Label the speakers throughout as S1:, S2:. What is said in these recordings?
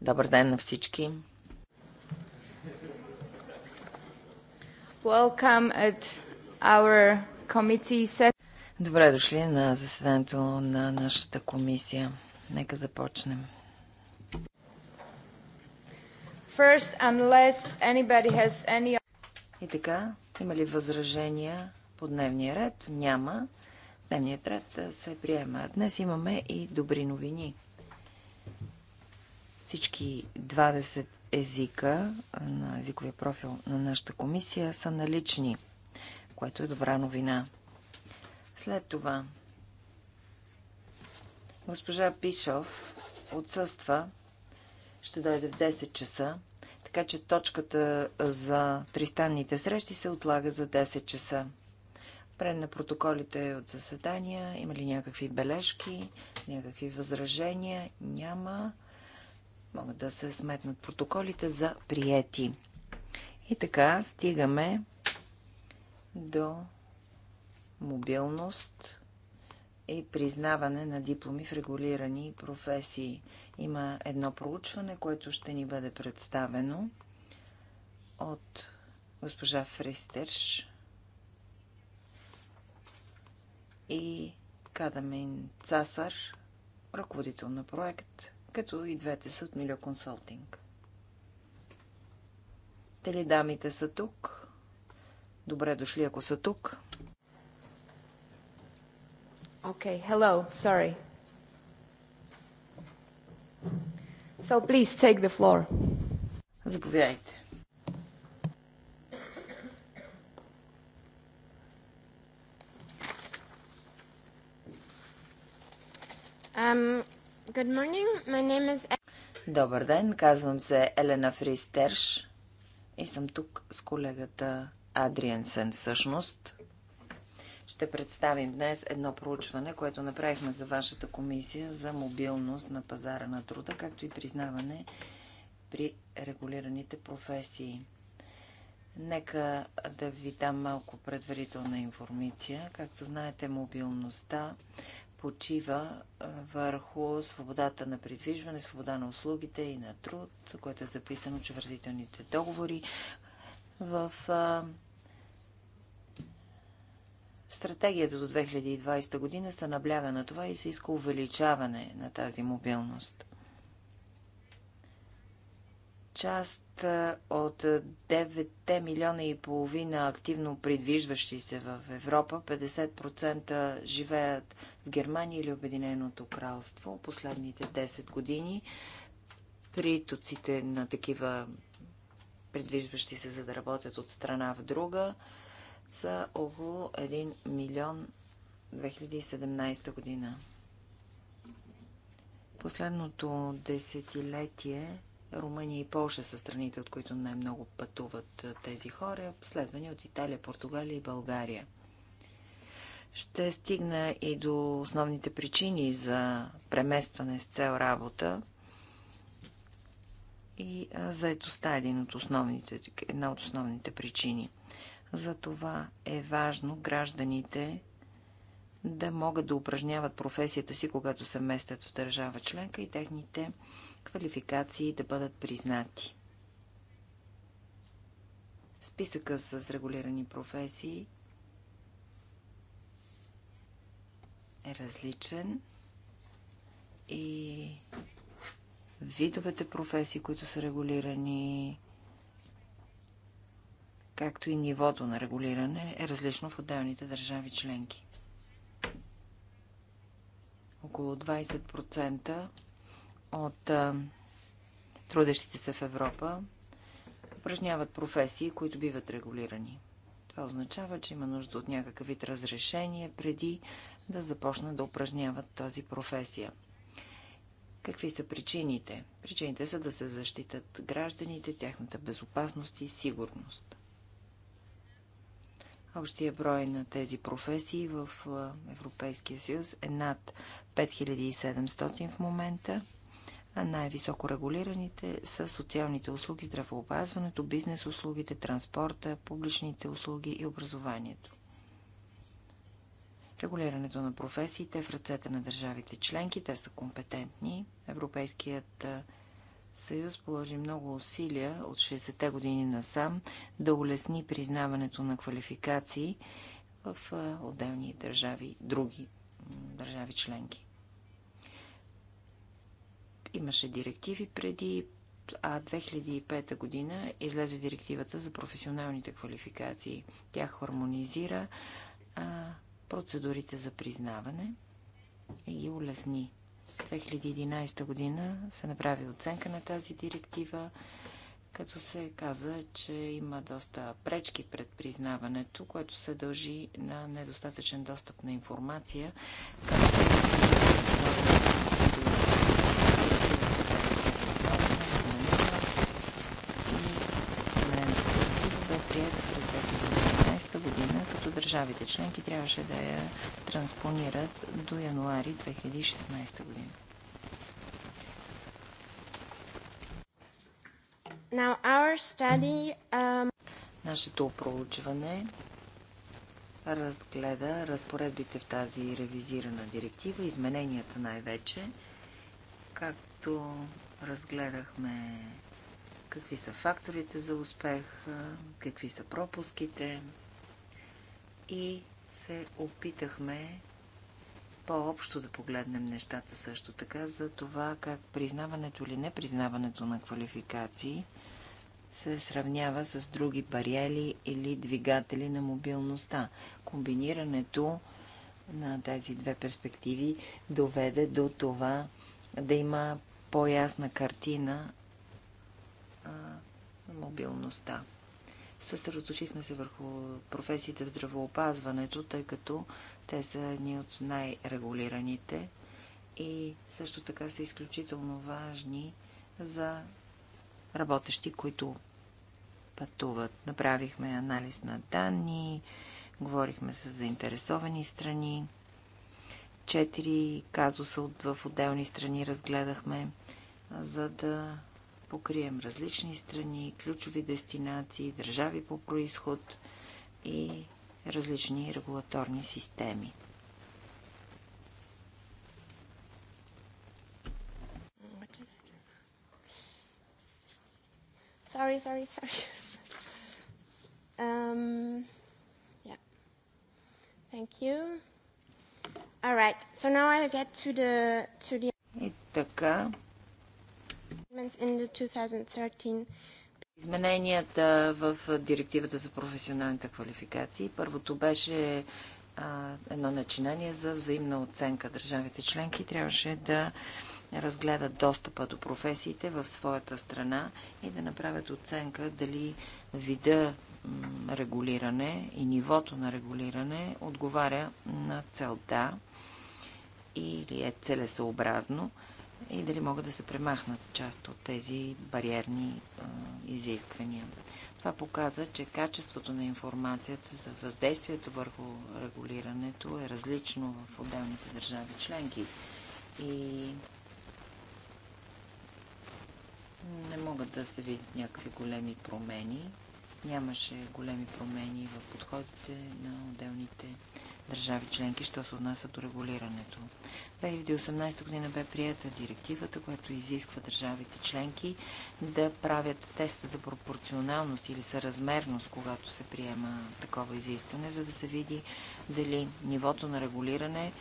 S1: Добър ден на всички. Добре дошли на заседанието на нашата комисия. Нека започнем. First, unless anybody has any... И така, има ли възражения по дневния ред? Няма. Дневният ред се приема. Днес имаме и добри новини. Всички 20 езика на езиковия профил на нашата комисия са налични, което е добра новина. След това госпожа Пишов отсъства, ще дойде в 10 часа, така че точката за тристанните срещи се отлага за 10 часа. Пред на протоколите от заседания. Има ли някакви бележки, някакви възражения? Няма. Могат да се сметнат протоколите за приети. И така стигаме до мобилност и признаване на дипломи в регулирани професии. Има едно проучване, което ще ни бъде представено от госпожа Фристерш и Кадамин Цасар, ръководител на проект като и двете са от Милио Консултинг. Теледамите са тук. Добре дошли, ако са тук. Okay, hello, sorry. So please take the floor. Заповядайте. Um, Good morning. My name is... E- Добър ден, казвам се Елена Фристерш и съм тук с колегата Адриенсен всъщност. Ще представим днес едно проучване, което направихме за вашата комисия за мобилност на пазара на труда, както и признаване при регулираните професии. Нека да ви дам малко предварителна информация. Както знаете, мобилността почива върху свободата на придвижване, свобода на услугите и на труд, което е записано в учредителните договори. В стратегията до 2020 година се набляга на това и се иска увеличаване на тази мобилност част от 9 милиона и половина активно придвижващи се в Европа, 50% живеят в Германия или Обединеното кралство. Последните 10 години притоците на такива придвижващи се, за да работят от страна в друга, са около 1 милион 2017 година. Последното десетилетие Румъния и Полша са страните, от които най-много пътуват тези хора, следвани от Италия, Португалия и България. Ще стигна и до основните причини за преместване с цел работа и заедостта е един от основните, една от основните причини. Затова е важно гражданите да могат да упражняват професията си, когато се местят в държава членка и техните квалификации да бъдат признати. Списъка с регулирани професии е различен и видовете професии, които са регулирани, както и нивото на регулиране е различно в отделните държави членки. Около 20% от трудещите се в Европа упражняват професии, които биват регулирани. Това означава, че има нужда от някакъв вид разрешение преди да започнат да упражняват тази професия. Какви са причините? Причините са да се защитат гражданите, тяхната безопасност и сигурност. Общия брой на тези професии в Европейския съюз е над 5700 в момента най-високо регулираните са социалните услуги, здравеопазването, бизнес услугите, транспорта, публичните услуги и образованието. Регулирането на професиите в ръцете на държавите членки, те са компетентни. Европейският съюз положи много усилия от 60-те години насам да улесни признаването на квалификации в отделни държави, други държави членки. Имаше директиви преди, а 2005 година излезе директивата за професионалните квалификации. Тя хармонизира а, процедурите за признаване и ги улесни. 2011 година се направи оценка на тази директива, като се каза, че има доста пречки пред признаването, което се дължи на недостатъчен достъп на информация, както държавите членки трябваше да я транспонират до януари 2016 година. Now our study, um... Нашето проучване разгледа разпоредбите в тази ревизирана директива, измененията най-вече, както разгледахме какви са факторите за успех, какви са пропуските, и се опитахме по-общо да погледнем нещата също така за това как признаването или непризнаването на квалификации се сравнява с други бариери или двигатели на мобилността. Комбинирането на тези две перспективи доведе до това да има по-ясна картина на мобилността. Съсредоточихме се върху професиите в здравоопазването, тъй като те са едни от най-регулираните и също така са изключително важни за работещи, които пътуват. Направихме анализ на данни, говорихме с заинтересовани страни. Четири казуса в отделни страни разгледахме, за да покрием различни страни, ключови дестинации, държави по происход и различни регулаторни системи. Sorry, sorry, sorry. Um, yeah. Thank you.
S2: All right. So now I get to the to the.
S1: И така, Измененията в директивата за професионалните квалификации. Първото беше а, едно начинание за взаимна оценка. Държавите членки трябваше да разгледат достъпа до професиите в своята страна и да направят оценка дали вида регулиране и нивото на регулиране отговаря на целта или е целесъобразно и дали могат да се премахнат част от тези бариерни изисквания. Това показа, че качеството на информацията за въздействието върху регулирането е различно в отделните държави членки. И не могат да се видят някакви големи промени. Нямаше големи промени в подходите на отделните държави членки, що се отнася до регулирането. 2018 година бе прията директивата, която изисква държавите членки да правят теста за пропорционалност или съразмерност, когато се приема такова изискване, за да се види дали нивото на регулиране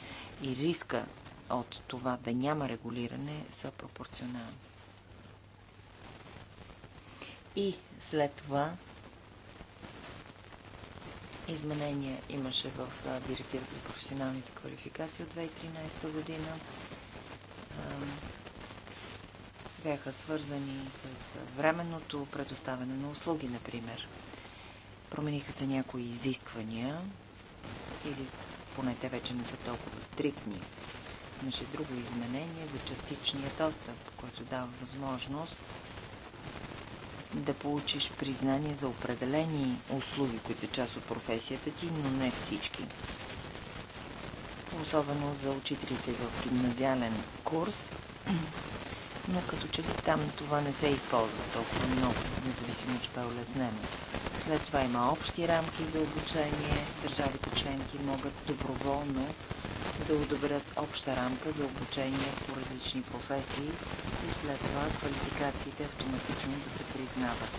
S1: и риска от това да няма регулиране са пропорционални. И след това изменения имаше в директивата за професионалните квалификации от 2013 година. Бяха свързани с временното предоставяне на услуги, например. Промениха се някои изисквания или поне те вече не са толкова стриктни. Имаше друго изменение за частичния достъп, което дава възможност да получиш признание за определени услуги, които са част от професията ти, но не всички. Особено за учителите в гимназиален курс, но като че ли там това не се използва толкова много, независимо, че е улеснено. След това има общи рамки за обучение. Държавите членки могат доброволно да одобрят обща рамка за обучение по различни професии и след това квалификациите автоматично да се признават.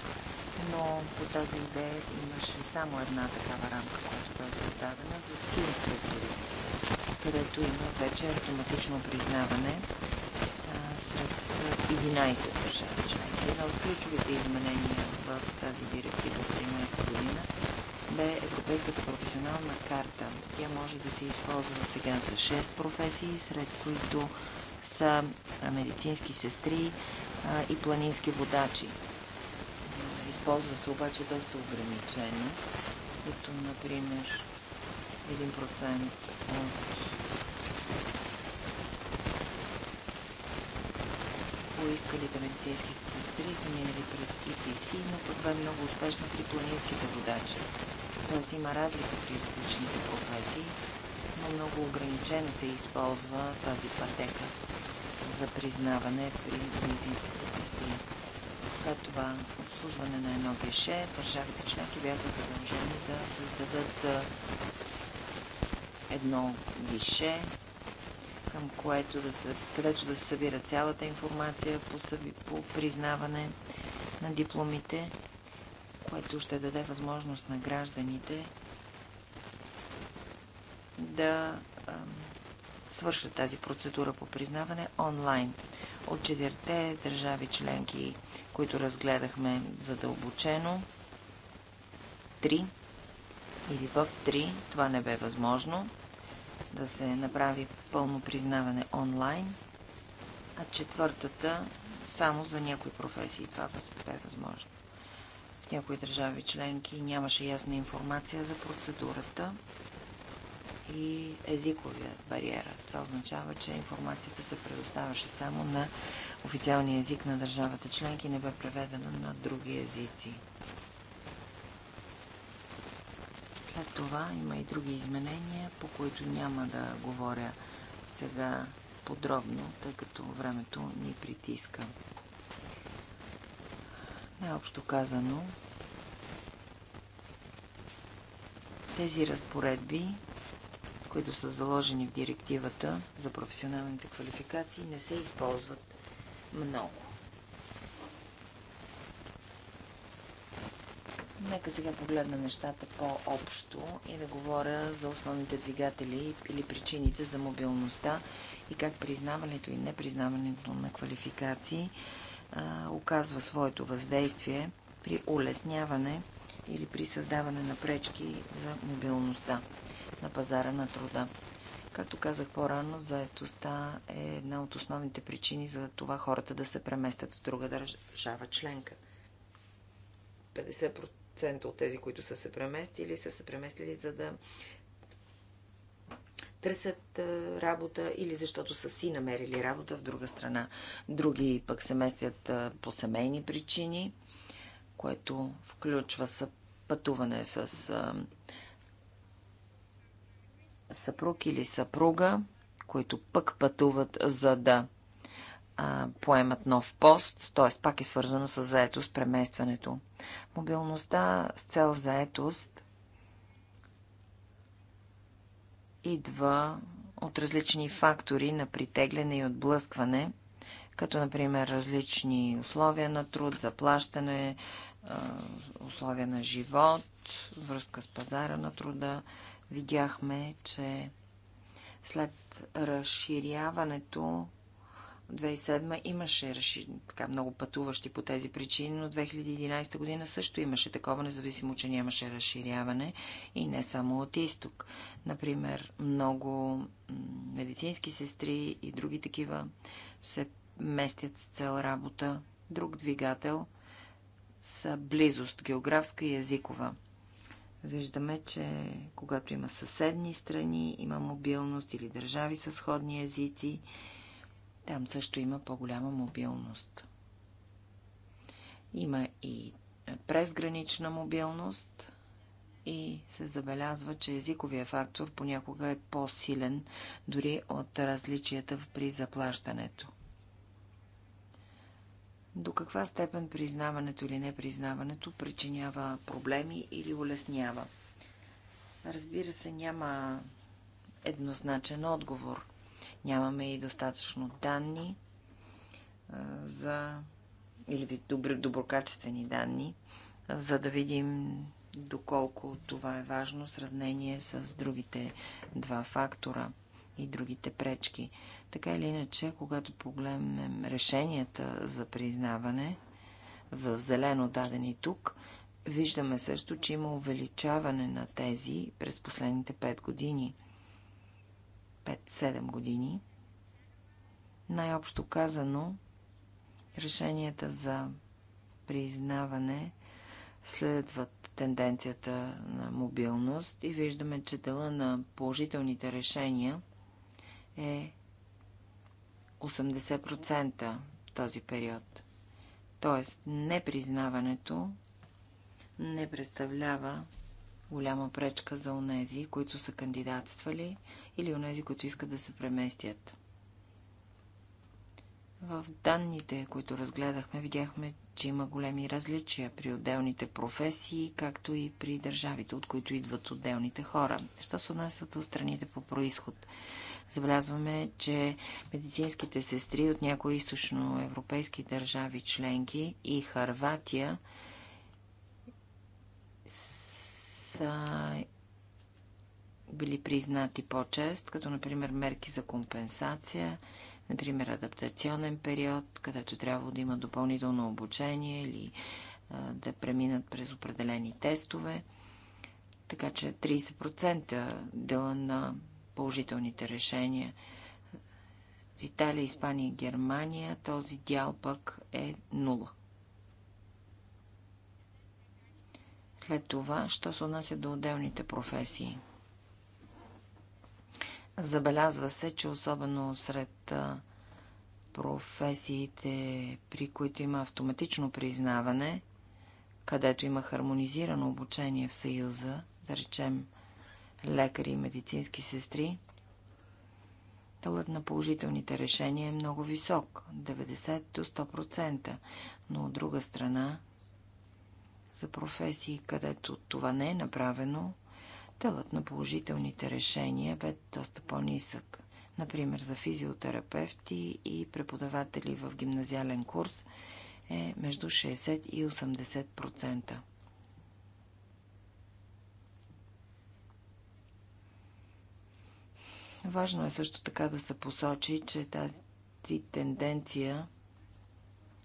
S1: Но по тази идея имаше само една такава рамка, която бе създадена за ски инструктори, където има вече автоматично признаване сред 11 държави членки. Едно от ключовите изменения в тази директива от 13 година бе Европейската професионална карта тя може да се използва сега за 6 професии, сред които са медицински сестри и планински водачи. Използва се обаче доста ограничено, като например 1% от поискалите медицински сестри са минали през ИПС, но това е много успешно при планинските водачи всъщност има разлика при различните професии, но много ограничено се използва тази пътека за признаване при медицинските сестри. След това обслужване на едно геше, държавите членки бяха задължени да създадат едно гише, към което да се, където да се събира цялата информация по, съби, по признаване на дипломите което ще даде възможност на гражданите да свършат тази процедура по признаване онлайн. От четирите държави членки, които разгледахме задълбочено, три или в три, това не бе възможно, да се направи пълно признаване онлайн, а четвъртата само за някои професии. Това бе възможно някои държави членки нямаше ясна информация за процедурата и езиковия бариера. Това означава, че информацията се предоставаше само на официалния език на държавата членки и не бе преведена на други езици. След това има и други изменения, по които няма да говоря сега подробно, тъй като времето ни притиска. Най-общо казано, тези разпоредби, които са заложени в директивата за професионалните квалификации, не се използват много. Нека сега погледна нещата по-общо и да говоря за основните двигатели или причините за мобилността и как признаването и непризнаването на квалификации а, оказва своето въздействие при улесняване или при създаване на пречки за мобилността на пазара на труда. Както казах по-рано, заетостта е една от основните причини за това хората да се преместят в друга държава членка. 50% от тези, които са се преместили, са се преместили за да търсят работа или защото са си намерили работа в друга страна. Други пък се местят по семейни причини, което включва пътуване с съпруг или съпруга, които пък пътуват за да поемат нов пост, т.е. пак е свързано с заетост, преместването. Мобилността с цел заетост идва от различни фактори на притегляне и отблъскване, като например различни условия на труд, заплащане, условия на живот, връзка с пазара на труда. Видяхме, че след разширяването 2007 имаше реши, така, много пътуващи по тези причини, но 2011 година също имаше такова, независимо, че нямаше разширяване и не само от изток. Например, много медицински сестри и други такива се местят с цел работа. Друг двигател са близост, географска и езикова. Виждаме, че когато има съседни страни, има мобилност или държави с сходни езици, там също има по-голяма мобилност. Има и е, презгранична мобилност и се забелязва, че езиковия фактор понякога е по-силен дори от различията при заплащането. До каква степен признаването или непризнаването причинява проблеми или улеснява? Разбира се, няма еднозначен отговор. Нямаме и достатъчно данни за или добри, доброкачествени данни, за да видим доколко това е важно в сравнение с другите два фактора и другите пречки. Така или иначе, когато погледнем решенията за признаване в зелено дадени тук, виждаме също, че има увеличаване на тези през последните 5 години – 5-7 години. Най-общо казано, решенията за признаване следват тенденцията на мобилност и виждаме, че дела на положителните решения е 80% този период. Тоест, непризнаването не представлява голяма пречка за онези, които са кандидатствали или онези, които искат да се преместят. В данните, които разгледахме, видяхме, че има големи различия при отделните професии, както и при държавите, от които идват отделните хора. Що се отнася до страните по происход? Забелязваме, че медицинските сестри от някои източноевропейски държави членки и Харватия са били признати по-чест, като например мерки за компенсация, например адаптационен период, където трябва да има допълнително обучение или а, да преминат през определени тестове. Така че 30% дела на положителните решения в Италия, Испания и Германия този дял пък е 0. След това, що се отнася до отделните професии – Забелязва се, че особено сред професиите, при които има автоматично признаване, където има хармонизирано обучение в Съюза, да речем лекари и медицински сестри, тълът на положителните решения е много висок 90 до 100%, но от друга страна, за професии, където това не е направено, делът на положителните решения бе доста по-нисък. Например, за физиотерапевти и преподаватели в гимназиален курс е между 60 и 80%. Важно е също така да се посочи, че тази тенденция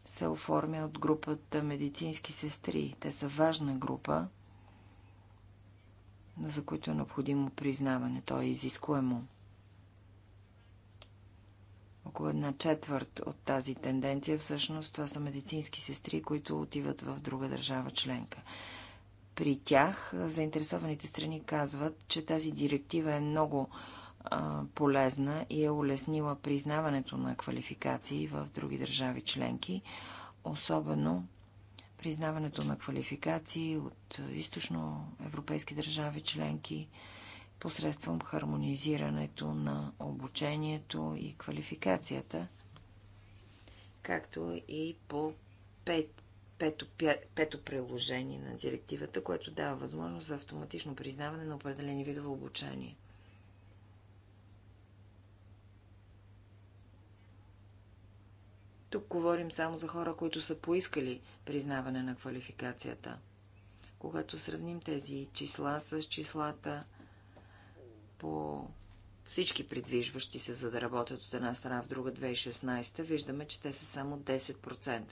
S1: се оформя от групата медицински сестри. Те са важна група, за които е необходимо признаване. То е изискуемо. Около една четвърт от тази тенденция всъщност това са медицински сестри, които отиват в друга държава членка. При тях заинтересованите страни казват, че тази директива е много а, полезна и е улеснила признаването на квалификации в други държави членки, особено признаването на квалификации от източно европейски държави членки посредством хармонизирането на обучението и квалификацията, както и по пет, пето, пето приложение на директивата, което дава възможност за автоматично признаване на определени видове обучение. Тук говорим само за хора, които са поискали признаване на квалификацията. Когато сравним тези числа с числата по всички придвижващи се, за да работят от една страна в друга 2016, виждаме, че те са само 10%.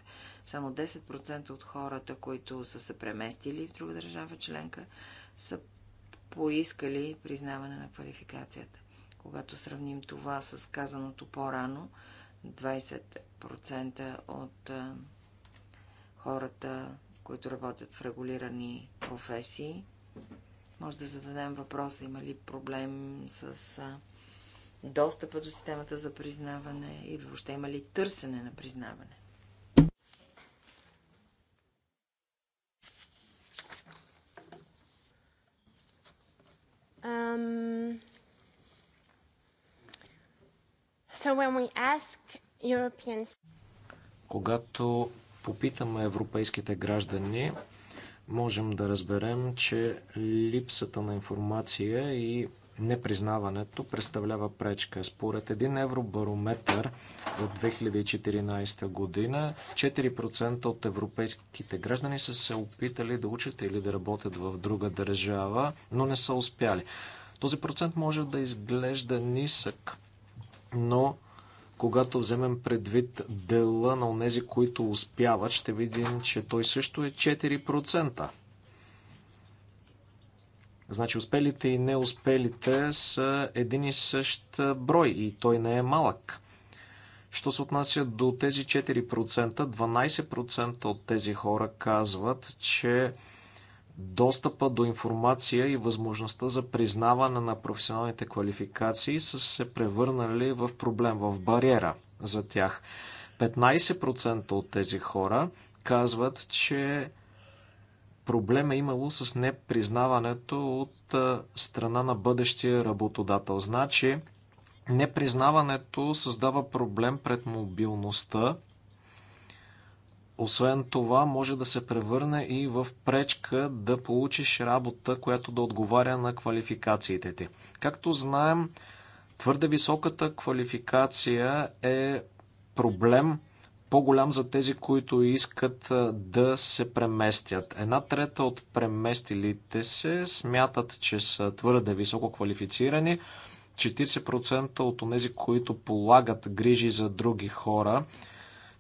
S1: Само 10% от хората, които са се преместили в друга държава членка, са поискали признаване на квалификацията. Когато сравним това с казаното по-рано, 20% от хората, които работят в регулирани професии. Може да зададем въпроса, има ли проблем с достъпа до системата за признаване или въобще има ли търсене на признаване.
S2: Um,
S3: Когато попитаме европейските граждани, можем да разберем, че липсата на информация и непризнаването представлява пречка. Според един евробарометър от 2014 година, 4% от европейските граждани са се опитали да учат или да работят в друга държава, но не са успяли. Този процент може да изглежда нисък, но когато вземем предвид дела на онези, които успяват, ще видим, че той също е 4%. Значи успелите и неуспелите са един и същ брой и той не е малък. Що се отнася до тези 4%, 12% от тези хора казват, че достъпа до информация и възможността за признаване на професионалните квалификации са се превърнали в проблем, в бариера за тях. 15% от тези хора казват, че проблем е имало с непризнаването от страна на бъдещия работодател. Значи, непризнаването създава проблем пред мобилността освен това, може да се превърне и в пречка да получиш работа, която да отговаря на квалификациите ти. Както знаем, твърде високата квалификация е проблем по-голям за тези, които искат да се преместят. Една трета от преместилите се смятат, че са твърде високо квалифицирани. 40% от тези, които полагат грижи за други хора,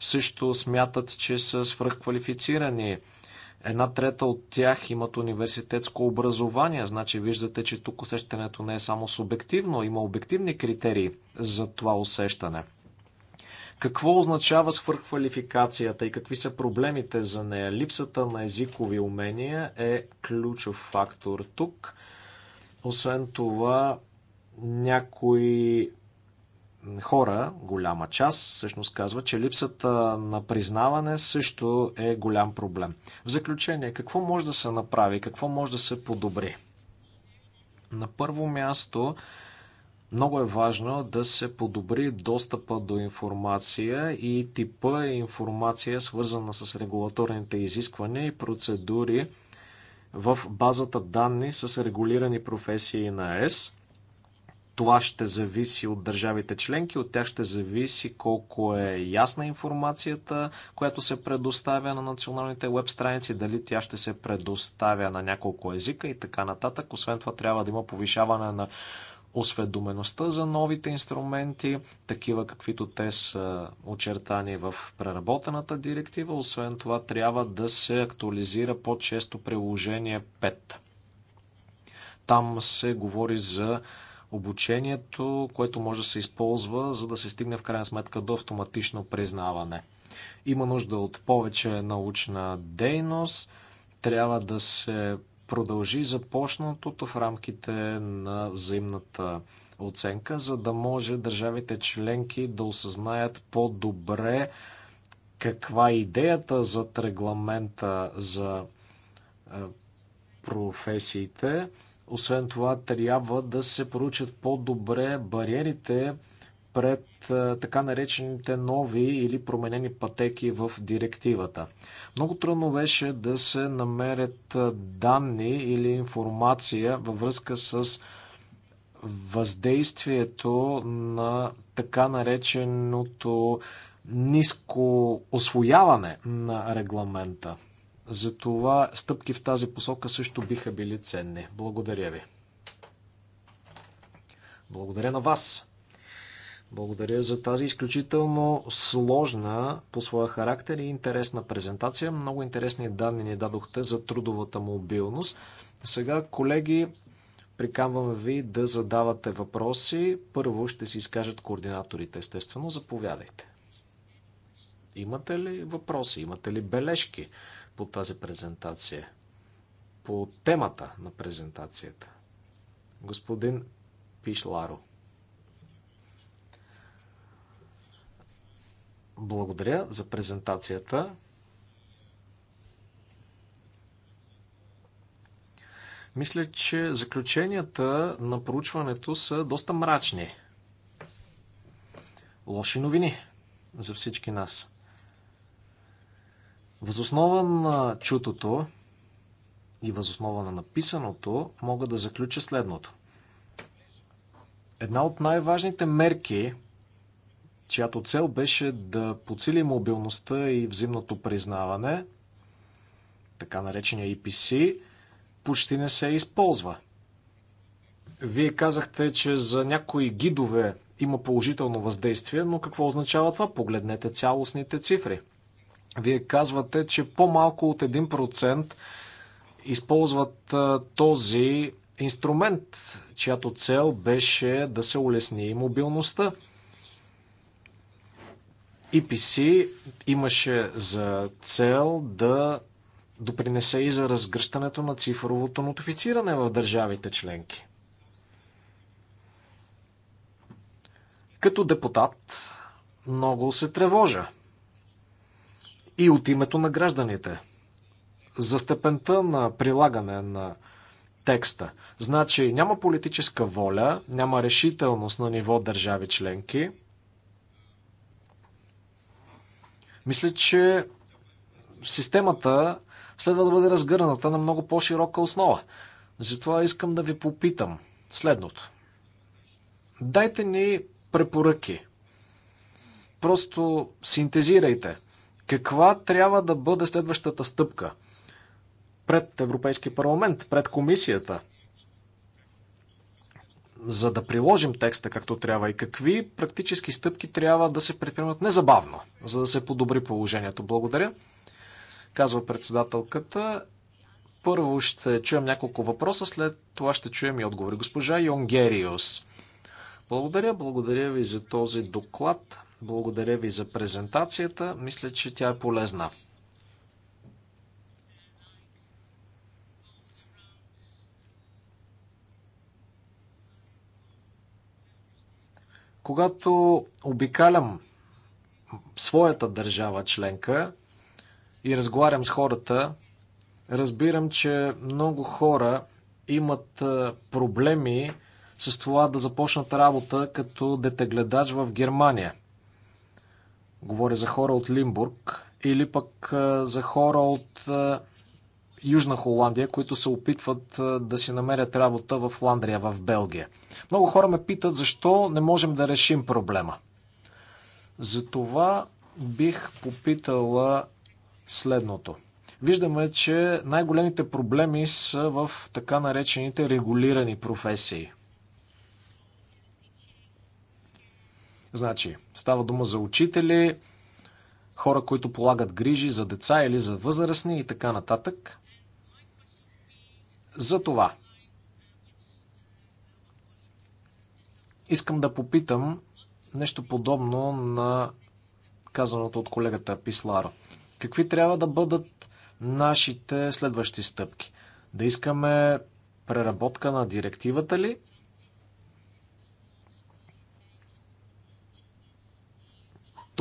S3: също смятат, че са свръхквалифицирани. Една трета от тях имат университетско образование, значи виждате, че тук усещането не е само субективно, има обективни критерии за това усещане. Какво означава свърхквалификацията и какви са проблемите за нея? Липсата на езикови умения е ключов фактор тук. Освен това, някои хора, голяма част, всъщност казва, че липсата на признаване също е голям проблем. В заключение, какво може да се направи, какво може да се подобри? На първо място, много е важно да се подобри достъпа до информация и типа информация, свързана с регулаторните изисквания и процедури в базата данни с регулирани професии на ЕС – това ще зависи от държавите членки, от тях ще зависи колко е ясна информацията, която се предоставя на националните веб страници, дали тя ще се предоставя на няколко езика и така нататък. Освен това трябва да има повишаване на осведомеността за новите инструменти, такива каквито те са очертани в преработената директива. Освен това трябва да се актуализира по-често приложение 5. Там се говори за обучението, което може да се използва, за да се стигне в крайна сметка до автоматично признаване. Има нужда от повече научна дейност, трябва да се продължи започнатото в рамките на взаимната оценка, за да може държавите членки да осъзнаят по-добре каква е идеята зад регламента за е, професиите. Освен това, трябва да се проучат по-добре бариерите пред така наречените нови или променени пътеки в директивата. Много трудно беше да се намерят данни или информация във връзка с въздействието на така нареченото ниско освояване на регламента. Затова стъпки в тази посока също биха били ценни. Благодаря ви. Благодаря на вас. Благодаря за тази изключително сложна по своя характер и интересна презентация. Много интересни данни ни дадохте за трудовата мобилност. Сега, колеги, прикамвам ви да задавате въпроси. Първо ще си изкажат координаторите, естествено. Заповядайте. Имате ли въпроси? Имате ли бележки? по тази презентация, по темата на презентацията. Господин Пишларо. Благодаря за презентацията. Мисля, че заключенията на проучването са доста мрачни. Лоши новини за всички нас. Възоснова на чутото и възоснова на написаното мога да заключа следното. Една от най-важните мерки, чиято цел беше да подсили мобилността и взимното признаване, така наречения EPC, почти не се използва. Вие казахте, че за някои гидове има положително въздействие, но какво означава това? Погледнете цялостните цифри – вие казвате, че по-малко от 1% използват този инструмент, чиято цел беше да се улесни мобилността. EPC имаше за цел да допринесе и за разгръщането на цифровото нотифициране в държавите членки. Като депутат много се тревожа и от името на гражданите. За степента на прилагане на текста. Значи няма политическа воля, няма решителност на ниво държави членки. Мисля, че системата следва да бъде разгърната на много по-широка основа. Затова искам да ви попитам следното. Дайте ни препоръки. Просто синтезирайте – каква трябва да бъде следващата стъпка? Пред Европейския парламент, пред комисията, за да приложим текста както трябва и какви практически стъпки трябва да се предприемат незабавно, за да се подобри положението. Благодаря, казва председателката. Първо ще чуем няколко въпроса, след това ще чуем и отговори. Госпожа Йонгериус. Благодаря, благодаря ви за този доклад. Благодаря ви за презентацията. Мисля, че тя е полезна. Когато обикалям своята държава членка и разговарям с хората, разбирам, че много хора имат проблеми с това да започнат работа като детегледач в Германия. Говоря за хора от Лимбург или пък за хора от Южна Холандия, които се опитват да си намерят работа в Ландрия, в Белгия. Много хора ме питат защо не можем да решим проблема. Затова бих попитала следното. Виждаме, че най-големите проблеми са в така наречените регулирани професии – Значи, става дума за учители, хора, които полагат грижи за деца или за възрастни и така нататък. За това искам да попитам нещо подобно на казаното от колегата Писларо. Какви трябва да бъдат нашите следващи стъпки? Да искаме преработка на директивата ли –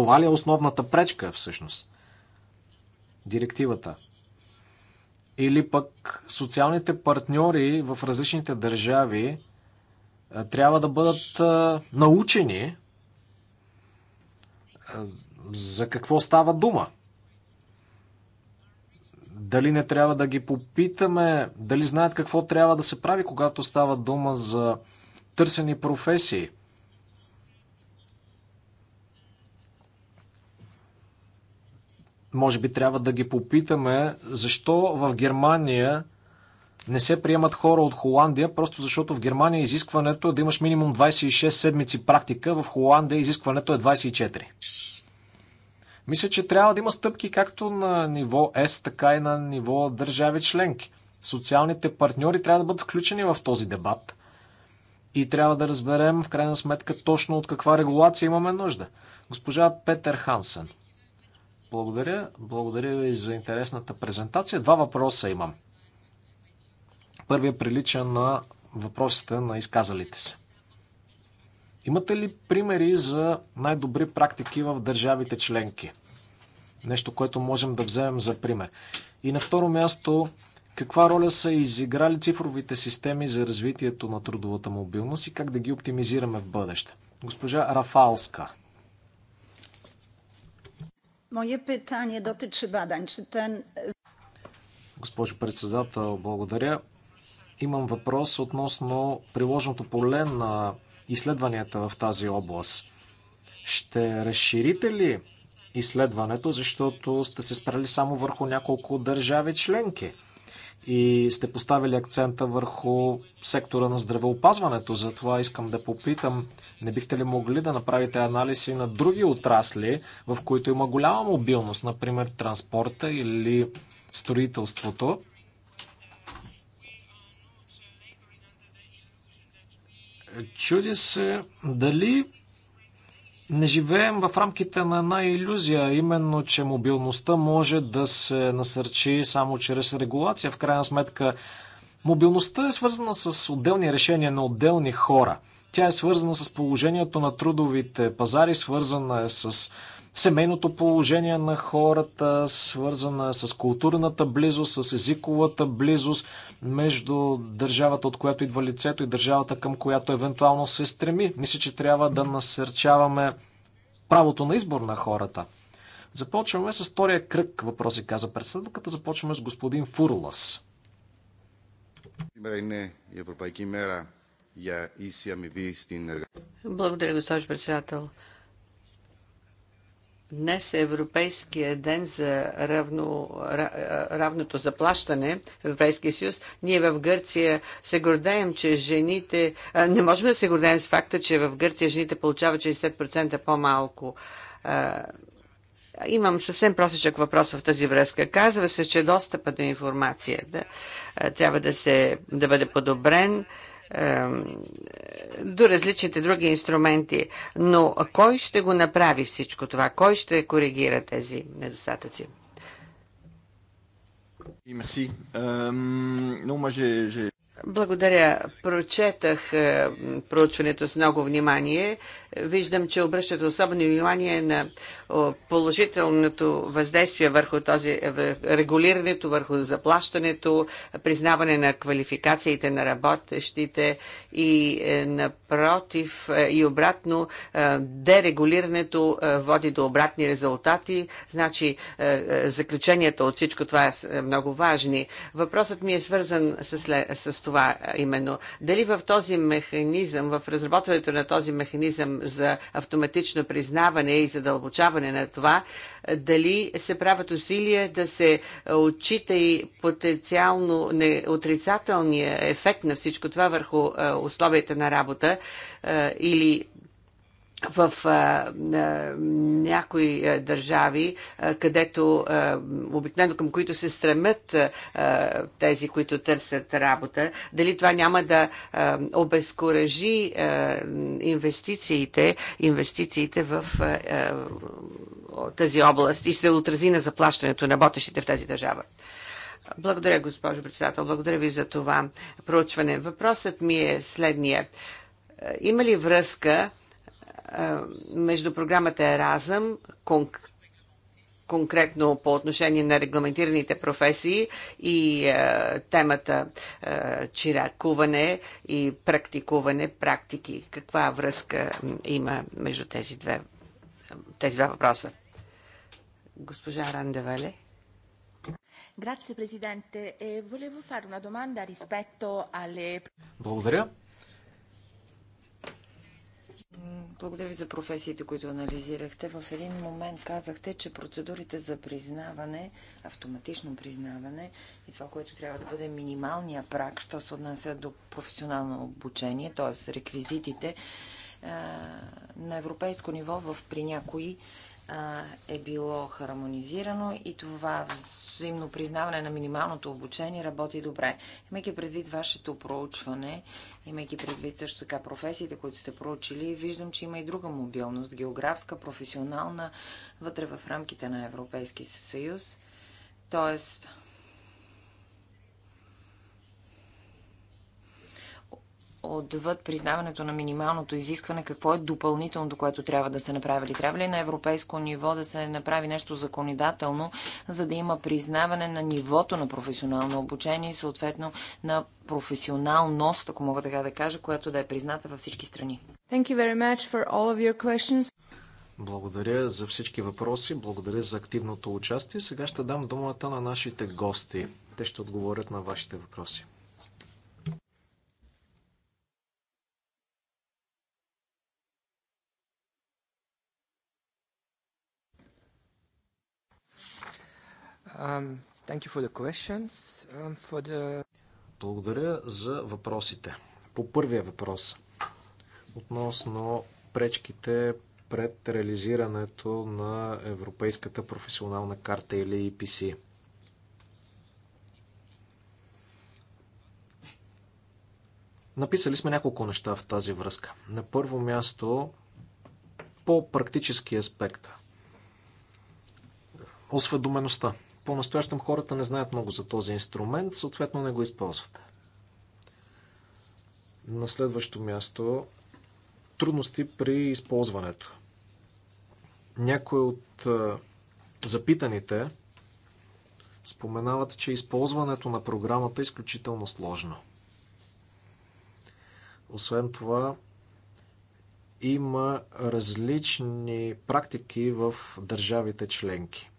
S3: Това ли е основната пречка всъщност? Директивата. Или пък социалните партньори в различните държави е, трябва да бъдат е, научени е, за какво става дума. Дали не трябва да ги попитаме, дали знаят какво трябва да се прави, когато става дума за търсени професии – Може би трябва да ги попитаме защо в Германия не се приемат хора от Холандия, просто защото в Германия е изискването е да имаш минимум 26 седмици практика, в Холандия изискването е 24. Мисля, че трябва да има стъпки както на ниво С, така и на ниво държави членки. Социалните партньори трябва да бъдат включени в този дебат и трябва да разберем в крайна сметка точно от каква регулация имаме нужда. Госпожа Петър Хансен. Благодаря. Благодаря ви за интересната презентация. Два въпроса имам. Първият прилича на въпросите на изказалите се. Имате ли примери за най-добри практики в държавите членки? Нещо, което можем да вземем за пример. И на второ място, каква роля са изиграли цифровите системи за развитието на трудовата мобилност и как да ги оптимизираме в бъдеще? Госпожа Рафалска.
S1: Moje питание дотичи бадан.
S3: Госпожо председател, благодаря. Имам въпрос относно приложното поле на изследванията в тази област. Ще разширите ли изследването, защото сте се спрели само върху няколко държави членки? и сте поставили акцента върху сектора на здравеопазването. Затова искам да попитам, не бихте ли могли да направите анализи на други отрасли, в които има голяма мобилност, например транспорта или строителството? Чуди се дали не живеем в рамките на една иллюзия, именно, че мобилността може да се насърчи само чрез регулация. В крайна сметка, мобилността е свързана с отделни решения на отделни хора. Тя е свързана с положението на трудовите пазари, свързана е с семейното положение на хората, свързана с културната близост, с езиковата близост между държавата, от която идва лицето и държавата, към която евентуално се стреми. Мисля, че трябва да насърчаваме правото на избор на хората. Започваме с втория кръг въпроси, каза председателката. Започваме с господин Фурлас.
S2: Благодаря, госпожо председател. Днес е Европейския ден за равно, равното заплащане в Европейския съюз. Ние в Гърция се гордеем, че жените... Не можем да се гордеем с факта, че в Гърция жените получават 60% по-малко. Имам съвсем просечък въпрос в тази връзка. Казва се, че достъпа до информация да, трябва да, се, да бъде подобрен до различните други инструменти. Но кой ще го направи всичко това? Кой ще коригира тези недостатъци? Merci. non, moi j'ai, Благодаря. Прочетах проучването с много внимание. Виждам, че обръщат особено внимание на положителното въздействие върху този регулирането, върху заплащането, признаване на квалификациите на работещите и е, напротив е, и обратно е, дерегулирането води до обратни резултати. Значи заключенията от всичко това са много важни. Въпросът ми е свързан с, с това именно. Дали в този механизъм, в разработването на този механизъм за автоматично признаване и задълбочаване на това, е, дали се правят усилия да се е, отчита и потенциално отрицателния ефект на всичко това върху е, условията на работа или в а, а, някои а, държави, а, където а, обикновено към които се стремят а, тези, които търсят работа, дали това няма да а, обезкуражи а, инвестициите, инвестициите в а, а, тази област и се отрази на заплащането на работещите в тази държава. Благодаря, госпожо председател. Благодаря ви за това проучване. Въпросът ми е следния. Има ли връзка между програмата Еразъм, конкретно по отношение на регламентираните професии и темата е, чиракуване и практикуване, практики. Каква връзка има между тези, две, тези два въпроса? Госпожа Ранде
S1: Grazie Presidente, volevo fare una domanda rispetto alle... Благодаря. Благодаря ви за професиите, които анализирахте. В един момент казахте, че процедурите за признаване, автоматично признаване и това, което трябва да бъде минималния прак, що се отнася до професионално обучение, т.е. реквизитите, на европейско ниво в, при някои е било хармонизирано и това взаимно признаване на минималното обучение работи добре. Имайки предвид вашето проучване Имайки предвид също така професиите, които сте проучили, виждам, че има и друга мобилност, географска, професионална, вътре в рамките на Европейския съюз. Тоест, отвъд признаването на минималното изискване, какво е допълнителното, което трябва да се направи? Трябва ли на европейско ниво да се направи нещо законодателно, за да има признаване на нивото на професионално обучение и съответно на професионалност, ако мога така да кажа, която да е призната във всички страни?
S3: Благодаря за всички въпроси, благодаря за активното участие. Сега ще дам думата на нашите гости. Те ще отговорят на вашите въпроси. Um, thank you for the questions. Um, for the... Благодаря за въпросите. По първия въпрос, относно пречките пред реализирането на Европейската професионална карта или EPC. Написали сме няколко неща в тази връзка. На първо място по практически аспект. Осведомеността. По-настоящем хората не знаят много за този инструмент, съответно не го използват. На следващо място трудности при използването. Някои от запитаните споменават, че използването на програмата е изключително сложно. Освен това, има различни практики в държавите членки.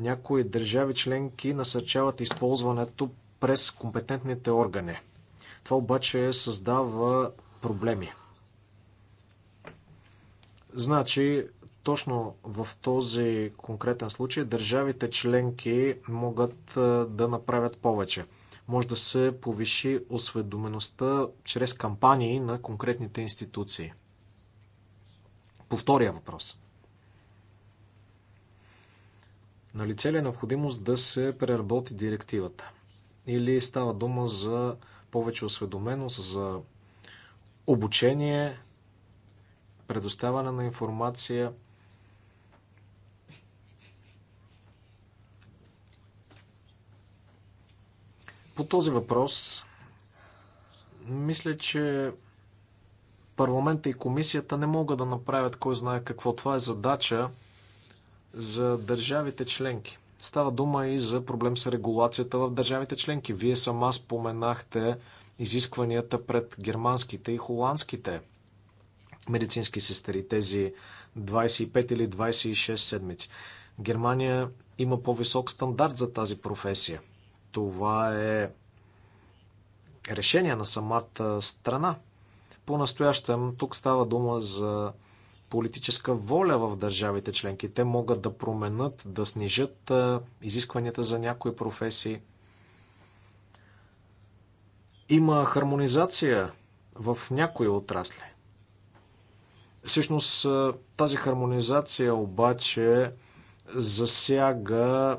S3: Някои държави членки насърчават използването през компетентните органи. Това обаче създава проблеми. Значи, точно в този конкретен случай държавите членки могат да направят повече. Може да се повиши осведомеността чрез кампании на конкретните институции. По втория въпрос. На лице ли е необходимост да се преработи директивата? Или става дума за повече осведоменост, за обучение, предоставяне на информация? По този въпрос мисля, че парламента и комисията не могат да направят кой знае какво. Това е задача за държавите членки. Става дума и за проблем с регулацията в държавите членки. Вие сама споменахте изискванията пред германските и холандските медицински сестри, тези 25 или 26 седмици. Германия има по-висок стандарт за тази професия. Това е решение на самата страна. По-настоящем тук става дума за политическа воля в държавите членки. Те могат да променят, да снижат изискванията за някои професии. Има хармонизация в някои отрасли. Всъщност тази хармонизация обаче засяга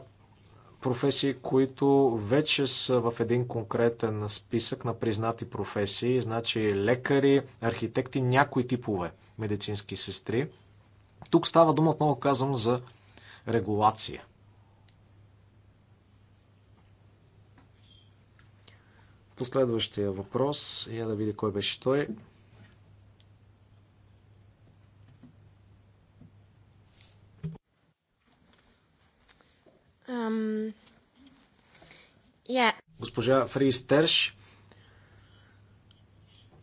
S3: професии, които вече са в един конкретен списък на признати професии, значи лекари, архитекти, някои типове медицински сестри. Тук става дума, отново казвам, за регулация. Последващия въпрос, я е да видя кой беше той. Um, yeah. Госпожа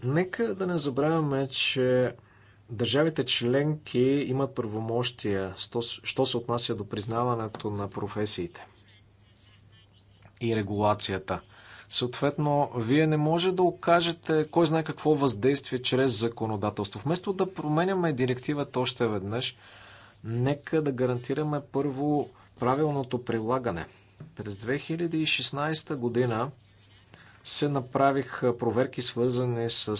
S3: нека да не забравяме, че Държавите членки имат правомощия, що се отнася до признаването на професиите и регулацията. Съответно, вие не може да окажете кой знае какво въздействие чрез законодателство. Вместо да променяме директивата още веднъж, нека да гарантираме първо правилното прилагане. През 2016 година се направих проверки, свързани с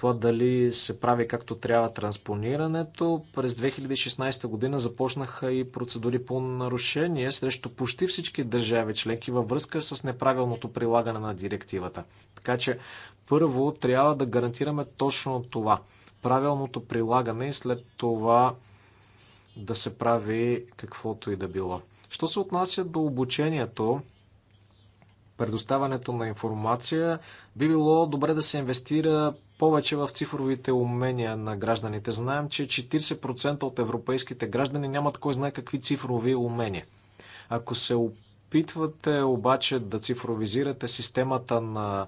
S3: това дали се прави както трябва транспонирането. През 2016 година започнаха и процедури по нарушение срещу почти всички държави членки във връзка с неправилното прилагане на директивата. Така че първо трябва да гарантираме точно това. Правилното прилагане и след това да се прави каквото и да било. Що се отнася до обучението, предоставянето на информация, би било добре да се инвестира повече в цифровите умения на гражданите. Знаем, че 40% от европейските граждани нямат кой знае какви цифрови умения. Ако се опитвате обаче да цифровизирате системата на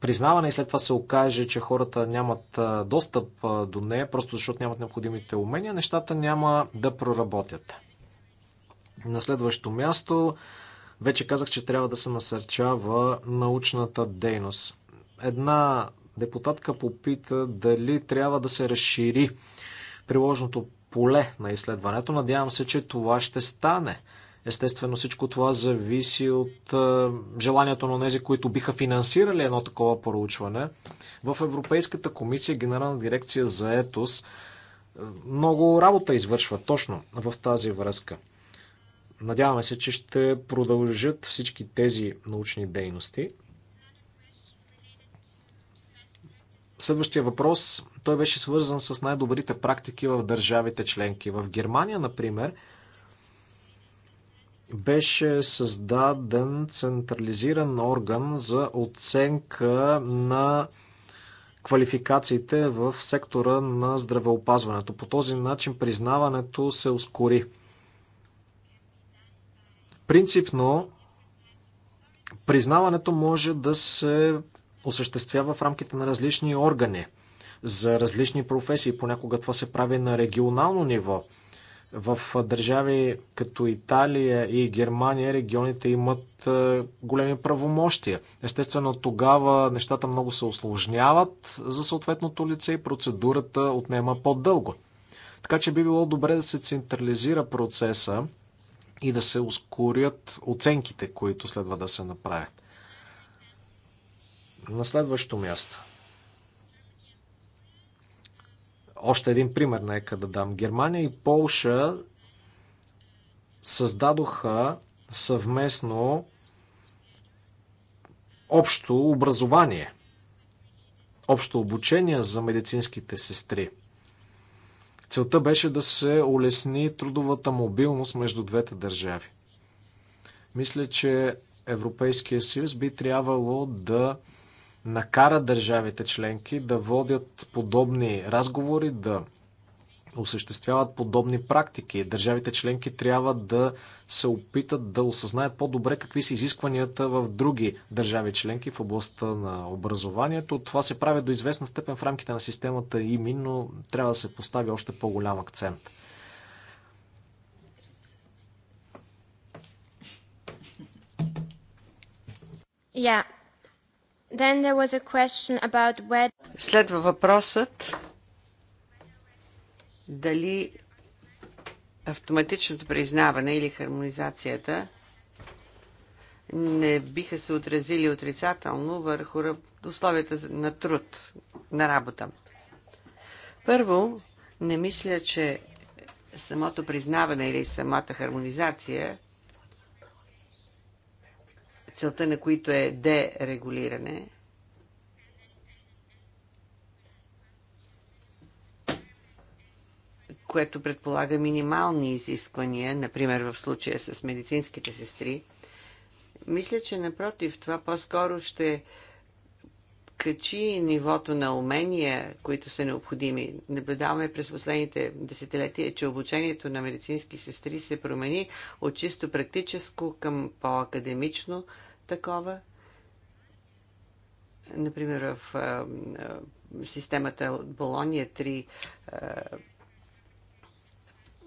S3: признаване и след това се окаже, че хората нямат достъп до нея, просто защото нямат необходимите умения, нещата няма да проработят. На следващо място вече казах, че трябва да се насърчава научната дейност. Една депутатка попита дали трябва да се разшири приложното поле на изследването. Надявам се, че това ще стане. Естествено, всичко това зависи от е, желанието на тези, които биха финансирали едно такова проучване. В Европейската комисия, Генерална дирекция за етос, е, много работа извършва точно в тази връзка. Надяваме се, че ще продължат всички тези научни дейности. Следващия въпрос, той беше свързан с най-добрите практики в държавите членки. В Германия, например, беше създаден централизиран орган за оценка на квалификациите в сектора на здравеопазването. По този начин признаването се ускори. Принципно, признаването може да се осъществява в рамките на различни органи за различни професии. Понякога това се прави на регионално ниво. В държави като Италия и Германия регионите имат големи правомощия. Естествено, тогава нещата много се осложняват за съответното лице и процедурата отнема по-дълго. Така че би било добре да се централизира процеса и да се ускорят оценките, които следва да се направят. На следващо място. Още един пример, нека да дам. Германия и Полша създадоха съвместно общо образование, общо обучение за медицинските сестри – Целта беше да се улесни трудовата мобилност между двете държави. Мисля, че Европейския съюз би трябвало да накара държавите членки да водят подобни разговори, да осъществяват подобни практики. Държавите членки трябва да се опитат да осъзнаят по-добре какви са изискванията в други държави членки в областта на образованието. Това се прави до известна степен в рамките на системата ИМИ, но трябва да се постави още по-голям акцент. Yeah. Then there was a question about where...
S2: Следва въпросът дали автоматичното признаване или хармонизацията не биха се отразили отрицателно върху условията на труд, на работа. Първо, не мисля, че самото признаване или самата хармонизация, целта на които е дерегулиране, което предполага минимални изисквания, например в случая с медицинските сестри, мисля, че напротив, това по-скоро ще качи нивото на умения, които са необходими. Наблюдаваме през последните десетилетия, че обучението на медицински сестри се промени от чисто практическо към по-академично такова. Например, в системата от Болония 3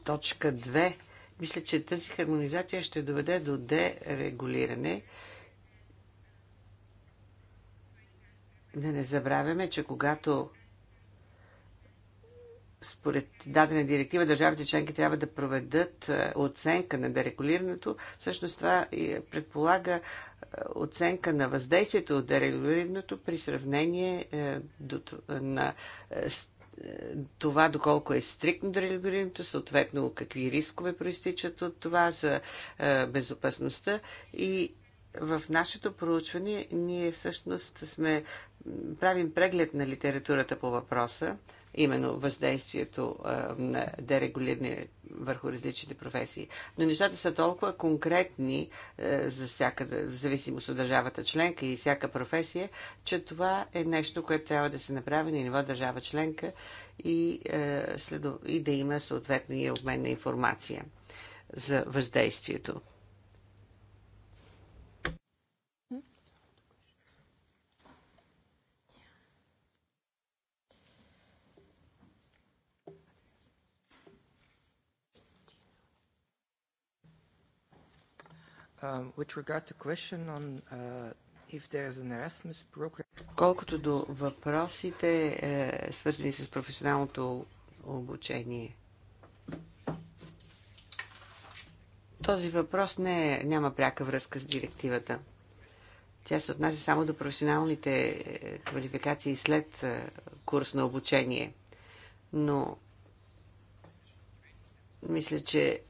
S2: точка 2. Мисля, че тази хармонизация ще доведе до дерегулиране. Да не забравяме, че когато според дадена директива държавите членки трябва да проведат е, оценка на дерегулирането, всъщност това предполага е, оценка на въздействието от дерегулирането при сравнение е, на това доколко е стриктно регулирането, съответно какви рискове проистичат от това за е, безопасността и в нашето проучване ние всъщност сме правим преглед на литературата по въпроса именно въздействието на дерегулиране върху различните професии. Но нещата са толкова конкретни за всяка, в зависимост от държавата членка и всяка професия, че това е нещо, което трябва да се направи на ниво държава членка и, и да има съответния обмен на информация за въздействието. Um, with regard to question on uh, if is an Erasmus program... Колкото до въпросите, е, свързани с професионалното обучение. Този въпрос не е, няма пряка връзка с директивата. Тя се отнася само до професионалните е, квалификации след е, курс на обучение. Но мисля, че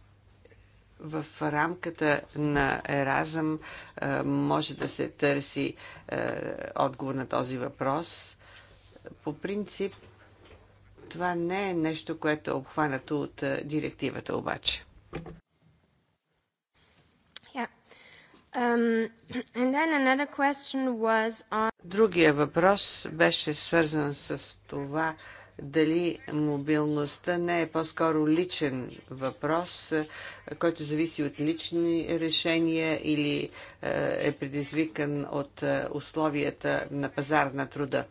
S2: в рамката на Еразъм е, може да се търси е, отговор на този въпрос. По принцип, това не е нещо, което е обхванато от е, директивата обаче. Um, Другия въпрос беше свързан с това, дали мобилността не е по-скоро личен въпрос, е, който зависи от лични решения или е, е предизвикан от е, условията на пазар на труда.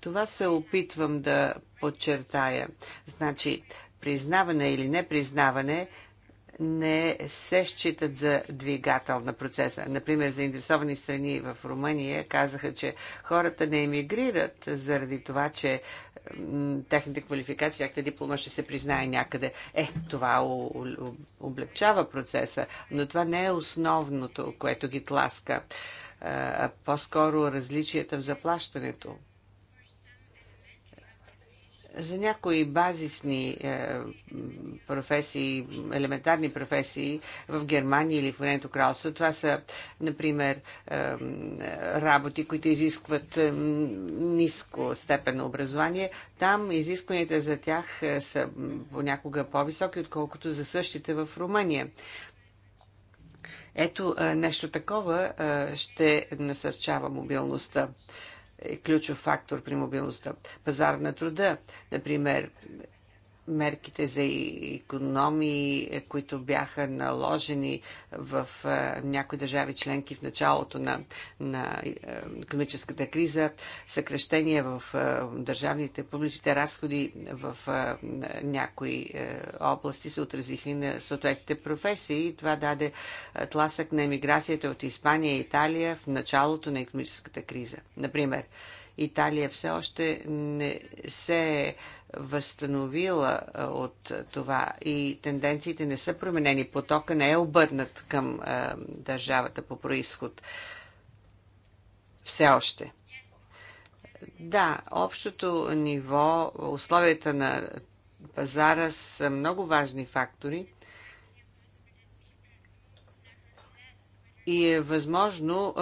S2: Това се опитвам да подчертая. Значи, признаване или непризнаване не се считат за двигател на процеса. Например, заинтересовани страни в Румъния казаха, че хората не емигрират заради това, че техните квалификации, тяхната диплома ще се признае някъде. Е, това облегчава процеса, но това не е основното, което ги тласка. По-скоро различията в заплащането. За някои базисни е, професии, елементарни професии в Германия или в Венето кралство, това са, например, е, работи, които изискват е, ниско степен на образование. Там изискванията за тях е, са понякога по-високи, отколкото за същите в Румъния. Ето е, нещо такова е, ще насърчава мобилността. Е ключов фактор при мобилността. Пазар на труда, например, мерките за економии, е, които бяха наложени в е, някои държави членки в началото на, на е, економическата криза, съкрещения в държавните публичните разходи в някои области се отразиха и на съответните професии. Това даде тласък на емиграцията от Испания и Италия в началото на економическата криза. Например, Италия все още не се е възстановила от това и тенденциите не са променени. Потока не е обърнат към държавата по происход. Все още. Да, общото ниво, условията на пазара са много важни фактори и е възможно,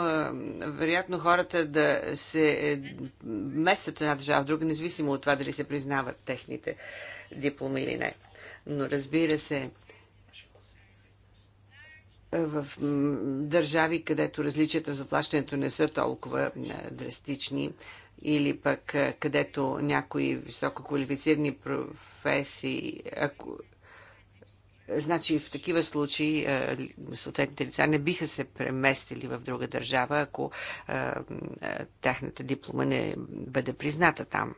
S2: вероятно, хората да се е, местят една държава в друга, независимо от това дали се признават техните дипломи или не. Но разбира се, в държави, където различията в заплащането не са толкова драстични, или пък където някои висококвалифицирани професии, ако, Значи в такива случаи е, съответните лица не биха се преместили в друга държава, ако е, е, тяхната диплома не бъде призната там.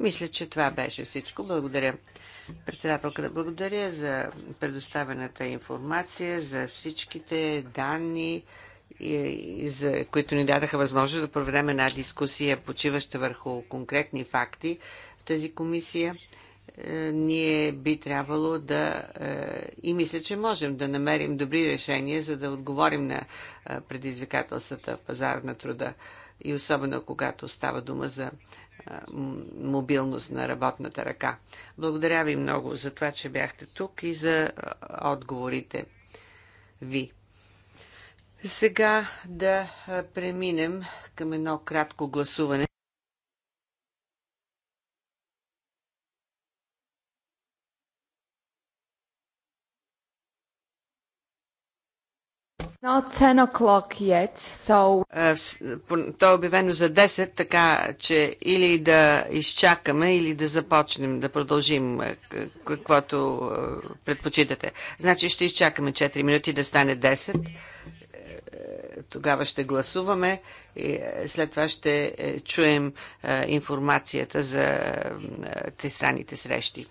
S2: Мисля, че това беше всичко. Благодаря. Председателка, да благодаря за предоставената информация, за всичките данни за които ни дадаха възможност да проведем една дискусия, почиваща върху конкретни факти в тази комисия е, ние би трябвало да е, и мисля, че можем да намерим добри решения, за да отговорим на е, предизвикателствата пазар на труда. И особено когато става дума за мобилност на работната ръка. Благодаря ви много за това, че бяхте тук и за отговорите ви. Сега да преминем към едно кратко гласуване. Not 10 o'clock yet, so... То е обявено за 10, така че или да изчакаме, или да започнем, да продължим каквото предпочитате. Значи ще изчакаме 4 минути да стане 10. Тогава ще гласуваме и е, след това ще е, чуем е, информацията за тристранните срещи.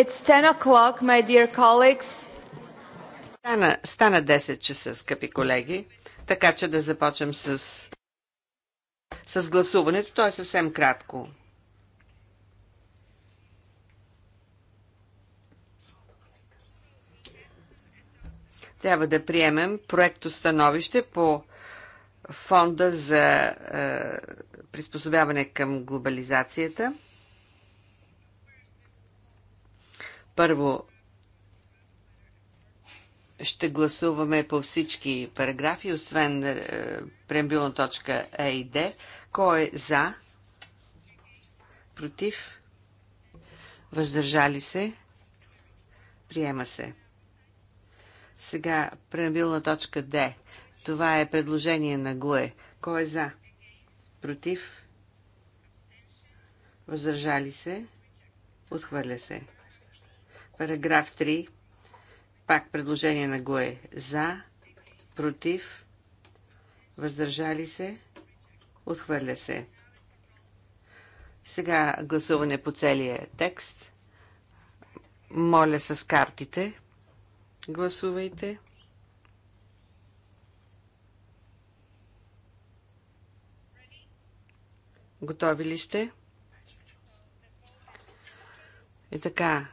S2: It's 10 o'clock, my dear colleagues. Стана, стана 10 часа, скъпи колеги, така че да започнем с, с гласуването. То е съвсем кратко. Трябва да приемем проекто становище по фонда за е, приспособяване към глобализацията – Първо, ще гласуваме по всички параграфи, освен е, преамбилна точка Е и Д. Кой е за? Против? Въздържали се? Приема се. Сега преамбилна точка Д. Това е предложение на ГУЕ. Кой е за? Против? Въздържали се? Отхвърля се. Параграф 3. Пак предложение на ГОЕ. За, против, въздържали се, отхвърля се. Сега гласуване по целия текст. Моля с картите. Гласувайте. Готови ли сте? И така,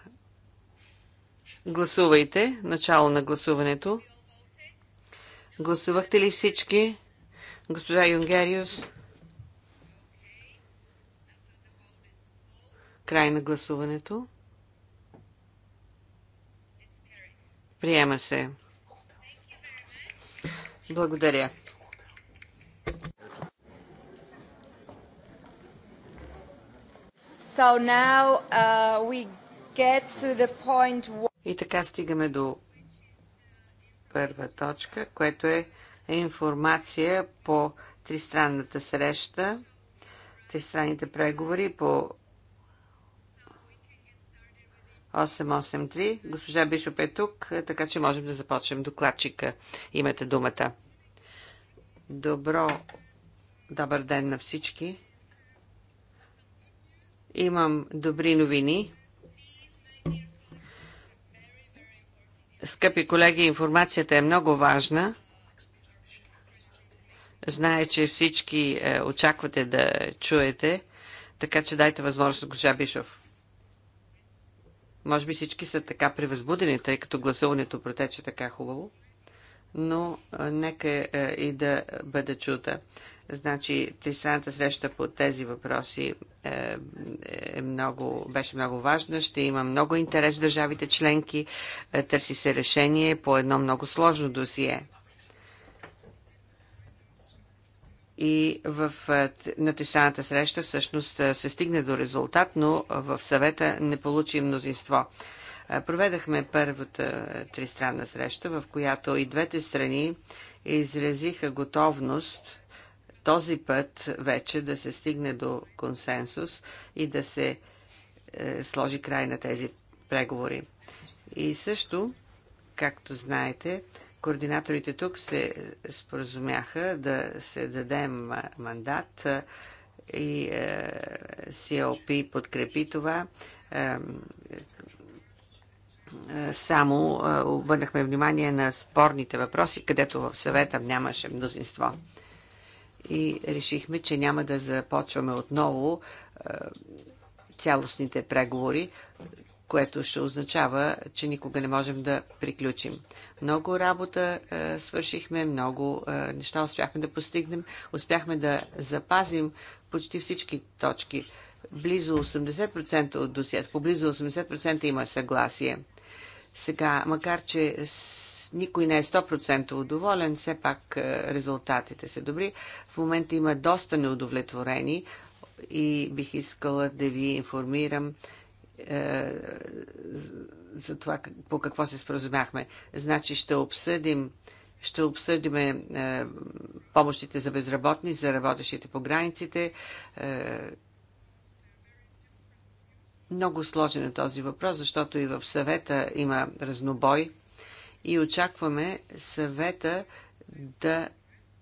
S2: Гласувайте. Начало на гласуването. Гласувахте ли всички? Господа Юнгериус. Край на гласуването. Приема се. Благодаря. So now uh,
S1: we get to the point
S2: и така стигаме до първа точка, което е информация по тристранната среща, тристранните преговори по 883. Госпожа Бишоп е тук, така че можем да започнем. Докладчика, имате думата. Добро, добър ден на всички. Имам добри новини. Скъпи колеги, информацията е много важна. Знае, че всички е, очаквате да чуете, така че дайте възможност госпожа Бишов. Може би всички са така превъзбудени, тъй като гласуването протече така хубаво, но е, нека е, и да бъде чута. Значи, тристранната среща по тези въпроси е, е много, беше много важна. Ще има много интерес в държавите членки. Е, търси се решение по едно много сложно досие. И в, е, на тристранната среща всъщност е, се стигне до резултат, но в съвета не получи мнозинство. Е, проведахме първата тристранна среща, в която и двете страни изразиха готовност този път вече да се стигне до консенсус и да се е, сложи край на тези преговори. И също, както знаете, координаторите тук се споразумяха да се дадем мандат и е, CLP е подкрепи това. Е, е само е, обърнахме внимание на спорните въпроси, където в съвета нямаше мнозинство и решихме, че няма да започваме отново е, цялостните преговори, което ще означава, че никога не можем да приключим. Много работа е, свършихме, много е, неща успяхме да постигнем, успяхме да запазим почти всички точки. Близо 80% от досият, поблизо 80% има съгласие. Сега, макар че никой не е 100% удоволен, все пак е, резултатите са добри. В момента има доста неудовлетворени и бих искала да ви информирам е, за това по какво се споразумяхме. Значи ще обсъдим ще обсъдиме е, помощите за безработни, за работещите по границите. Е, много сложен е този въпрос, защото и в съвета има разнобой и очакваме съвета да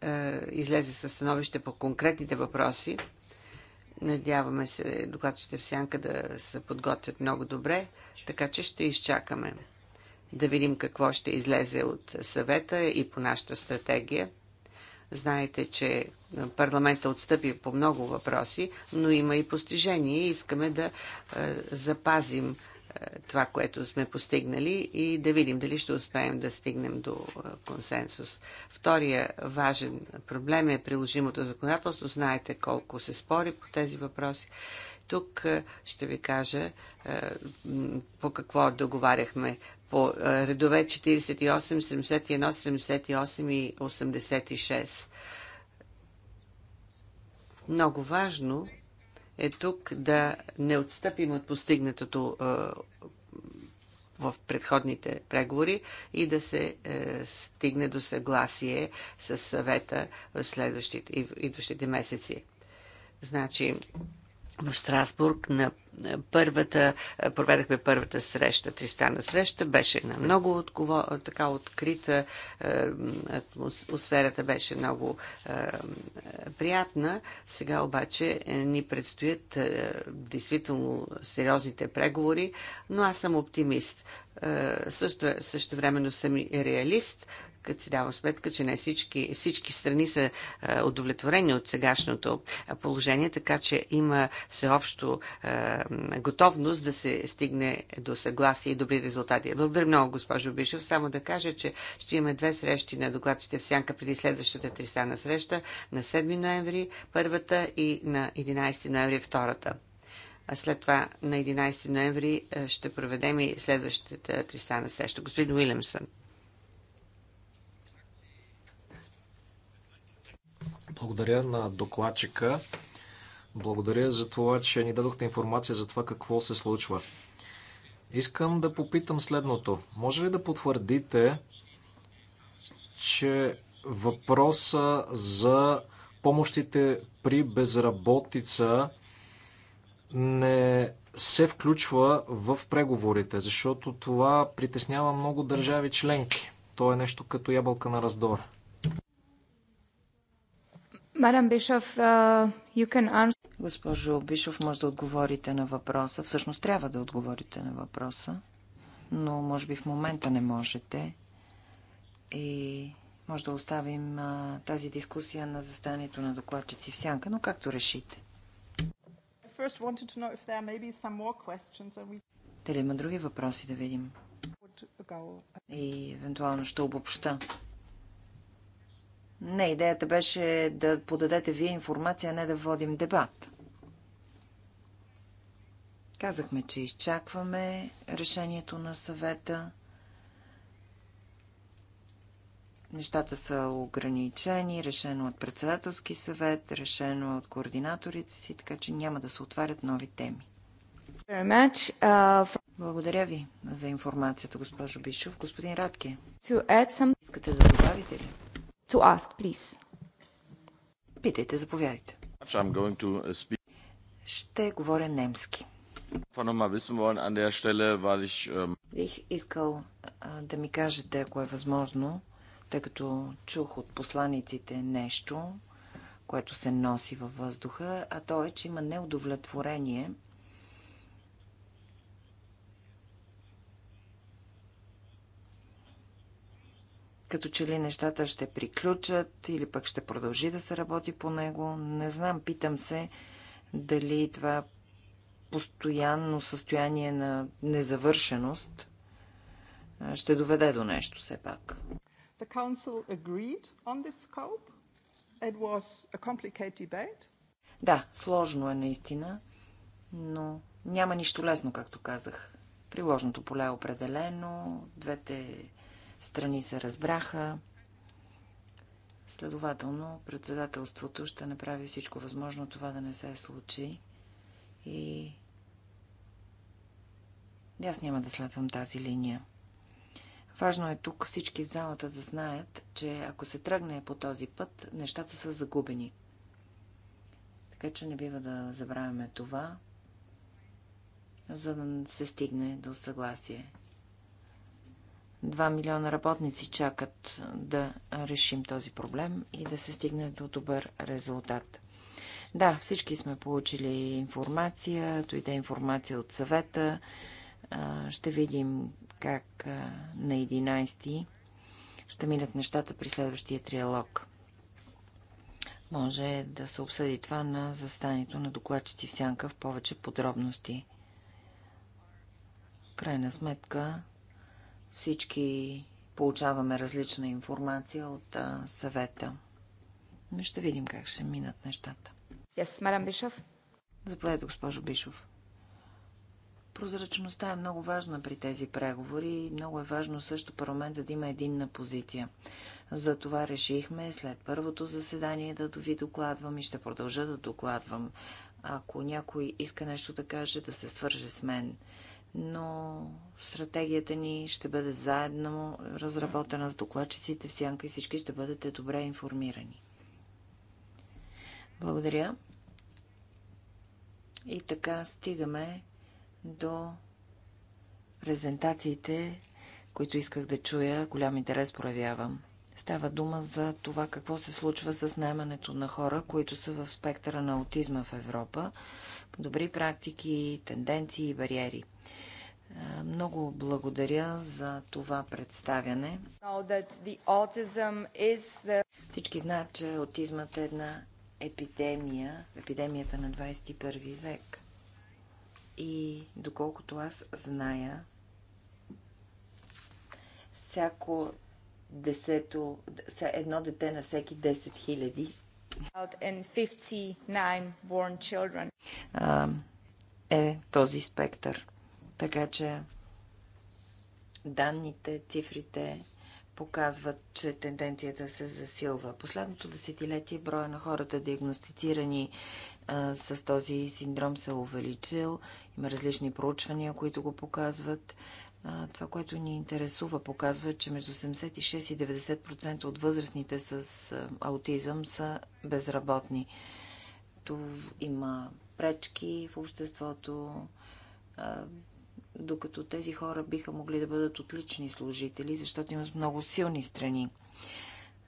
S2: е, излезе със становище по конкретните въпроси. Надяваме се докладчите в сянка да се подготвят много добре, така че ще изчакаме да видим какво ще излезе от съвета и по нашата стратегия. Знаете, че парламента отстъпи по много въпроси, но има и постижения и искаме да е, запазим това, което сме постигнали и да видим дали ще успеем да стигнем до консенсус. Втория важен проблем е приложимото законодателство. Знаете колко се спори по тези въпроси. Тук ще ви кажа по какво договаряхме по редове 48, 71, 78 и 86. Много важно е тук да не отстъпим от постигнатото е, в предходните преговори и да се е, стигне до съгласие с съвета в следващите, идващите месеци. Значи, в Страсбург на е, първата, е, проведахме първата среща, тристана среща, беше на много отговор, е, така открита, атмосферата беше много приятна. Сега обаче ни предстоят действително сериозните преговори, но аз съм оптимист. Също, също времено съм и реалист, като си дава сметка, че не всички, всички страни са удовлетворени от сегашното положение, така че има всеобщо готовност да се стигне до съгласие и добри резултати. Благодаря много, госпожо Бишев. Само да кажа, че ще имаме две срещи на докладчите в Сянка преди следващата тристана среща на 7 ноември първата и на 11 ноември втората. А след това на 11 ноември ще проведем и следващата тристана среща. Господин Уилямсън.
S3: Благодаря на докладчика. Благодаря за това, че ни дадохте информация за това какво се случва. Искам да попитам следното. Може ли да потвърдите, че въпроса за помощите при безработица не се включва в преговорите, защото това притеснява много държави членки. То е нещо като ябълка на раздора.
S1: Uh, you can answer. Госпожо Бишов, може да отговорите на въпроса. Всъщност трябва да отговорите на въпроса, но може би в момента не можете. И може да оставим а, uh, тази дискусия на застанието на докладчици в сянка, но както решите. Дали има други въпроси да видим? И евентуално ще обобща. Не, идеята беше да подадете вие информация, а не да водим дебат. Казахме, че изчакваме решението на съвета. Нещата са ограничени, решено от председателски съвет, решено от координаторите си, така че няма да се отварят нови теми. Uh, Благодаря ви за информацията, госпожо Бишов. Господин Радке, искате да добавите ли? to ask, please. Питайте, заповядайте.
S3: Uh,
S1: Ще говоря немски.
S3: Ähm,
S1: Бих искал да ми кажете, ако е възможно, тъй като чух от посланиците нещо, което се носи във въздуха, а то е, че има неудовлетворение – като че ли нещата ще приключат или пък ще продължи да се работи по него. Не знам, питам се дали това постоянно състояние на незавършеност ще доведе до нещо все пак.
S2: The Council agreed on this scope. It was a complicated debate.
S1: Да, сложно е наистина, но няма нищо лесно, както казах. Приложното поле е определено, двете страни се разбраха. Следователно, председателството ще направи всичко възможно това да не се случи. И и аз няма да следвам тази линия. Важно е тук всички в залата да знаят, че ако се тръгне по този път, нещата са загубени. Така че не бива да забравяме това, за да се стигне до съгласие. 2 милиона работници чакат да решим този проблем и да се стигне до добър резултат. Да, всички сме получили информация, дойде информация от съвета. Ще видим как на 11 ще минат нещата при следващия триалог. Може да се обсъди това на застанието на докладчици в сянка в повече подробности. Крайна сметка, всички получаваме различна информация от а, съвета. Но ще видим как ще минат нещата. Yes, мадам Бишов. Заповядайте, госпожо Бишов. Прозрачността е много важна при тези преговори и много е важно също парламента да има единна позиция. За това решихме след първото заседание да ви докладвам и ще продължа да докладвам. Ако някой иска нещо да каже, да се свърже с мен. Но Стратегията ни ще бъде заедно разработена с докладчиците в Сянка и всички ще бъдете добре информирани. Благодаря. И така стигаме до презентациите, които исках да чуя. Голям интерес проявявам. Става дума за това какво се случва с наймането на хора, които са в спектъра на аутизма в Европа. Добри практики, тенденции и бариери. Е, много благодаря за това представяне. Всички знаят, че аутизмът е една епидемия, епидемията на 21 век. И доколкото аз зная, всяко десето, едно дете на всеки 10 хиляди е този спектър. Така че данните, цифрите показват, че тенденцията се засилва. Последното десетилетие броя на хората, диагностицирани а, с този синдром, се е увеличил. Има различни проучвания, които го показват. А, това, което ни интересува, показва, че между 76 и 90% от възрастните с а, аутизъм са безработни. То има пречки в обществото. А, докато тези хора биха могли да бъдат отлични служители, защото имат много силни страни.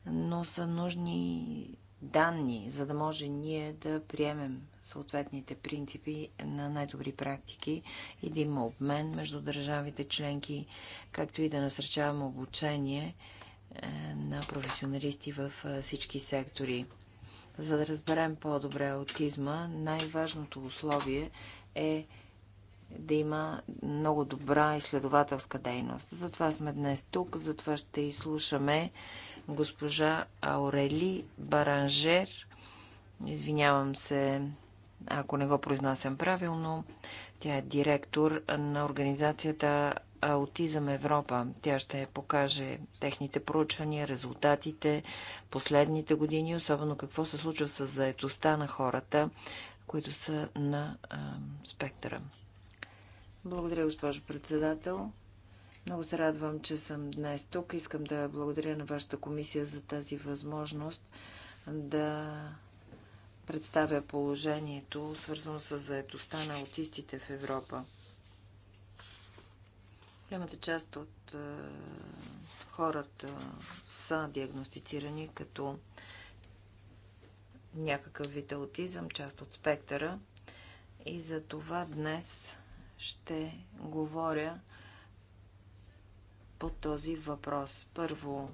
S1: Но са нужни данни, за да може ние да приемем съответните принципи на най-добри практики и да има обмен между държавите членки, както и да насърчаваме обучение е, на професионалисти в е, всички сектори. За да разберем по-добре аутизма, най-важното условие е да има много добра изследователска дейност. Затова сме днес тук, затова ще изслушаме госпожа Аурели Баранжер. Извинявам се, ако не го произнасям правилно. Тя е директор на организацията Аутизъм Европа. Тя ще покаже техните проучвания, резултатите, последните години, особено какво се случва с заетостта на хората, които са на а, спектъра. Благодаря, госпожо председател. Много се радвам, че съм днес тук. Искам да благодаря на вашата комисия за тази възможност да представя положението, свързано с заетостта на аутистите в Европа. Голямата част от е, хората е, са диагностицирани като някакъв вид аутизъм, част от спектъра. И за това днес ще говоря по този въпрос. Първо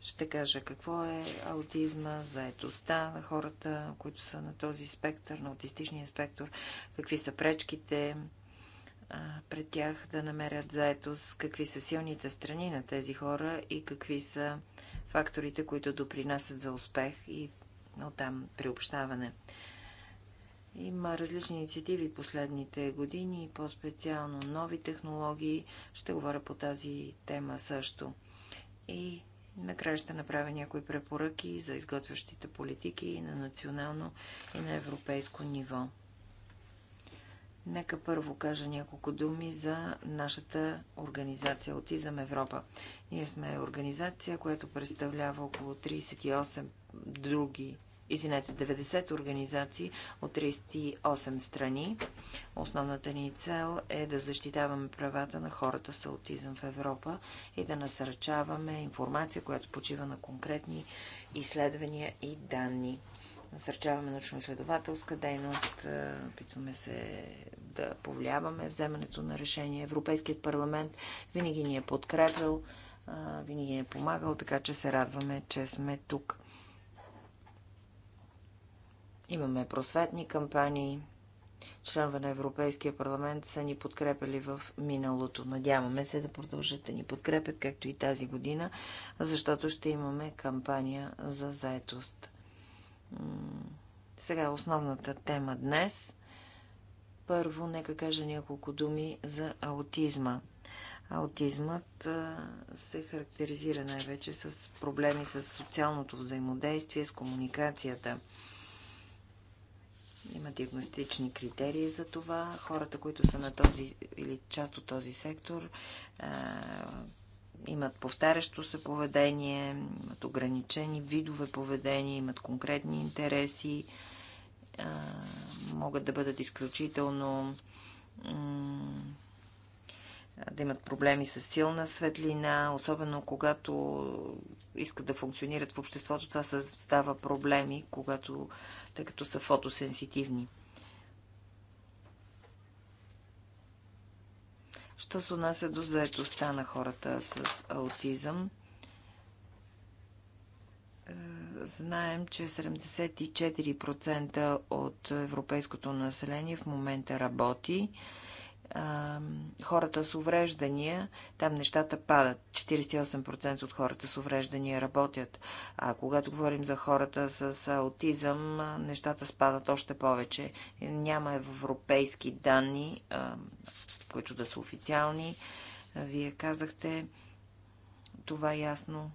S1: ще кажа какво е аутизма, заетостта на хората, които са на този спектър, на аутистичния спектър, какви са пречките пред тях да намерят заетост, какви са силните страни на тези хора и какви са факторите, които допринасят за успех и оттам приобщаване. общаване. Има различни инициативи последните години по-специално нови технологии. Ще говоря по тази тема също. И накрая ще направя някои препоръки за изготвящите политики и на национално и на европейско ниво. Нека първо кажа няколко думи за нашата организация Отизъм Европа. Ние сме организация, която представлява около 38 други извинете, 90 организации от 38 страни. Основната ни цел е да защитаваме правата на хората с аутизъм в Европа и да насърчаваме информация, която почива на конкретни изследвания и данни. Насърчаваме научно-изследователска дейност, е, опитваме се да повлияваме вземането на решение. Европейският парламент винаги ни е подкрепил, е, винаги ни е помагал, така че се радваме, че сме тук. Имаме просветни кампании. Членове на Европейския парламент са ни подкрепили в миналото. Надяваме се да продължат да ни подкрепят, както и тази година, защото ще имаме кампания за заетост. Сега основната тема днес. Първо, нека кажа няколко думи за аутизма. Аутизмът се характеризира най-вече с проблеми с социалното взаимодействие, с комуникацията – има диагностични критерии за това. Хората, които са на този или част от този сектор, е, имат повтарящо се поведение, имат ограничени видове поведение, имат конкретни интереси, е, могат да бъдат изключително да имат проблеми с силна светлина, особено когато искат да функционират в обществото. Това създава проблеми, когато, тъй като са фотосенситивни. Що се отнася до заедостта на хората с аутизъм, е, знаем, че 74% от европейското население в момента работи хората с увреждания, там нещата падат. 48% от хората с увреждания работят. А когато говорим за хората с аутизъм, нещата спадат още повече. Няма европейски данни, които да са официални. Вие казахте това ясно,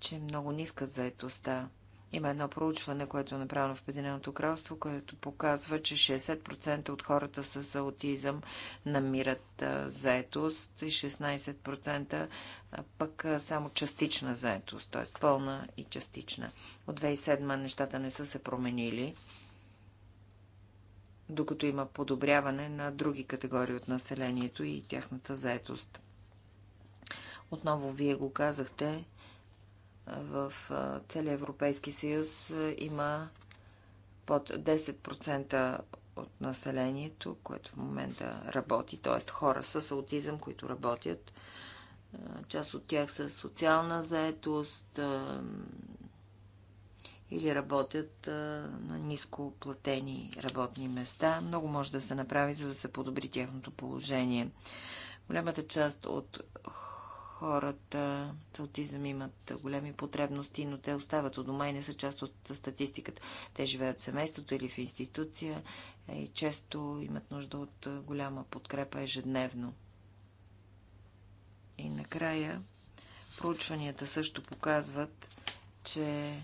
S1: че е много ниска заетостта. Има едно проучване, което е направено в Пединеното кралство, което показва, че 60% от хората с аутизъм намират заетост и 16% пък само частична заетост, т.е. пълна и частична. От 2007 нещата не са се променили, докато има подобряване на други категории от населението и тяхната заетост. Отново вие го казахте, в целия Европейски съюз има под 10% от населението, което в момента работи, т.е. хора с аутизъм, които работят. Част от тях са социална заетост или работят на ниско платени работни места. Много може да се направи, за да се подобри тяхното положение. Голямата част от хората с аутизъм имат големи потребности, но те остават у дома и не са част от статистиката. Те живеят в семейството или в институция е, и често имат нужда от е, голяма подкрепа ежедневно. И накрая проучванията също показват, че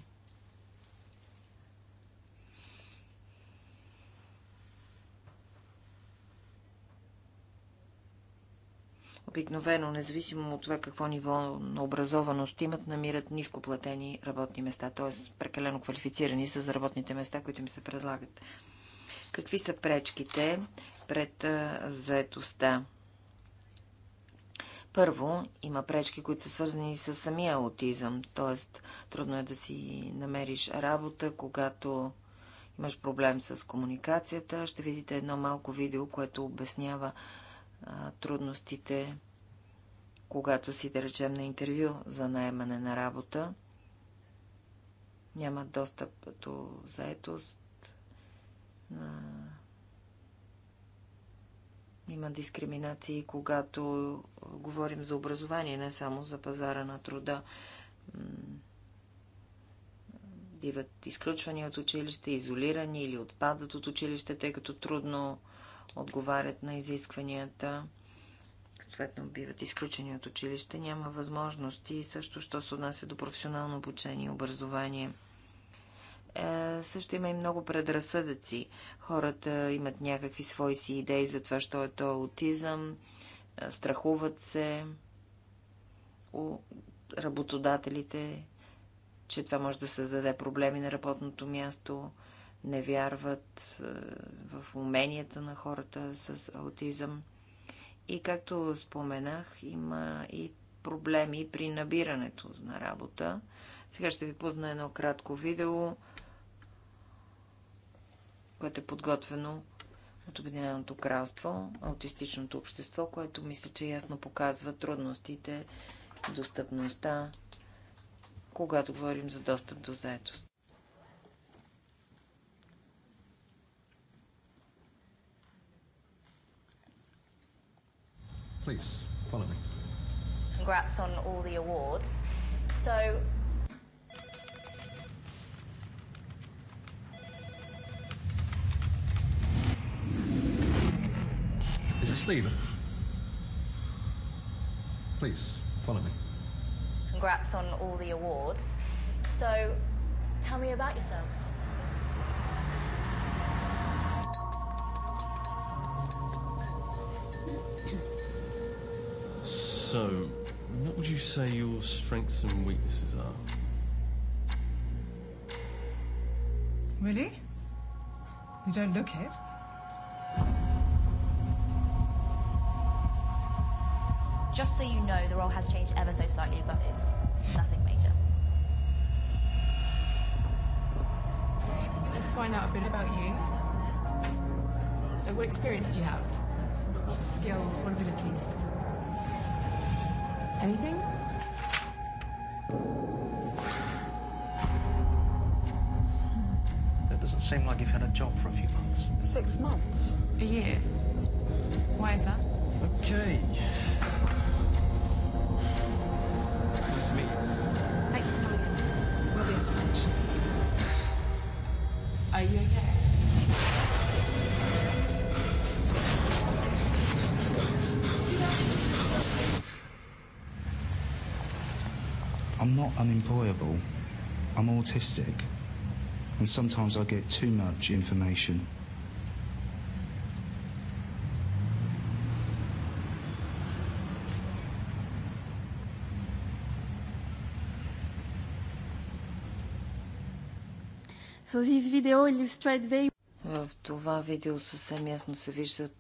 S1: Обикновено, независимо от това какво ниво на образованост имат, намират нископлатени работни места, т.е. прекалено квалифицирани са за работните места, които ми се предлагат. Какви са пречките пред заетостта? Първо, има пречки, които са свързани с самия аутизъм, т.е. трудно е да си намериш работа, когато имаш проблем с комуникацията. Ще видите едно малко видео, което обяснява трудностите, когато си, да речем, на интервю за найемане на работа, нямат достъп до заетост, а, има дискриминации, когато говорим за образование, не само за пазара на труда. Биват изключвани от училище, изолирани или отпадат от училище, тъй като трудно отговарят на изискванията, съответно биват изключени от училище, няма възможности и също, що се отнася до професионално обучение и образование. Е, също има и много предразсъдъци. Хората имат някакви свои си идеи за това, що е то аутизъм, е, страхуват се у работодателите, че това може да създаде проблеми на работното място не вярват е, в уменията на хората с аутизъм. И както споменах, има и проблеми при набирането на работа. Сега ще ви позна едно кратко видео, което е подготвено от Обединеното кралство, аутистичното общество, което мисля, че ясно показва трудностите, достъпността, когато говорим за достъп до заетост.
S3: Please, follow me. Congrats on all the awards. So... Is it Stephen? Please, follow me.
S1: Congrats on all the
S3: awards. So, tell me about yourself.
S1: So, what would you say your strengths and weaknesses are? Really?
S2: You don't look it.
S3: Just so you know, the role has changed ever so slightly, but it's nothing major.
S2: Let's find out a bit about you. So, what experience do you have? What skills, what abilities? Anything?
S3: It doesn't seem like you've had a
S1: job for a few months. Six months? A year. Why is that? Okay. It's nice to meet you. unemployable. I'm autistic, and sometimes I get too much
S2: information.
S1: So this video illustrates very в това видео съвсем ясно се виждат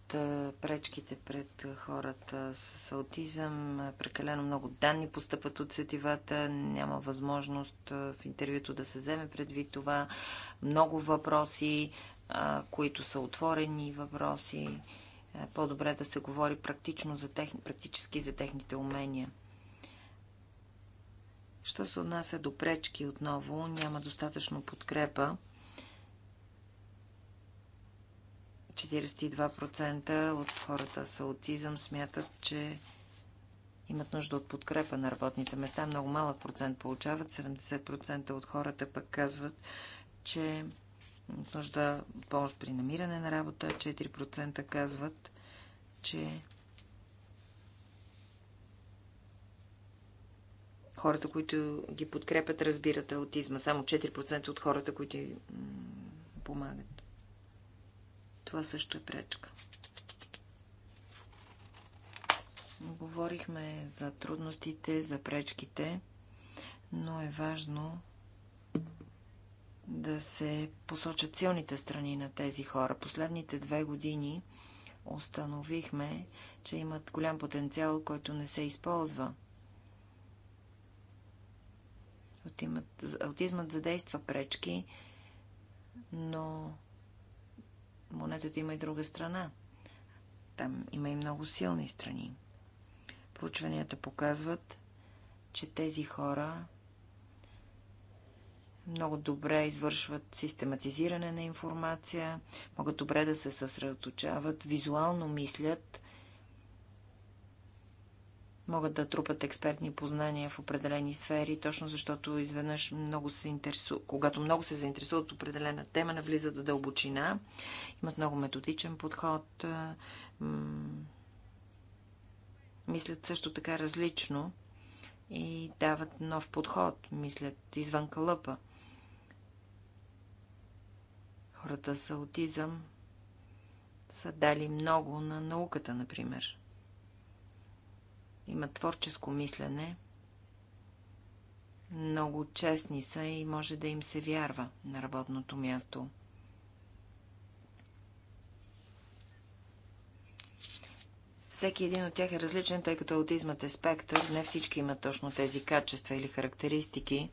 S1: пречките пред хората с аутизъм. Прекалено много данни постъпват от сетивата. Няма възможност в интервюто да се вземе предвид това. Много въпроси, които са отворени въпроси. По-добре да се говори практично за тех... практически за техните умения. Що се отнася до пречки отново, няма достатъчно подкрепа 42% от хората с аутизъм смятат, че имат нужда от подкрепа на работните места. Много малък процент получават. 70% от хората пък казват, че имат нужда от помощ при намиране на работа. 4% казват, че хората, които ги подкрепят, разбират аутизма. Само 4% от хората, които помагат. Това също е пречка. Говорихме за трудностите, за пречките, но е важно да се посочат силните страни на тези хора. Последните две години установихме, че имат голям потенциал, който не се използва. Аутизмът задейства пречки, но монетата има и друга страна. Там има и много силни страни. Проучванията показват, че тези хора много добре извършват систематизиране на информация, могат добре да се съсредоточават, визуално мислят могат да трупат експертни познания в определени сфери, точно защото изведнъж много се интересуват, когато много се заинтересуват от определена тема, навлизат в дълбочина, имат много методичен подход, мислят също така различно и дават нов подход, мислят извън кълъпа. Хората с аутизъм са дали много на науката, например. Има творческо мислене, много честни са и може да им се вярва на работното място. Всеки един от тях е различен, тъй като аутизмът е спектър. Не всички имат точно тези качества или характеристики.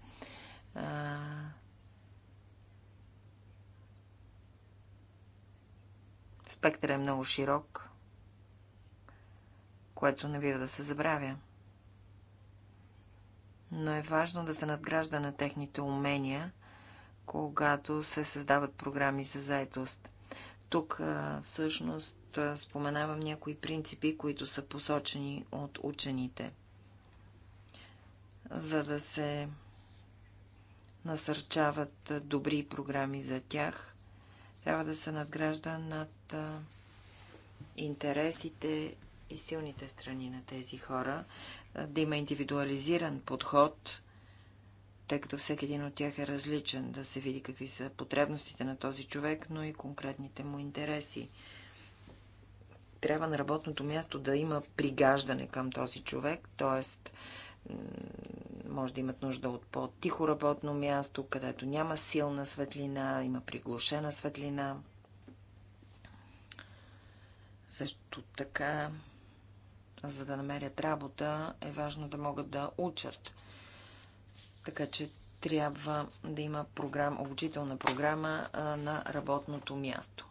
S1: Спектър е много широк което не бива да се забравя. Но е важно да се надгражда на техните умения, когато се създават програми за заетост. Тук всъщност споменавам някои принципи, които са посочени от учените, за да се насърчават добри програми за тях. Трябва да се надгражда над интересите и силните страни на тези хора, да има индивидуализиран подход, тъй като всеки един от тях е различен, да се види какви са потребностите на този човек, но и конкретните му интереси. Трябва на работното място да има пригаждане към този човек, т.е може да имат нужда от по-тихо работно място, където няма силна светлина, има приглушена светлина. Също така за да намерят работа, е важно да могат да учат. Така че трябва да има програм, обучителна програма на работното място.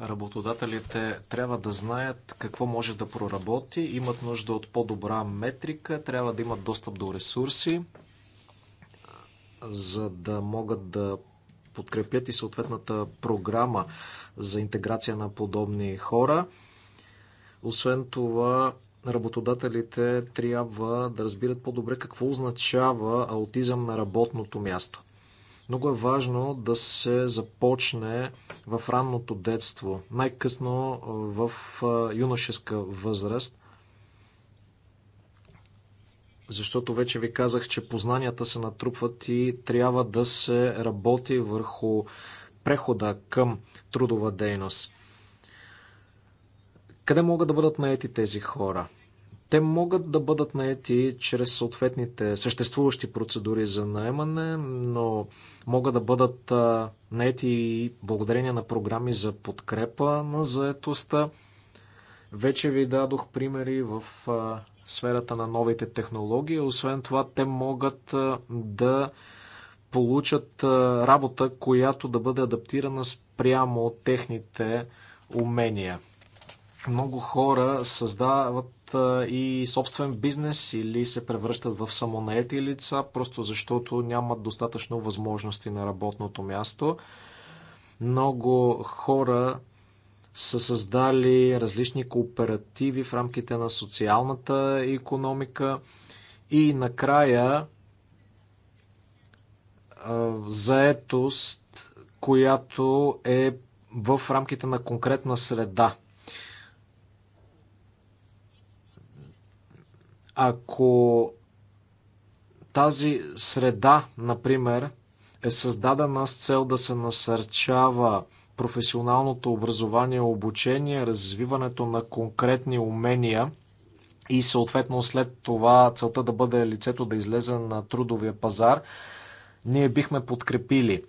S3: Работодателите трябва да знаят какво може да проработи, имат нужда от по-добра метрика, трябва да имат достъп до ресурси, за да могат да подкрепят и съответната програма за интеграция на подобни хора. Освен това, работодателите трябва да разбират по-добре какво означава аутизъм на работното място. Много е важно да се започне в ранното детство, най-късно в юношеска възраст, защото вече ви казах, че познанията се натрупват и трябва да се работи върху прехода към трудова дейност. Къде могат да бъдат наети тези хора? Те могат да бъдат наети чрез съответните съществуващи процедури за наемане, но могат да бъдат наети и благодарение на програми за подкрепа на заетостта. Вече ви дадох примери в сферата на новите технологии. Освен това, те могат да получат работа, която да бъде адаптирана спрямо техните умения. Много хора създават и собствен бизнес или се превръщат в самонаети лица, просто защото нямат достатъчно възможности на работното място. Много хора са създали различни кооперативи в рамките на социалната економика и накрая заетост, която е в рамките на конкретна среда. Ако тази среда, например, е създадена с цел да се насърчава професионалното образование, обучение, развиването на конкретни умения и съответно след това целта да бъде лицето да излезе на трудовия пазар, ние бихме подкрепили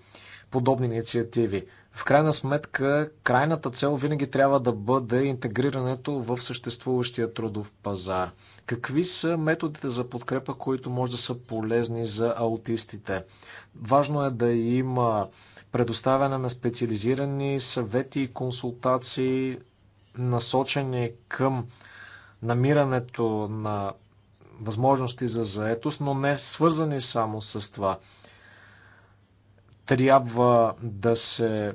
S3: подобни инициативи. В крайна сметка, крайната цел винаги трябва да бъде интегрирането в съществуващия трудов пазар. Какви са методите за подкрепа, които може да са полезни за аутистите? Важно е да има предоставяне на специализирани съвети и консултации, насочени към намирането на възможности за заетост, но не свързани само с това. Трябва да се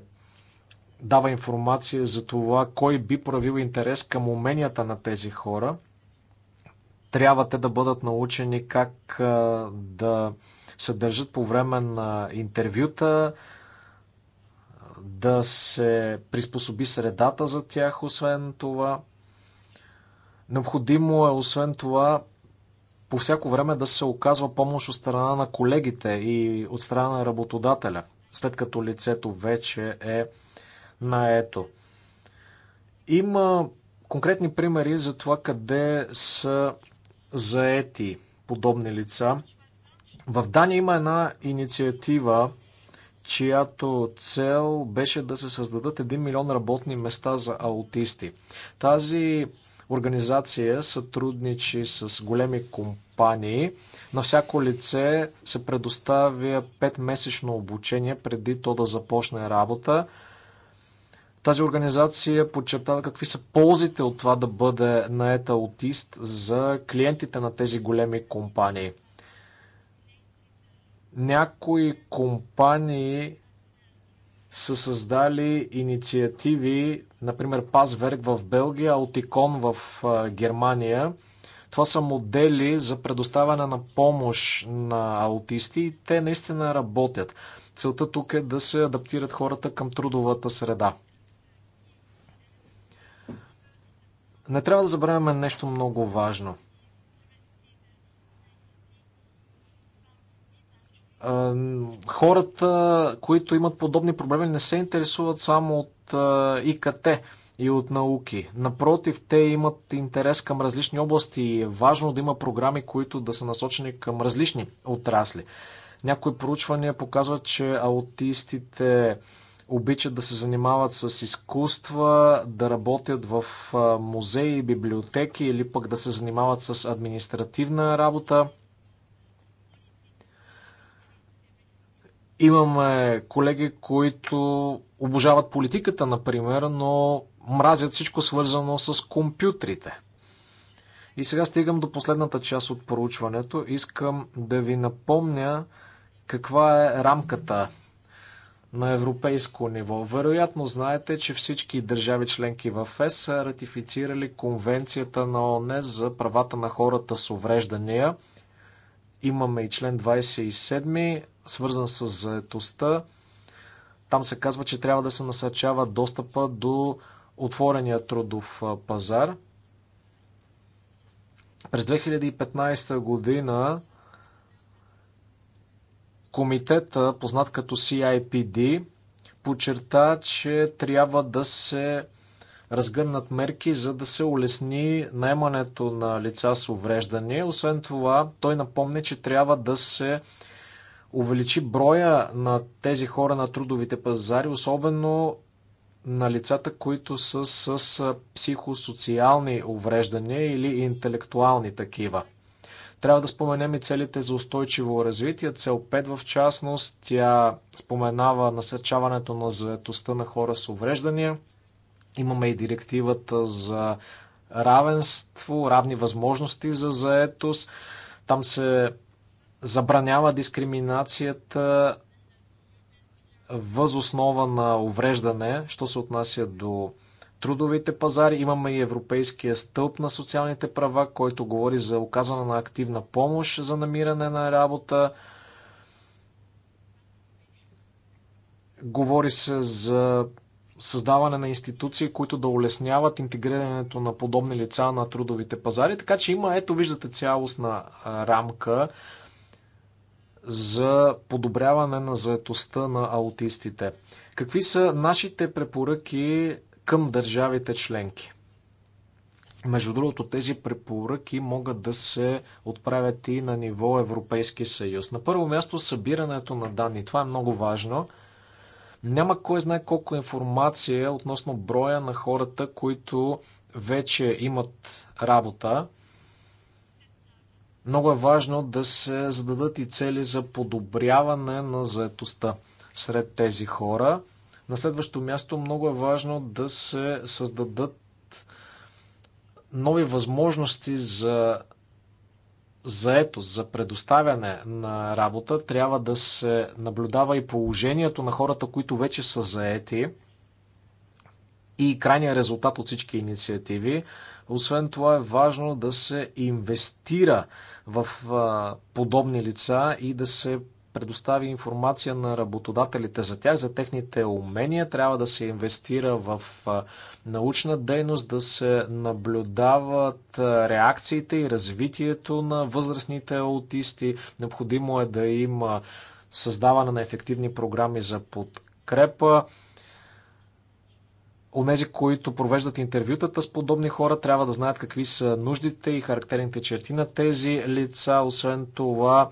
S3: дава информация за това кой би проявил интерес към уменията на тези хора – трябва те да бъдат научени как да се държат по време на интервюта, да се приспособи средата за тях, освен това. Необходимо е, освен това, по всяко време да се оказва помощ от страна на колегите и от страна на работодателя, след като лицето вече е наето. Има конкретни примери за това къде са заети подобни лица. В Дания има една инициатива, чиято цел беше да се създадат 1 милион работни места за аутисти. Тази организация сътрудничи с големи компании. На всяко лице се предоставя 5-месечно обучение преди то да започне работа. Тази организация подчертава какви са ползите от това да бъде наета аутист за клиентите на тези големи компании. Някои компании са създали инициативи, например Пазверк в Белгия, Аутикон в Германия. Това са модели за предоставяне на помощ на аутисти и те наистина работят. Целта тук е да се адаптират хората към трудовата среда. Не трябва да забравяме нещо много важно. Хората, които имат подобни проблеми, не се интересуват само от ИКТ и от науки. Напротив, те имат интерес към различни области и е важно да има програми, които да са насочени към различни отрасли. Някои проучвания показват, че аутистите обичат да се занимават с изкуства, да работят в музеи, библиотеки или пък да се занимават с административна работа. Имаме колеги, които обожават политиката, например, но мразят всичко свързано с компютрите. И сега стигам до последната част от проучването. Искам да ви напомня каква е рамката на европейско ниво. Вероятно знаете, че всички държави членки в ЕС са ратифицирали Конвенцията на ОНЕ за правата на хората с увреждания. Имаме и член 27, свързан с заетостта. Там се казва, че трябва да се насърчава достъпа до отворения трудов пазар. През 2015 година Комитета, познат като CIPD, подчерта, че трябва да се разгърнат мерки, за да се улесни наемането на лица с увреждане. Освен това, той напомни, че трябва да се увеличи броя на тези хора на трудовите пазари, особено на лицата, които са с психосоциални увреждания или интелектуални такива. Трябва да споменем и целите за устойчиво развитие. Цел 5 в частност, тя споменава насърчаването на заетостта на хора с увреждания. Имаме и директивата за равенство, равни възможности за заетост. Там се забранява дискриминацията възоснова на увреждане, що се отнася до трудовите пазари. Имаме и Европейския стълб на социалните права, който говори за оказване на активна помощ за намиране на работа. Говори се за създаване на институции, които да улесняват интегрирането на подобни лица на трудовите пазари. Така че има, ето виждате цялостна рамка за подобряване на заетостта на аутистите. Какви са нашите препоръки към държавите членки. Между другото, тези препоръки могат да се отправят и на ниво Европейски съюз. На първо място събирането на данни. Това е много важно. Няма кой знае колко информация е относно броя на хората, които вече имат работа. Много е важно да се зададат и цели за подобряване на заетостта сред тези хора – на следващо място много е важно да се създадат нови възможности за заетост, за предоставяне на работа. Трябва да се наблюдава и положението на хората, които вече са заети и крайния резултат от всички инициативи. Освен това е важно да се инвестира в подобни лица и да се предостави информация на работодателите за тях, за техните умения. Трябва да се инвестира в научна дейност, да се наблюдават реакциите и развитието на възрастните аутисти. Необходимо е да има създаване на ефективни програми за подкрепа. Онези, които провеждат интервютата с подобни хора, трябва да знаят какви са нуждите и характерните черти на тези лица. Освен това,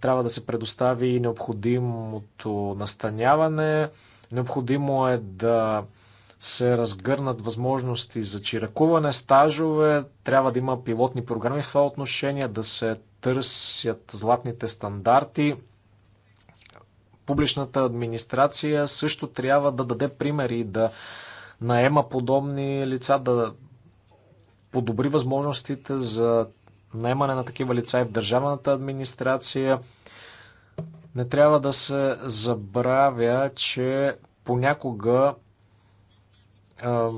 S3: трябва да се предостави необходимото настаняване. Необходимо е да се разгърнат възможности за чиракуване, стажове, трябва да има пилотни програми в това отношение, да се търсят златните стандарти. Публичната администрация също трябва да даде примери, да наема подобни лица, да подобри възможностите за наемане на такива лица и в държавната администрация. Не трябва да се забравя, че понякога а,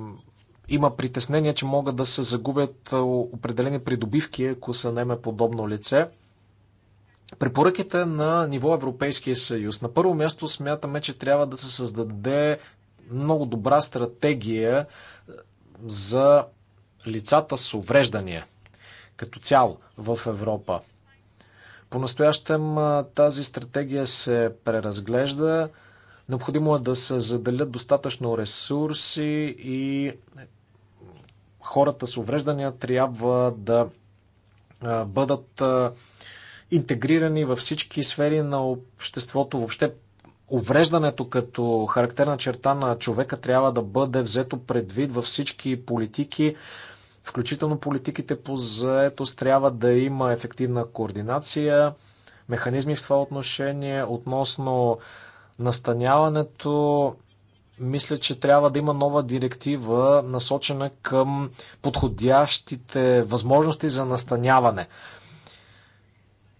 S3: има притеснение, че могат да се загубят определени придобивки, ако се наеме подобно лице. Препоръките на ниво Европейския съюз. На първо място смятаме, че трябва да се създаде много добра стратегия за лицата с увреждания като цяло в Европа. По-настоящем тази стратегия се преразглежда. Необходимо е да се заделят достатъчно ресурси и хората с увреждания трябва да бъдат интегрирани във всички сфери на обществото. Въобще увреждането като характерна черта на човека трябва да бъде взето предвид във всички политики. Включително политиките по заетост трябва да има ефективна координация, механизми в това отношение относно настаняването. Мисля, че трябва да има нова директива, насочена към подходящите възможности за настаняване.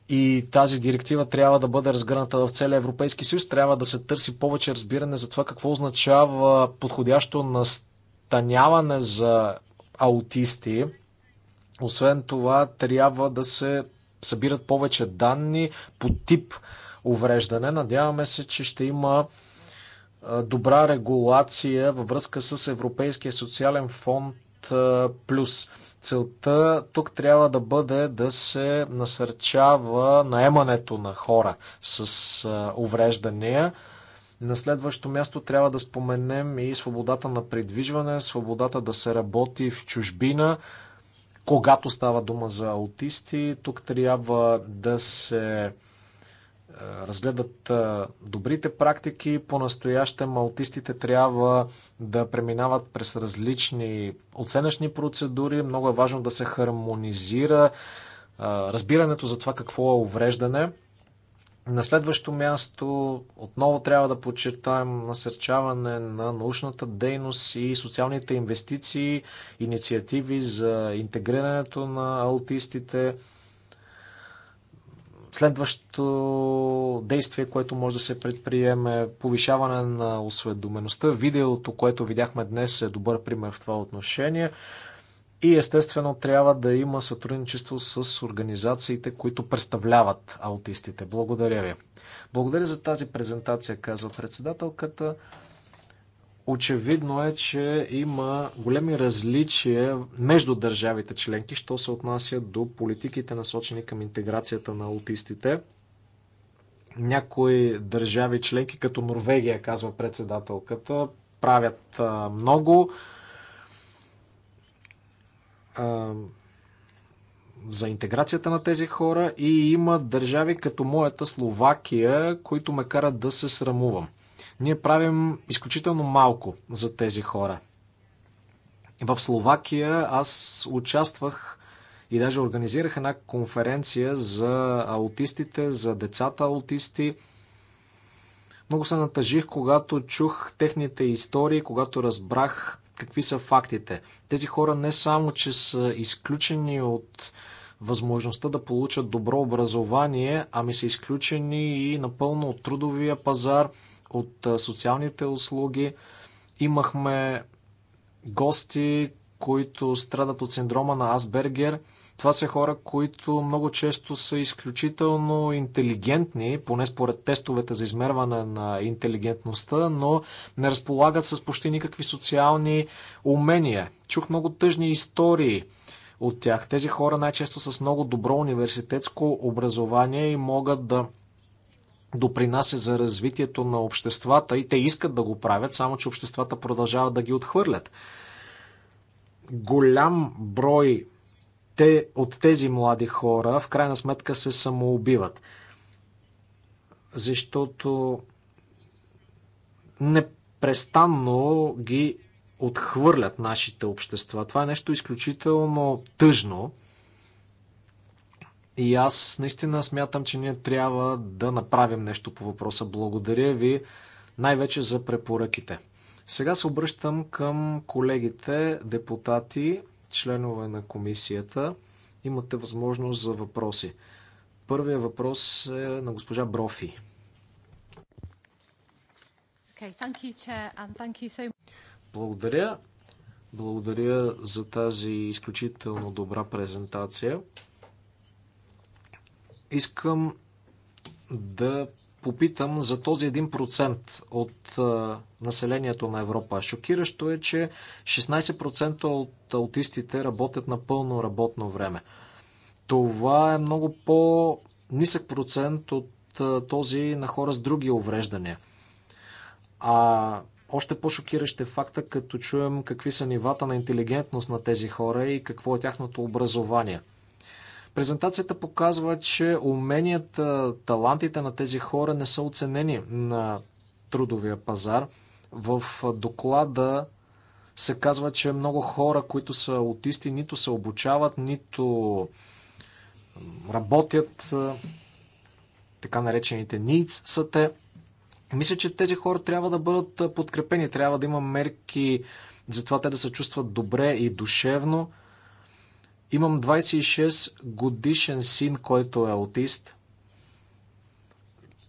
S3: И тази директива трябва да бъде разгърната в целия Европейски съюз. Трябва да се търси повече разбиране за това какво означава подходящо настаняване за аутисти. Освен това, трябва да се събират повече данни по тип увреждане. Надяваме се, че ще има добра регулация във връзка с Европейския социален фонд плюс. Целта тук трябва да бъде да се насърчава наемането на хора с увреждания. На следващо място трябва да споменем и свободата на придвижване, свободата да се работи в чужбина. Когато става дума за аутисти, тук трябва да се е, разгледат е, добрите практики. По-настоящем аутистите трябва да преминават през различни оценъчни процедури. Много е важно да се хармонизира е, разбирането за това какво е увреждане – на следващо място отново трябва да подчертаем насърчаване на научната дейност и социалните инвестиции, инициативи за интегрирането на аутистите. Следващото действие, което може да се предприеме, повишаване на осведомеността. Видеото, което видяхме днес е добър пример в това отношение. И естествено трябва да има сътрудничество с организациите, които представляват аутистите. Благодаря ви. Благодаря за тази презентация, казва председателката. Очевидно е, че има големи различия между държавите членки, що се отнася до политиките насочени към интеграцията на аутистите. Някои държави членки, като Норвегия, казва председателката, правят много за интеграцията на тези хора и има държави като моята Словакия, които ме карат да се срамувам. Ние правим изключително малко за тези хора. В Словакия аз участвах и даже организирах една конференция за аутистите, за децата аутисти. Много се натъжих, когато чух техните истории, когато разбрах какви са фактите. Тези хора не само, че са изключени от възможността да получат добро образование, ами са изключени и напълно от трудовия пазар, от социалните услуги. Имахме гости, които страдат от синдрома на Асбергер – това са хора, които много често са изключително интелигентни, поне според тестовете за измерване на интелигентността, но не разполагат с почти никакви социални умения. Чух много тъжни истории от тях. Тези хора най-често са с много добро университетско образование и могат да допринасят за развитието на обществата и те искат да го правят, само че обществата продължават да ги отхвърлят. Голям брой те от тези млади хора в крайна сметка се самоубиват. Защото непрестанно ги отхвърлят нашите общества. Това е нещо изключително тъжно. И аз наистина смятам, че ние трябва да направим нещо по въпроса. Благодаря ви най-вече за препоръките. Сега се обръщам към колегите депутати членове на комисията. Имате възможност за въпроси. Първият въпрос е на госпожа Брофи. Благодаря. Благодаря за тази изключително добра презентация. Искам да попитам за този 1% от населението на Европа. Шокиращо е, че 16% от аутистите работят на пълно работно време. Това е много по-нисък процент от този на хора с други увреждания. А още по-шокиращ е факта, като чуем какви са нивата на интелигентност на тези хора и какво е тяхното образование – Презентацията показва, че уменията, талантите на тези хора не са оценени на трудовия пазар. В доклада се казва, че много хора, които са аутисти, нито се обучават, нито работят. Така наречените needs са те. Мисля, че тези хора трябва да бъдат подкрепени, трябва да има мерки за това те да се чувстват добре и душевно. Имам 26 годишен син, който е аутист.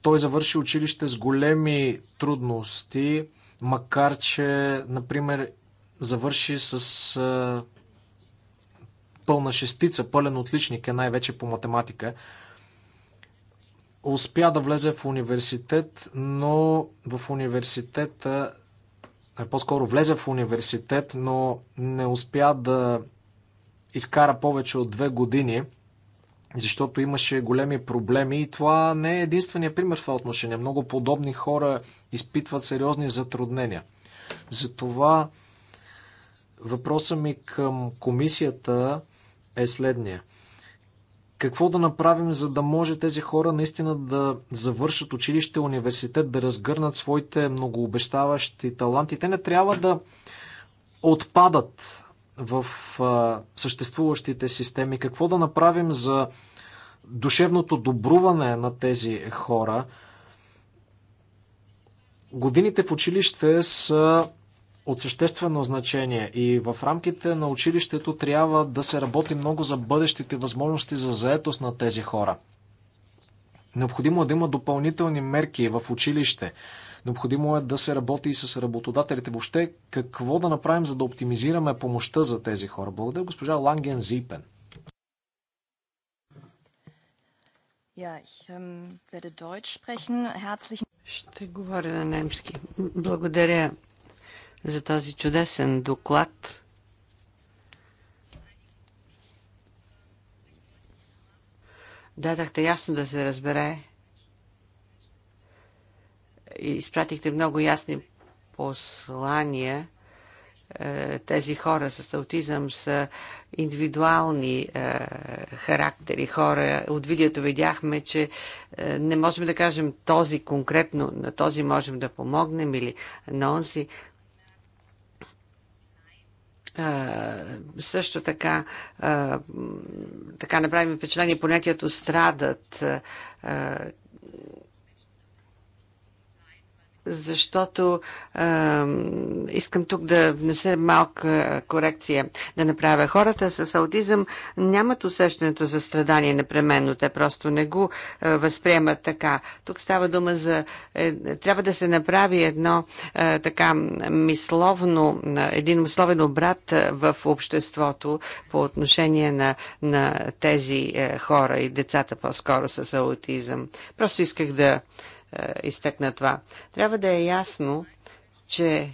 S3: Той завърши училище с големи трудности, макар че, например, завърши с а, пълна шестица, пълен отличник е най-вече по математика. Успя да влезе в университет, но в университета, по-скоро влезе в университет, но не успя да изкара повече от две години, защото имаше големи проблеми и това не е единствения пример в това отношение. Много подобни хора изпитват сериозни затруднения. Затова въпросът ми към комисията е следния. Какво да направим, за да може тези хора наистина да завършат училище, университет, да разгърнат своите многообещаващи таланти? Те не трябва да отпадат в съществуващите системи. Какво да направим за душевното добруване на тези хора? Годините в училище са от съществено значение и в рамките на училището трябва да се работи много за бъдещите възможности за заетост на тези хора. Необходимо е да има допълнителни мерки в училище Необходимо е да се работи и с работодателите. Въобще, какво да направим, за да оптимизираме помощта за тези хора? Благодаря, госпожа Ланген Зипен.
S1: Ähm, Ще говоря
S2: на немски. Благодаря за този чудесен доклад. Дадахте ясно да се разбере изпратихте много ясни послания. Е, тези хора с аутизъм са индивидуални е, характери, хора. От видеото видяхме, че е, не можем да кажем този конкретно, на този можем да помогнем или на онзи. Е, също така, е, така направим впечатление понятието страдат, е, защото а, искам тук да внеса малка корекция да направя. Хората с аутизъм нямат усещането за страдание непременно. Те просто не го а, възприемат така. Тук става дума за... Е, трябва да се направи едно а, така мисловно, един мисловен обрат в обществото по отношение на, на тези е, хора и децата по-скоро с аутизъм. Просто исках да е, изтъкна това. Трябва да е ясно, че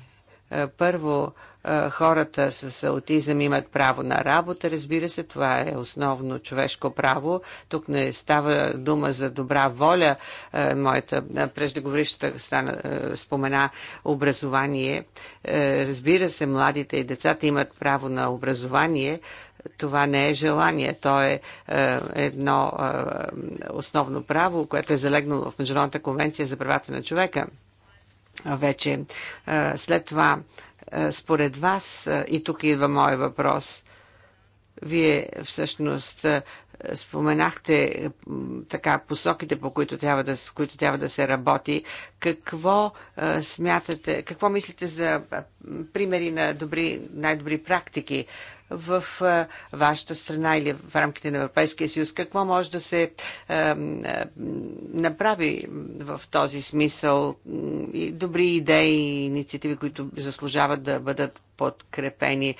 S2: е, първо е, хората с аутизъм имат право на работа. Разбира се, това е основно човешко право. Тук не става дума за добра воля. Моята преждеговорища стана, спомена образование. Разбира се, младите и децата имат право на образование, това не е желание, то е, е едно е, основно право, което е залегнало в Международната конвенция за правата на човека. Вече е, след това, е, според вас, е, и тук идва мой въпрос, вие всъщност е, споменахте така посоките, по които трябва да, които трябва да се работи. Какво е, смятате, какво мислите за е, примери на добри, най-добри практики в вашата страна или в рамките на Европейския съюз? Какво може да се направи в този смисъл? И добри идеи и инициативи, които заслужават да бъдат подкрепени.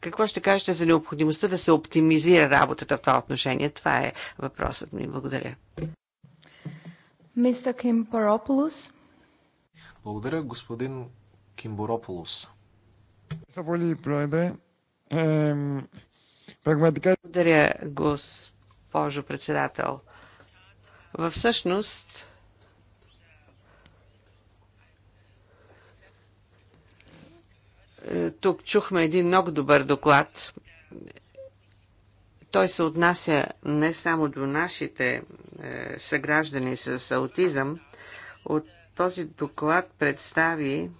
S2: Какво ще кажете за необходимостта да се оптимизира работата в това отношение? Това е въпросът ми. Благодаря.
S1: Мистер Кимпарополус.
S2: Благодаря, господин
S3: Кимборополус.
S2: Са прагматика... Благодаря, госпожо председател. В всъщност, е, тук чухме един много добър доклад. Той се отнася не само до нашите е, съграждани с аутизъм. От този доклад представи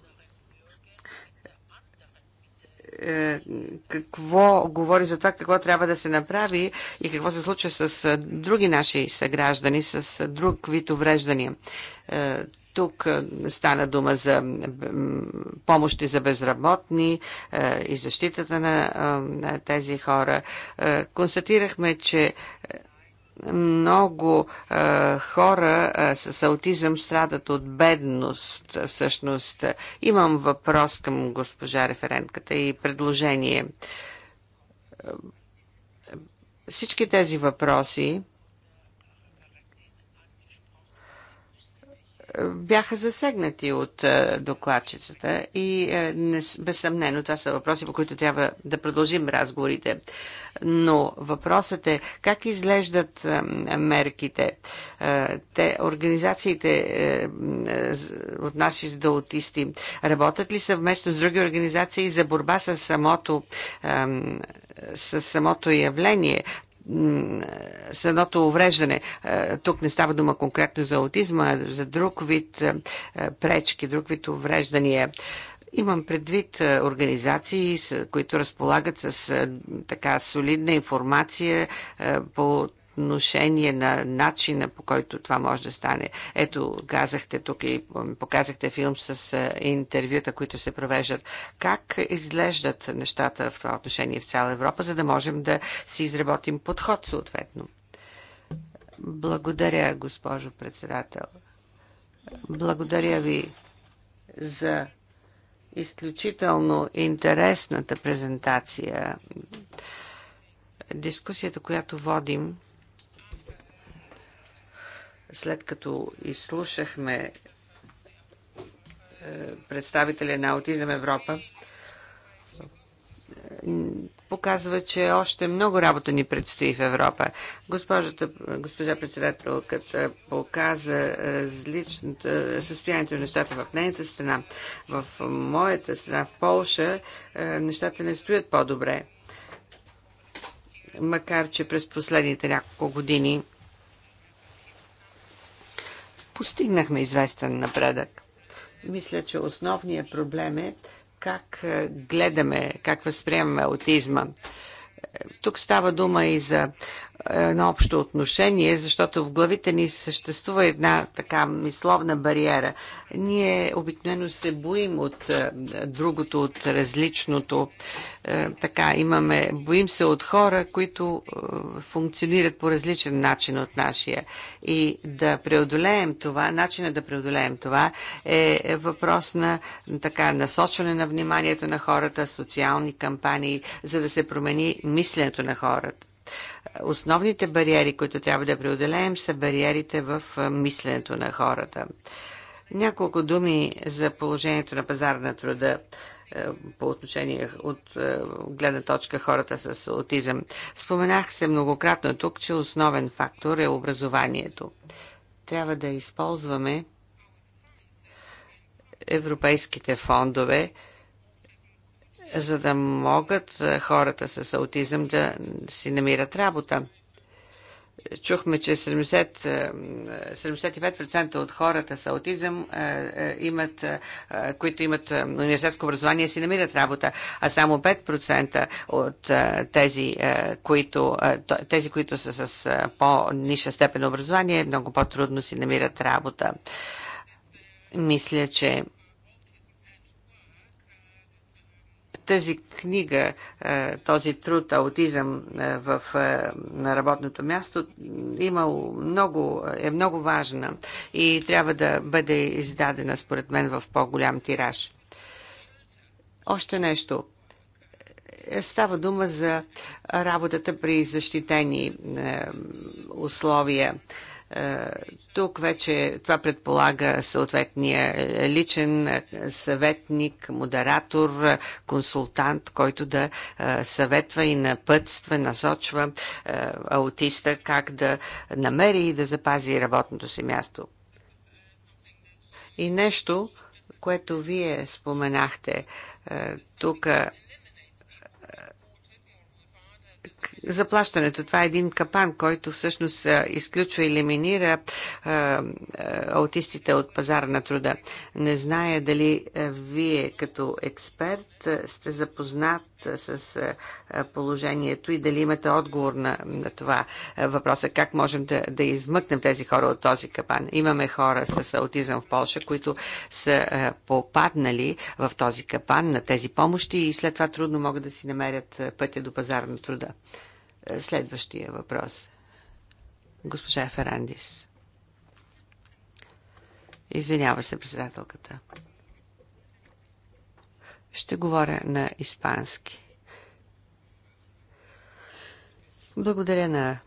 S2: е, какво говори за това, какво трябва да се направи и какво се случва с е, други наши съграждани, с е, друг вид увреждания. Тук стана дума за помощи за безработни и защитата на тези хора. Констатирахме, че много е, хора е, с аутизъм страдат от бедност. Всъщност, имам въпрос към госпожа референтката и предложение. Всички тези въпроси бяха засегнати от е, докладчицата и е, безсъмнено това са въпроси, по които трябва да продължим разговорите. Но въпросът е как изглеждат е, мерките. Те, организациите от наши да аутисти, работят ли съвместно с други организации за борба с самото, с самото явление? с едното увреждане. Е, тук не става дума конкретно за аутизма, а за друг вид е, пречки, друг вид увреждания. Имам предвид е, организации, които разполагат с така солидна информация по отношение на начина по който това може да стане. Ето, казахте тук и показахте филм с интервюта, които се провеждат. Как изглеждат нещата в това отношение в цяла Европа, за да можем да си изработим подход съответно? Благодаря, госпожо председател. Благодаря ви за изключително интересната презентация. Дискусията, която водим, след като изслушахме е, представителя на Аутизъм Европа, е, показва, че още много работа ни предстои в Европа. Госпожата, госпожа председателката показа различното е, състоянието на нещата в нейната страна. В моята страна, в Полша, нещата не стоят по-добре. Макар, че през последните няколко години постигнахме известен напредък. Мисля, че основният проблем е как е, гледаме, как възприемаме аутизма. Е, тук става дума и за е, едно общо отношение, защото в главите ни съществува една така мисловна бариера. Ние обикновено се боим от другото, от различното. Е, така имаме, боим се от хора, които е, функционират по различен начин от нашия. И да преодолеем това, начинът да преодолеем това е въпрос на така насочване на вниманието на хората, социални кампании, за да се промени мисленето на хората. Основните бариери, които трябва да преодолеем, са бариерите в е, мисленето на хората. Няколко думи за положението на пазар на труда. Е, по отношение от е, гледна точка хората с аутизъм. Споменах се многократно тук, че основен фактор е образованието. Трябва да използваме европейските фондове, за да могат е, хората с аутизъм да си намират работа чухме, че 70, 75% е, от хората с аутизъм, е, е, имат, които имат университетско образование, си намират работа, а само 5% от тези, които, тези, които са с по-ниша степен образование, много по-трудно си намират работа. Мисля, че тази книга, е, този труд аутизъм е, в, е, на работното място има много, е много важна и трябва да бъде издадена според мен в по-голям тираж. Още нещо. Става дума за работата при защитени условия. Е, тук вече това предполага съответния личен съветник, модератор, консултант, който да е, съветва и напътства, насочва е, аутиста как да намери и да запази работното си място. И нещо, което вие споменахте тук заплащането. Това е един капан, който всъщност изключва и елиминира аутистите от пазара на труда. Не зная дали вие като експерт сте запознат с положението и дали имате отговор на, на това въпроса. Как можем да, да измъкнем тези хора от този капан? Имаме хора с аутизъм в Польша, които са попаднали в този капан на тези помощи и след това трудно могат да си намерят пътя до пазара на труда следващия въпрос. Госпожа Ферандис. Извинява се председателката. Ще говоря на испански. Благодаря на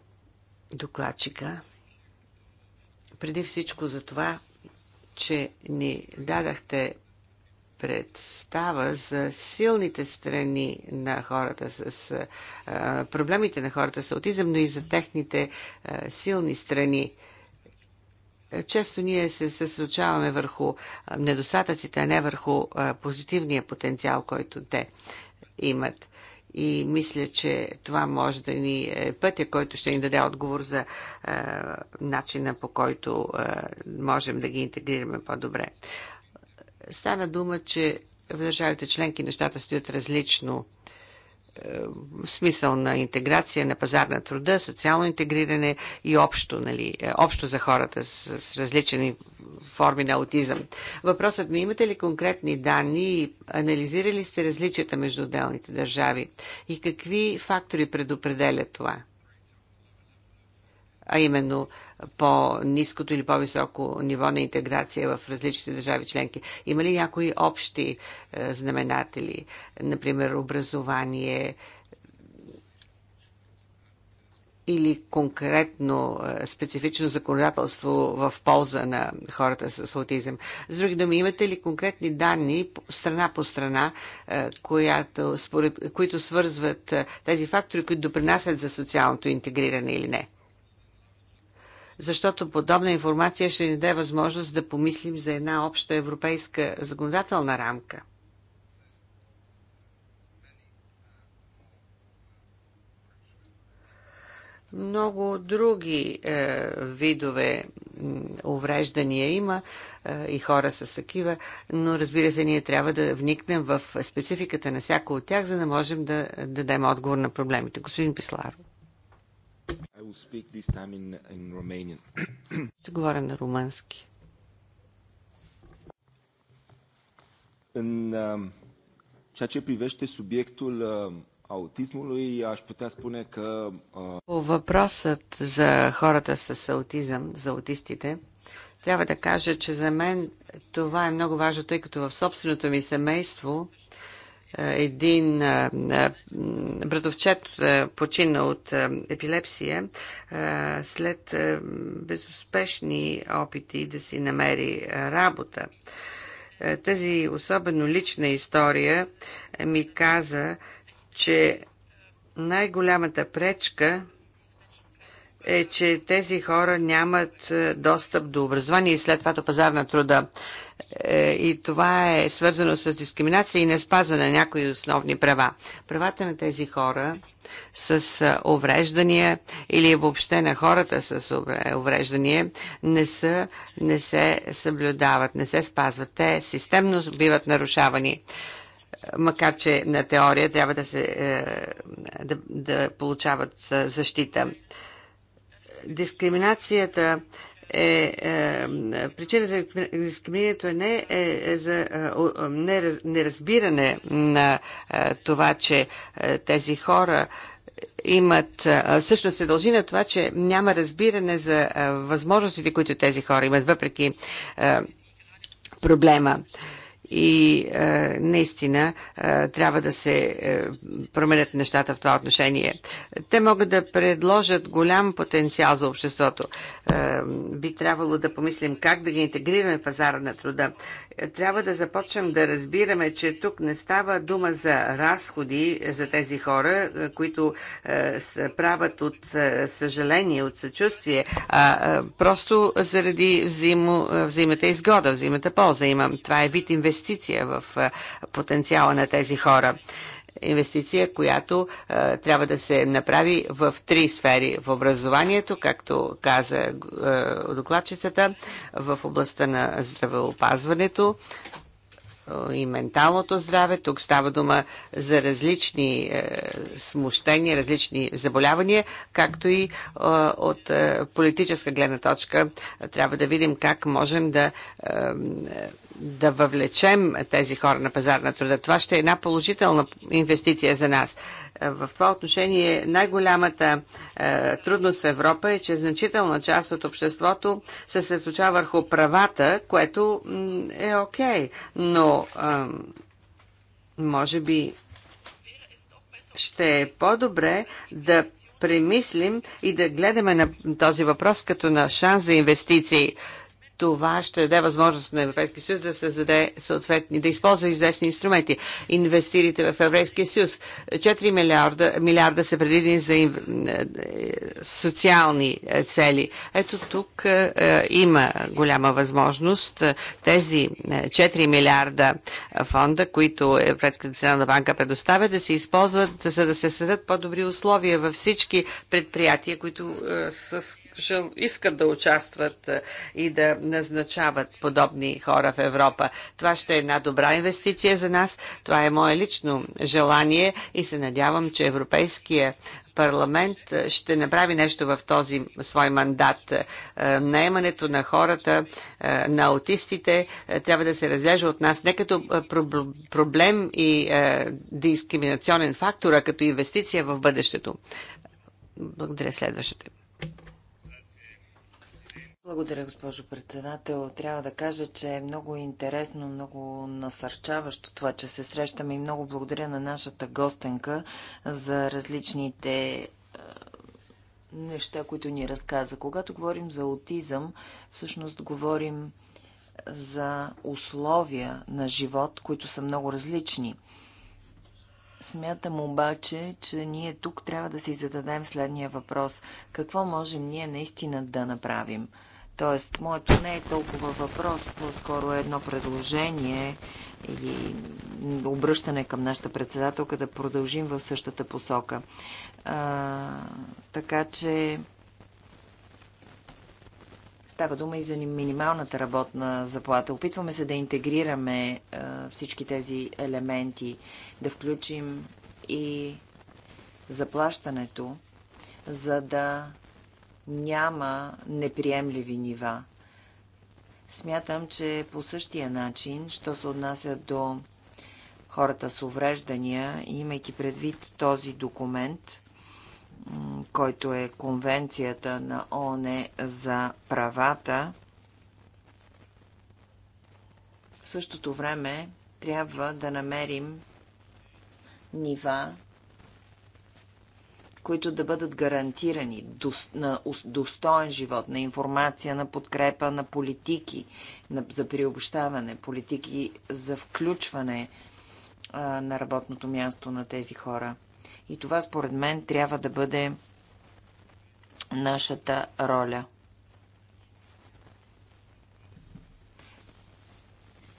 S2: докладчика. Преди всичко за това, че ни дадахте представа за силните страни на хората с а, проблемите на хората с аутизъм, но и за техните а, силни страни. Често ние се съсочаваме върху недостатъците, а не върху а, позитивния потенциал, който те имат. И мисля, че това може да ни е пътя, който ще ни даде отговор за е, начина по който е, можем да ги интегрираме по-добре. Стана дума, че в държавите членки нещата стоят различно е, в смисъл на интеграция на пазар на труда, социално интегриране и общо, нали, е, общо за хората с, с различни форми на аутизъм. Въпросът ми, имате ли конкретни данни и анализирали сте различията между отделните държави и какви фактори предопределят това? а именно по-низкото или по-високо ниво на интеграция в различните държави членки. Има ли някои общи е, знаменатели, например образование или конкретно е, специфично законодателство в полза на хората с аутизъм? С други думи, имате ли конкретни данни страна по страна, е, която, според, които свързват тези фактори, които допринасят за социалното интегриране или не? защото подобна информация ще ни даде възможност да помислим за една обща европейска законодателна рамка. много други е, видове увреждания има е, и хора с такива, но разбира се, ние трябва да вникнем в спецификата на всяко от тях, за да можем да, да дадем отговор на проблемите. Господин Писларов. Ще говоря на румънски.
S3: În ceea ce privește subiectul autismului, aș putea spune
S2: că... По въпросът за хората с аутизъм, за аутистите, трябва да кажа, че за мен това е много важно, тъй като в собственото ми семейство един братовчет почина от епилепсия след безуспешни опити да си намери работа. Тази особено лична история ми каза, че най-голямата пречка е, че тези хора нямат достъп до образование и след това до пазар на труда. Е, и това е свързано с дискриминация и не спазване на някои основни права. Правата на тези хора с е, увреждания или въобще на хората с увреждания не, са, не се съблюдават, не се спазват. Те системно биват нарушавани е, макар че на теория трябва да, се, да, да получават защита. Дискриминацията е, е причина за дискриминирането е не е, е за е, е неразбиране на е, това, че е, тези хора имат, е, всъщност се дължи на това, че няма разбиране за възможностите, които тези хора имат, въпреки е, проблема. Е, и а, е, наистина а, е, трябва да се а, е, променят нещата в това отношение. Те могат да предложат голям потенциал за обществото. А, би трябвало да помислим как да ги интегрираме в пазара на труда трябва да започнем да разбираме, че тук не става дума за разходи за тези хора, които е, правят от е, съжаление, от съчувствие, а е, просто заради взаимо, взаимата изгода, взаимата полза имам. Това е вид инвестиция в потенциала на тези хора. Е, инвестиция, която а, трябва да се направи в три сфери. В образованието, както каза е, докладчицата, в областта на здравеопазването, и менталното здраве. Тук става дума за различни е, смущения, различни заболявания, както и е, от е, политическа гледна точка. Трябва да видим как можем да да въвлечем тези хора на пазар на труда. Това ще е една положителна инвестиция за нас. Е, в това отношение най-голямата е, трудност в Европа е, че значителна част от обществото се съсредоточава върху правата, което е окей, okay, но е, може би ще е по-добре да премислим и да гледаме на този въпрос като на шанс за инвестиции това ще даде възможност на Европейския съюз да създаде съответни, да използва известни инструменти. Инвестирите в Европейския съюз. 4 милиарда, милиарда са предвидени за инв... социални е, цели. Ето тук е, е има голяма възможност е, тези 4 милиарда фонда, които Европейската национална банка предоставя, да се използват, за да се създадат по-добри условия във всички предприятия, които е, с жел... искат да участват е, и да назначават подобни хора в Европа. Това ще е една добра инвестиция за нас. Това е мое лично желание и се надявам, че Европейския парламент е, ще направи нещо в този свой мандат. Е, наемането на хората, на аутистите, трябва да се разлежа от нас не като проблем и дискриминационен фактор, а като инвестиция в бъдещето. Благодаря следващите.
S1: Благодаря, госпожо председател. Трябва да кажа, че е много интересно, много насърчаващо това, че се срещаме и много благодаря на нашата гостенка за различните е, неща, които ни разказа. Когато говорим за аутизъм, всъщност говорим за условия на живот, които са много различни. Смятам обаче, че ние тук трябва да си зададем следния въпрос. Какво можем ние наистина да направим? Тоест, моето не е толкова въпрос, по-скоро е едно предложение или обръщане към нашата председателка да продължим в същата посока. А, така че става дума и за минималната работна заплата. Опитваме се да интегрираме а, всички тези елементи, да включим и заплащането, за да няма неприемливи нива. Смятам, че по същия начин, що се отнася до хората с увреждания, имайки предвид този документ, който е Конвенцията на ООН за правата, в същото време трябва да намерим нива, които да бъдат гарантирани на достоен живот, на информация, на подкрепа, на политики за приобщаване, политики за включване на работното място на тези хора. И това, според мен, трябва да бъде нашата роля.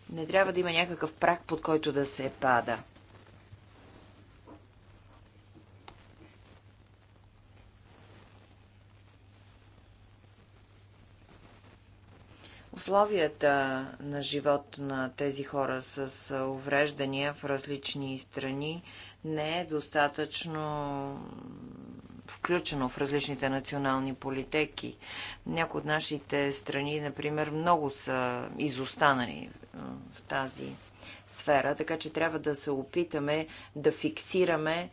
S1: Не трябва да има някакъв прак, под който да се пада. Условията на живот на тези хора с увреждания в различни страни не е достатъчно включено в различните национални политики. Някои от нашите страни, например, много са изостанали в тази сфера, така че трябва да се опитаме да фиксираме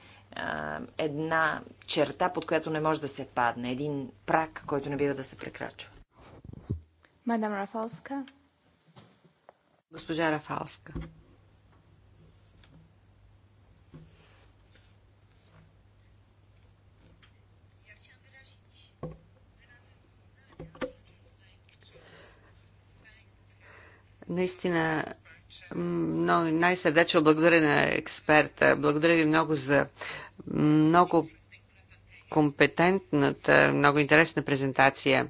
S1: една черта, под която не може да се падне, един прак, който не бива да се прекрачва. Мадам Рафалска.
S2: Госпожа Рафалска. Наистина, най-сърдечно благодаря на експерта. Благодаря ви много за много компетентната, много интересна презентация.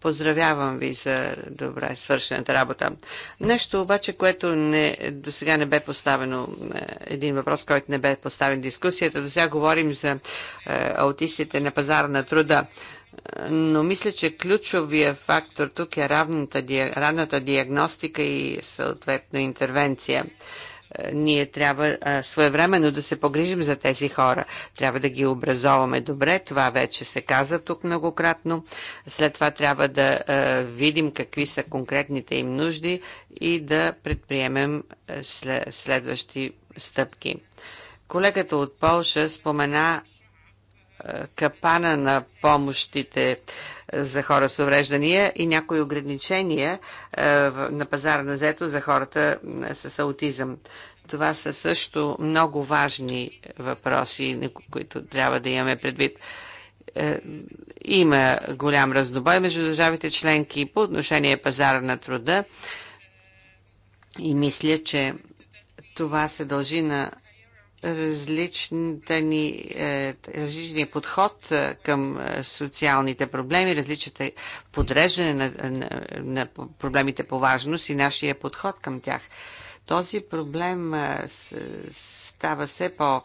S2: Поздравявам ви за добре свършената работа. Нещо обаче, което не, до сега не бе поставено, е, един въпрос, който не бе поставен в дискусията, до сега говорим за е, аутистите на пазара на труда. Е, но мисля, че ключовия фактор тук е равната, диагностика и съответно интервенция. Е, ние трябва е, своевременно да се погрижим за тези хора. Трябва да ги образоваме добре, това вече се каза тук многократно. След това трябва да е, видим какви са конкретните им нужди и да предприемем следващи стъпки. Колегата от Полша спомена капана на помощите за хора с увреждания и някои ограничения е, на пазара на зето за хората е, с аутизъм. Това са също много важни въпроси, които трябва да имаме предвид е, има голям разнобой между държавите членки по отношение пазара на труда и мисля, че това се дължи на различната ни, е, различния подход е, към е, социалните проблеми, различните, подреждане на, на, на проблемите по важност и нашия подход към тях. Този проблем става все по-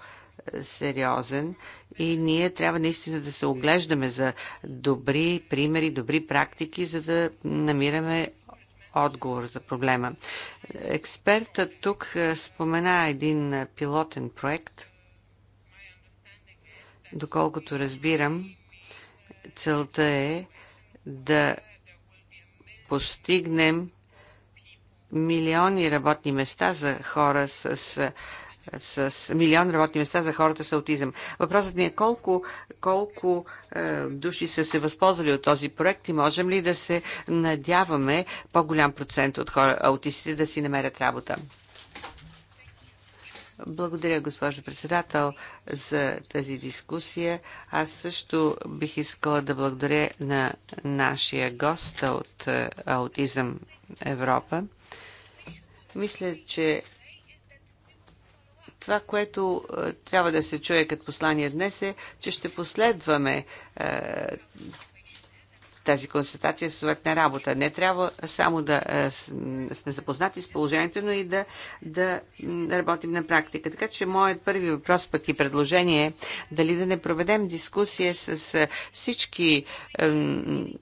S2: сериозен и ние трябва наистина да се оглеждаме за добри примери, добри практики, за да намираме отговор за проблема. Експертът тук е, спомена един е, пилотен проект. Доколкото разбирам, целта е да постигнем милиони работни места за хора с е, с милион работни места за хората с аутизъм. Въпросът ми е колко, колко е, души са се възползвали от този проект и можем ли да се надяваме по-голям процент от хора, аутистите да си намерят работа? Благодаря, госпожо председател, за тази дискусия. Аз също бих искала да благодаря на нашия гост от е, Аутизъм Европа. Мисля, че това, което е, трябва да се чуе като послание днес е, че ще последваме е, тази констатация с на работа. Не трябва само да е, сме запознати с положението, но и да, да работим на практика. Така че моят първи въпрос пък и предложение е дали да не проведем дискусия с е, всички е,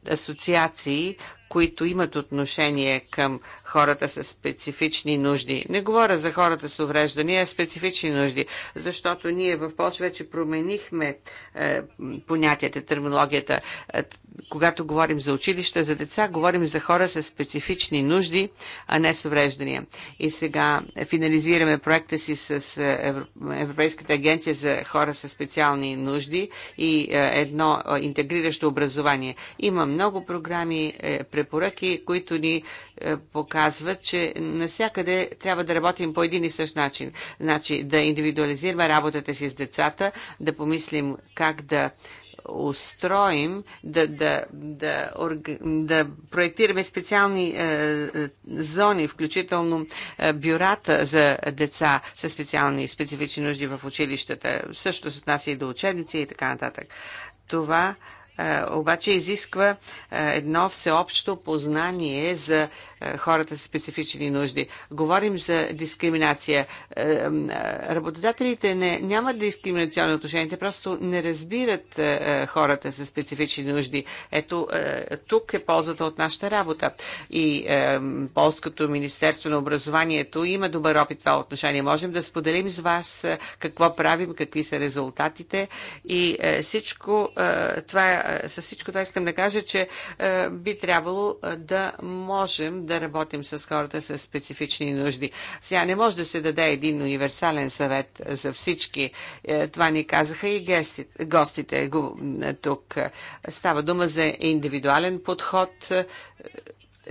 S2: асоциации, които имат отношение към хората с специфични нужди. Не говоря за хората с увреждания, а специфични нужди, защото ние в Польша вече променихме е, понятията, терминологията. Е, когато говорим за училища, за деца, говорим за хора с специфични нужди, а не с увреждания. И сега финализираме проекта си с е, Европейската агенция за хора с специални нужди и е, едно е, интегриращо образование. Има много програми, е, препоръки, които ни е, показват, че насякъде трябва да работим по един и същ начин. Значи да индивидуализираме работата си с децата, да помислим как да устроим, да, да, да, да проектираме специални е, е, зони, включително е, бюрата за деца с специални и специфични нужди в училищата. Също се отнася и до учебници и така нататък. Това е, обаче изисква едно всеобщо познание за хората с специфични нужди. Говорим за дискриминация. Работодателите не, нямат дискриминационни отношения, те просто не разбират хората с специфични нужди. Ето, тук е ползата от нашата работа. И Полското Министерство на образованието има добър опит това отношение. Можем да споделим с вас какво правим, какви са резултатите и всичко това е с всичко това искам да кажа, че е, би трябвало е, да можем да работим с хората с специфични нужди. Сега не може да се даде един универсален съвет за всички. Е, това ни казаха и гостите тук. Става дума за индивидуален подход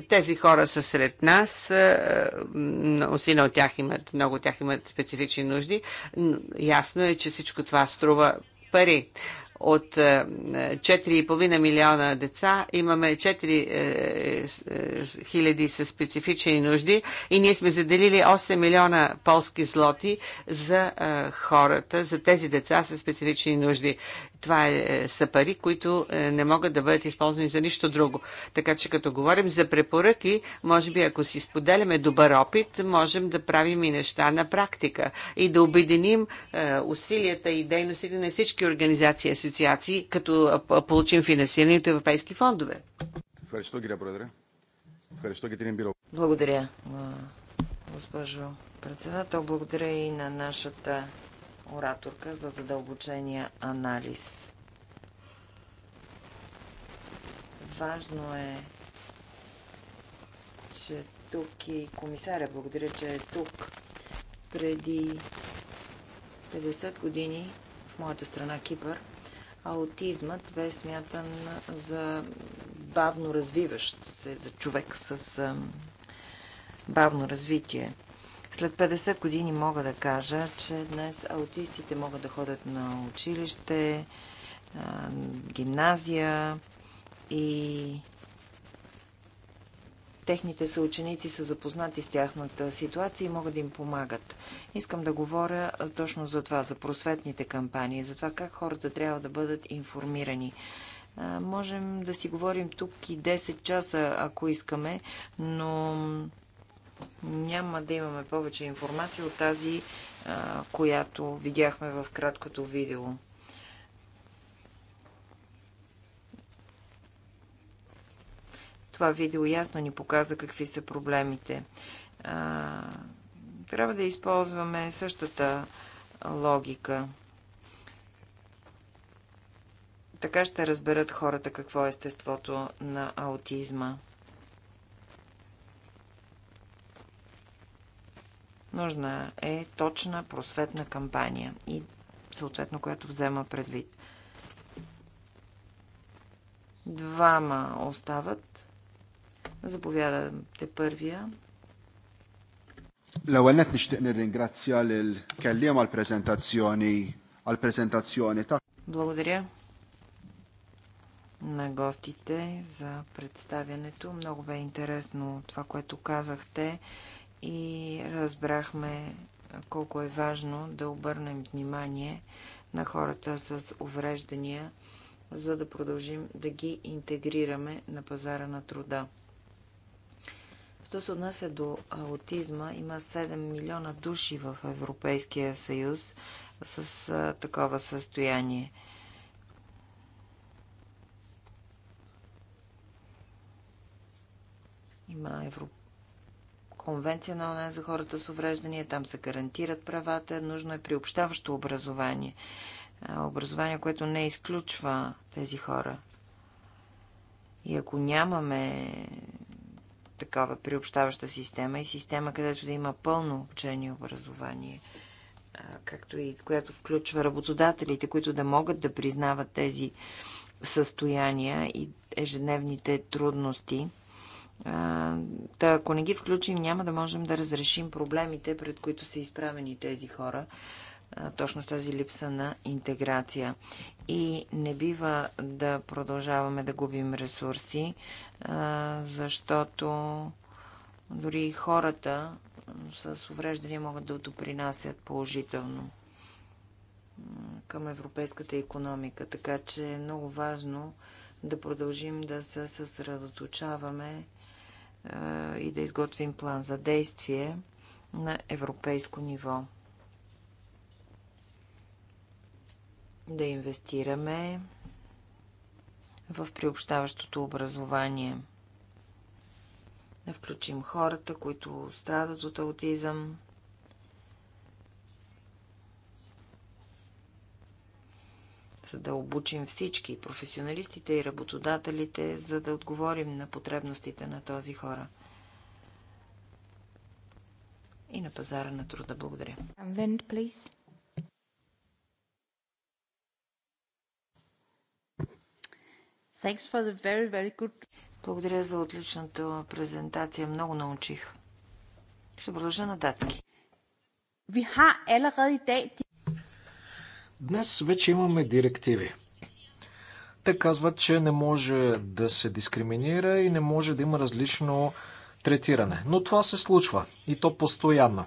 S2: тези хора са сред нас, усилено от тях имат, много от тях имат специфични нужди. Ясно е, че всичко това струва пари от 4,5 е, милиона деца имаме 4 е, е, хиляди със специфични нужди и ние сме заделили 8 милиона полски злоти за хората, за тези деца със специфични нужди това е, е, са пари, които е, не могат да бъдат използвани за нищо друго. Така че като говорим за препоръки, може би ако си споделяме добър опит, можем да правим и неща на практика и да обединим е, усилията и дейностите на всички организации и асоциации, като получим финансиране от европейски фондове. Благодаря,
S1: госпожо председател. Благодаря и на нашата ораторка за задълбочения анализ. Важно е, че тук и комисаря, благодаря, че е тук. Преди 50 години в моята страна Кипър аутизмът бе смятан за бавно развиващ се, за човек с бавно развитие. След 50 години мога да кажа, че днес аутистите могат да ходят на училище, гимназия и техните съученици са запознати с тяхната ситуация и могат да им помагат. Искам да говоря точно за това, за просветните кампании, за това как хората трябва да бъдат информирани. Можем да си говорим тук и 10 часа, ако искаме, но няма да имаме повече информация от тази, която видяхме в краткото видео. Това видео ясно ни показа какви са проблемите. Трябва да използваме същата логика. Така ще разберат хората какво е естеството на аутизма. Нужна е точна просветна кампания и съответно, която взема предвид. Двама остават. Заповядате първия.
S2: L-ewwel qed nixtieq
S3: nirringrazzja lil kelliem għall prezentazzjoni għall prezentazzjoni ta'
S1: Благодаря на гостите за представянето. Много бе интересно това, което казахте и разбрахме колко е важно да обърнем внимание на хората с увреждания, за да продължим да ги интегрираме на пазара на труда. Що се отнася до аутизма, има 7 милиона души в Европейския съюз с а, такова състояние. Има европейски конвенция на ОНЕ за хората с увреждания. Там се гарантират правата. Нужно е приобщаващо образование. Образование, което не изключва тези хора. И ако нямаме такава приобщаваща система и система, където да има пълно обучение и образование, както и която включва работодателите, които да могат да признават тези състояния и ежедневните трудности, Та, ако не ги включим, няма да можем да разрешим проблемите, пред които са изправени тези хора, точно с тази липса на интеграция. И не бива да продължаваме да губим ресурси, защото дори хората с увреждания могат да допринасят положително към европейската економика. Така че е много важно да продължим да се съсредоточаваме и да изготвим план за действие на европейско ниво. Да инвестираме в приобщаващото образование. Да включим хората, които страдат от аутизъм, да обучим всички, професионалистите и работодателите, за да отговорим на потребностите на този хора и на пазара на труда. Благодаря. please. Thanks for the very, very good... Благодаря за отличната презентация. Много научих. Ще продължа на датски. Vi har allerede i dag
S3: Днес вече имаме директиви. Те казват, че не може да се дискриминира и не може да има различно третиране. Но това се случва и то постоянно.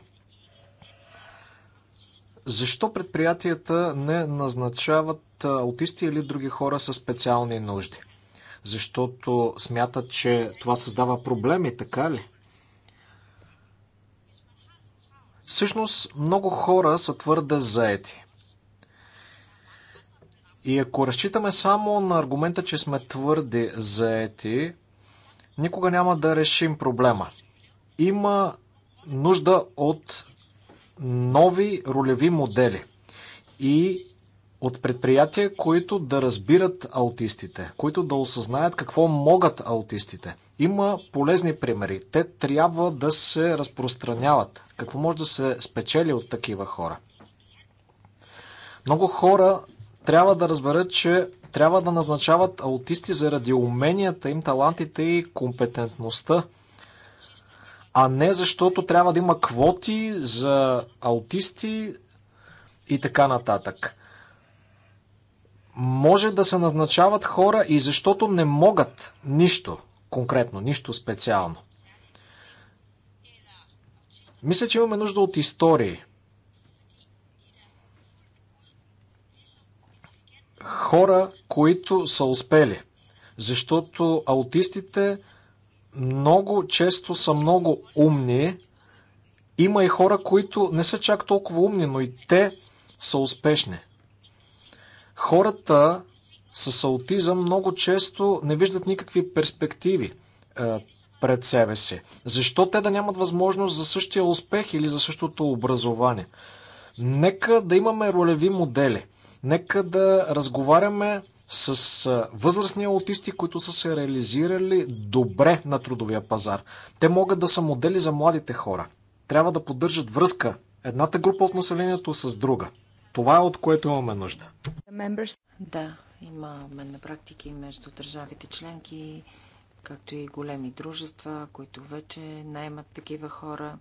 S3: Защо предприятията не назначават аутисти или други хора с специални нужди? Защото смятат, че това създава проблеми, така ли? Всъщност много хора са твърде заети. И ако разчитаме само на аргумента, че сме твърди заети, никога няма да решим проблема. Има нужда от нови ролеви модели и от предприятия, които да разбират аутистите, които да осъзнаят какво могат аутистите. Има полезни примери. Те трябва да се разпространяват. Какво може да се спечели от такива хора? Много хора трябва да разберат, че трябва да назначават аутисти заради уменията им, талантите и компетентността, а не защото трябва да има квоти за аутисти и така нататък. Може да се назначават хора и защото не могат нищо конкретно, нищо специално. Мисля, че имаме нужда от истории – хора, които са успели. Защото аутистите много често са много умни. Има и хора, които не са чак толкова умни, но и те са успешни. Хората с аутизъм много често не виждат никакви перспективи е, пред себе си. Защо те да нямат възможност за същия успех или за същото образование? Нека да имаме ролеви модели. Нека да разговаряме с възрастни аутисти, които са се реализирали добре на трудовия пазар. Те могат да са модели за младите хора. Трябва да поддържат връзка едната група от населението е с друга. Това е от което имаме нужда.
S1: Да, имаме на практики между държавите членки, както и големи дружества, които вече наймат такива хора,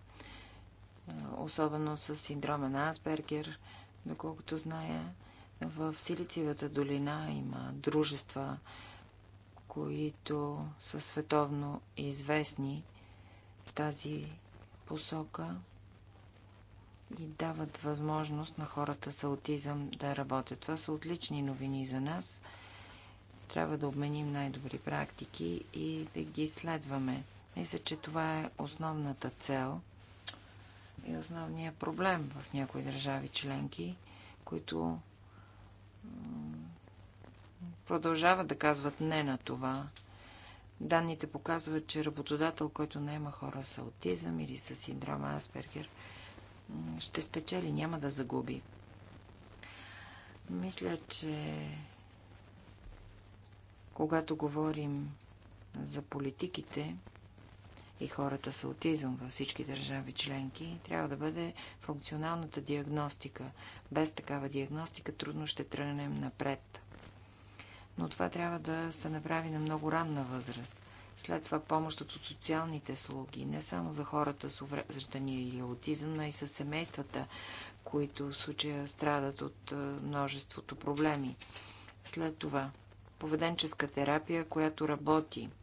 S1: особено с синдрома на Асбергер, доколкото зная. В Силициевата долина има дружества, които са световно известни в тази посока и дават възможност на хората с аутизъм да работят. Това са отлични новини за нас. Трябва да обменим най-добри практики и да ги следваме. Мисля, че това е основната цел и основният проблем в някои държави членки, които продължават да казват не на това. Данните показват, че работодател, който не има хора с аутизъм или с синдрома Аспергер, ще спечели, няма да загуби. Мисля, че когато говорим за политиките, и хората с аутизъм във всички държави членки, трябва да бъде функционалната диагностика. Без такава диагностика трудно ще тръгнем напред. Но това трябва да се направи на много ранна възраст. След това помощ от социалните слуги, не само за хората с увреждания или аутизъм, но и с семействата, които в случая страдат от множеството проблеми. След това поведенческа терапия, която работи –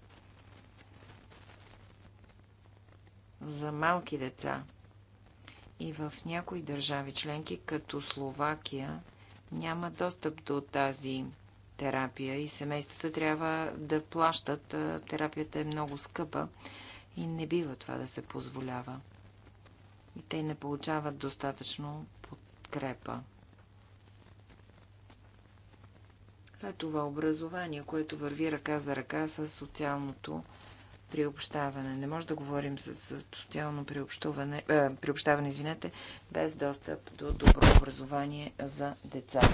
S1: за малки деца. И в някои държави членки, като Словакия, няма достъп до тази терапия и семействата трябва да плащат. Терапията е много скъпа и не бива това да се позволява. И те не получават достатъчно подкрепа. това образование, което върви ръка за ръка с социалното приобщаване. Не може да говорим за социално приобщуване, а, е, приобщаване, извинете, без достъп до добро образование за децата.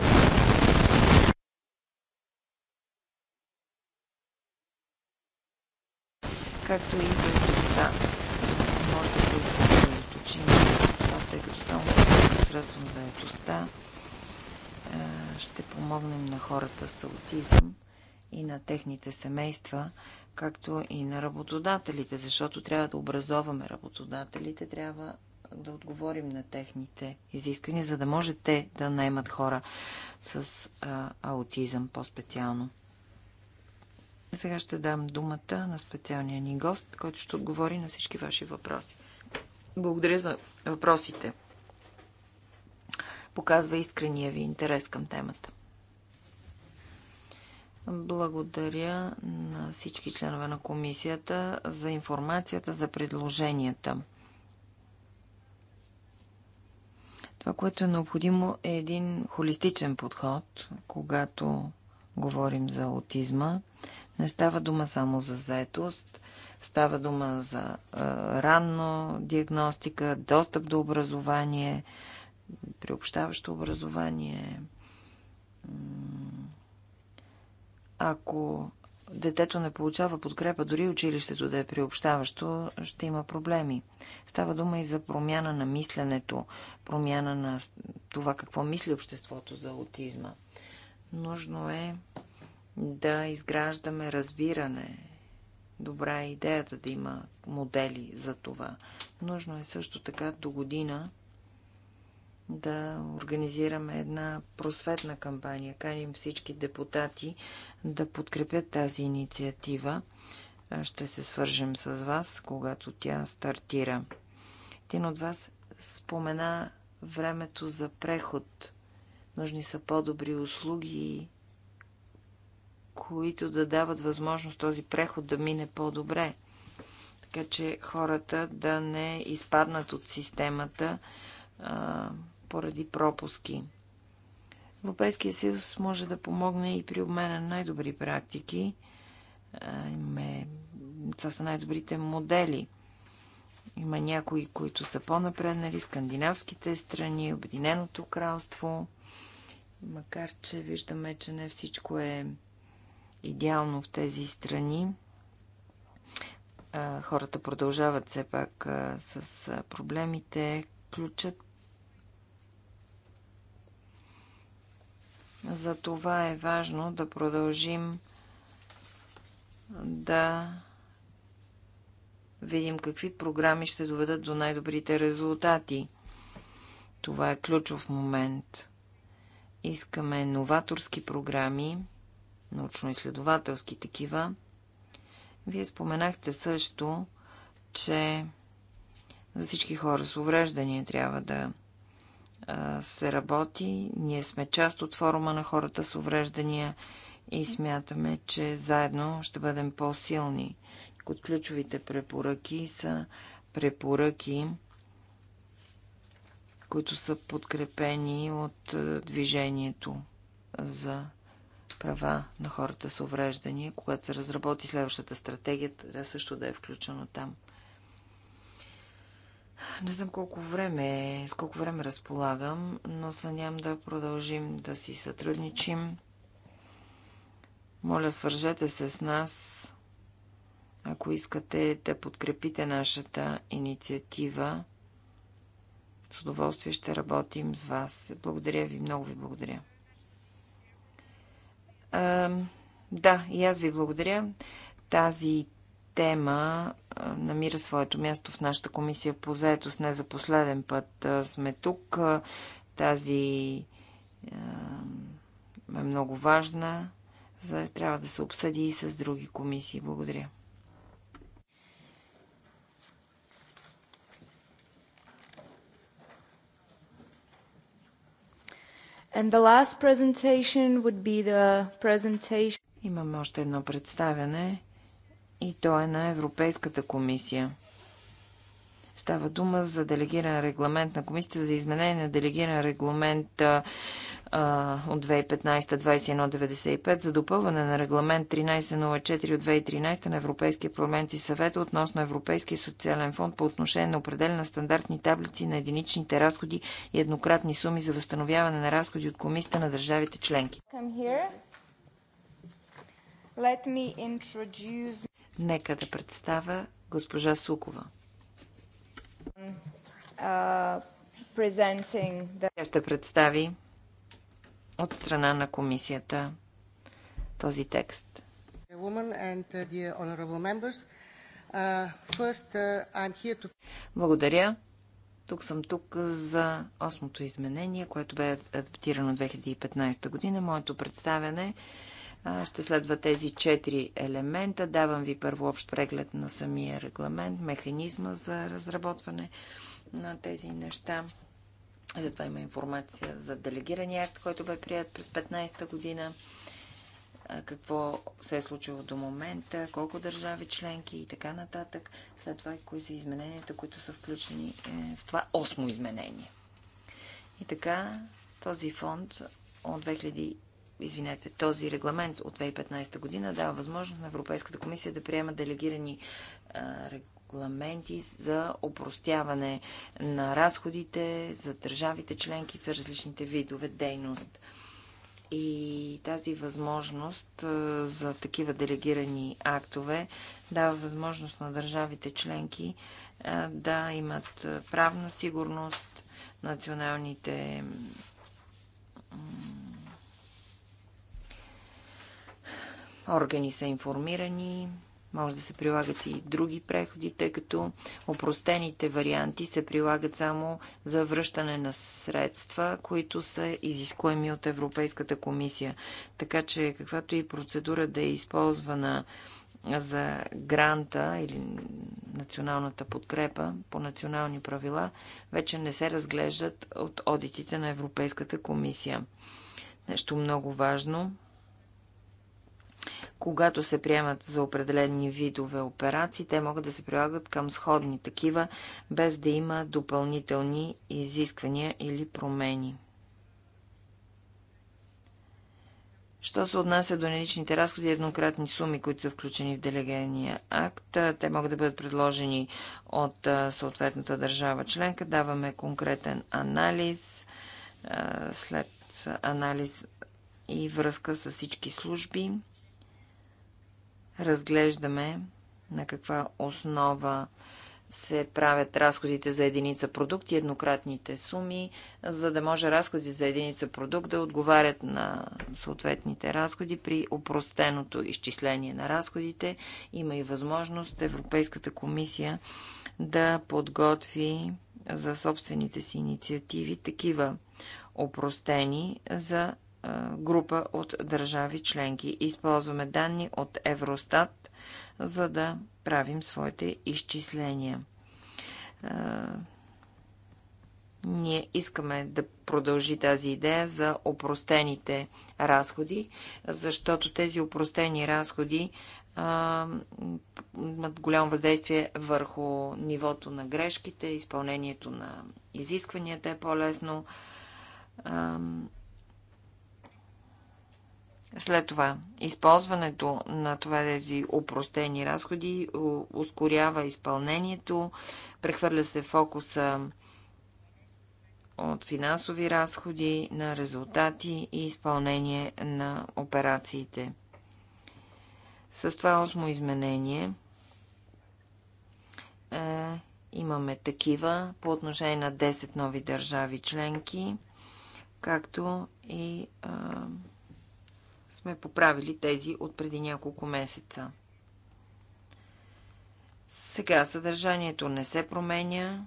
S1: Както и за отчета. Може да се съсредоточим на това, тъй като само посредством заедостта е, ще помогнем на хората с аутизъм и на техните семейства както и на работодателите, защото трябва да образоваме работодателите, трябва да отговорим на техните изисквания, за да може те да наймат хора с а, аутизъм по-специално. Сега ще дам думата на специалния ни гост, който ще отговори на всички ваши въпроси. Благодаря за въпросите. Показва искрения ви интерес към темата. Благодаря на всички членове на комисията за информацията, за предложенията. Това, което е необходимо е един холистичен подход, когато говорим за аутизма. Не става дума само за заетост, става дума за е, ранно диагностика, достъп до образование, приобщаващо образование, ако детето не получава подкрепа, дори училището да е приобщаващо, ще има проблеми. Става дума и за промяна на мисленето, промяна на това какво мисли обществото за аутизма. Нужно е да изграждаме разбиране. Добра е идеята да има модели за това. Нужно е също така до година да организираме една просветна кампания. Каним всички депутати да подкрепят тази инициатива. Ще се свържем с вас, когато тя стартира. Един от вас спомена времето за преход. Нужни са по-добри услуги, които да дават възможност този преход да мине по-добре. Така че хората да не изпаднат от системата поради пропуски. Европейския съюз може да помогне и при обмена на най-добри практики. Това са най-добрите модели. Има някои, които са по-напреднали. Скандинавските страни, Обединеното кралство. Макар, че виждаме, че не всичко е идеално в тези страни. Хората продължават все пак с проблемите, Ключът За това е важно да продължим да видим какви програми ще доведат до най-добрите резултати. Това е ключов момент. Искаме новаторски програми, научно-изследователски такива. Вие споменахте също, че за всички хора с увреждания трябва да се работи. Ние сме част от форума на хората с увреждания и смятаме, че заедно ще бъдем по-силни. От ключовите препоръки са препоръки, които са подкрепени от движението за права на хората с увреждания. Когато се разработи следващата стратегия, трябва също да е включено там. Не знам колко време, е, с колко време разполагам, но се нямам да продължим да си сътрудничим. Моля, свържете се с нас, ако искате да подкрепите нашата инициатива. С удоволствие ще работим с вас. Благодаря ви, много ви благодаря. А, да, и аз ви благодаря. Тази тема намира своето място в нашата комисия по заетост. Не за последен път сме тук. Тази е много важна. За, трябва да се обсъди и с други комисии. Благодаря. And the last presentation would be the presentation... Имаме още едно представяне и то е на Европейската комисия. Става дума за делегиран регламент на комисията за изменение на делегиран регламент а, от 2015-2195 за допълване на регламент 1304 от 2013 на Европейския парламент и съвет относно Европейския социален фонд по отношение на определена стандартни таблици на единичните разходи и еднократни суми за възстановяване на разходи от комисията на държавите членки. Introduce... Нека да представя госпожа Сукова. Тя ще представи от страна на комисията този текст.
S2: Uh,
S1: uh, uh, Благодаря. Тук съм тук за осмото изменение, което бе адаптирано 2015 година. Моето представяне е ще следва тези четири елемента. Давам ви първо общ преглед на самия регламент, механизма за разработване на тези неща. Затова има информация за делегирания акт, който бе прият през 15-та година, какво се е случило до момента, колко държави членки и така нататък. След това и кои са измененията, които са включени е, в това осмо изменение. И така, този фонд от 2000 извинете, този регламент от 2015 година дава възможност на Европейската комисия да приема делегирани регламенти за опростяване на разходите за държавите членки за различните видове дейност. И тази възможност за такива делегирани актове дава възможност на държавите членки да имат правна сигурност, националните органи са информирани, може да се прилагат и други преходи, тъй като опростените варианти се прилагат само за връщане на средства, които са изискуеми от Европейската комисия. Така че каквато и процедура да е използвана за гранта или националната подкрепа по национални правила, вече не се разглеждат от одитите на Европейската комисия. Нещо много важно когато се приемат за определени видове операции, те могат да се прилагат към сходни такива, без да има допълнителни изисквания или промени. Що се отнася до наличните разходи и еднократни суми, които са включени в делегения акт, те могат да бъдат предложени от съответната държава членка. Даваме конкретен анализ след анализ и връзка с всички служби разглеждаме на каква основа се правят разходите за единица продукт и еднократните суми, за да може разходи за единица продукт да отговарят на съответните разходи при опростеното изчисление на разходите. Има и възможност Европейската комисия да подготви за собствените си инициативи такива опростени за група от държави членки. Използваме данни от Евростат, за да правим своите изчисления. Ние искаме да продължи тази идея за опростените разходи, защото тези опростени разходи имат голямо въздействие върху нивото на грешките, изпълнението на изискванията е по-лесно след това, използването на това тези упростени разходи ускорява изпълнението, прехвърля се фокуса от финансови разходи на резултати и изпълнение на операциите. С това осмо изменение е, имаме такива по отношение на 10 нови държави членки, както и е, сме поправили тези от преди няколко месеца. Сега съдържанието не се променя.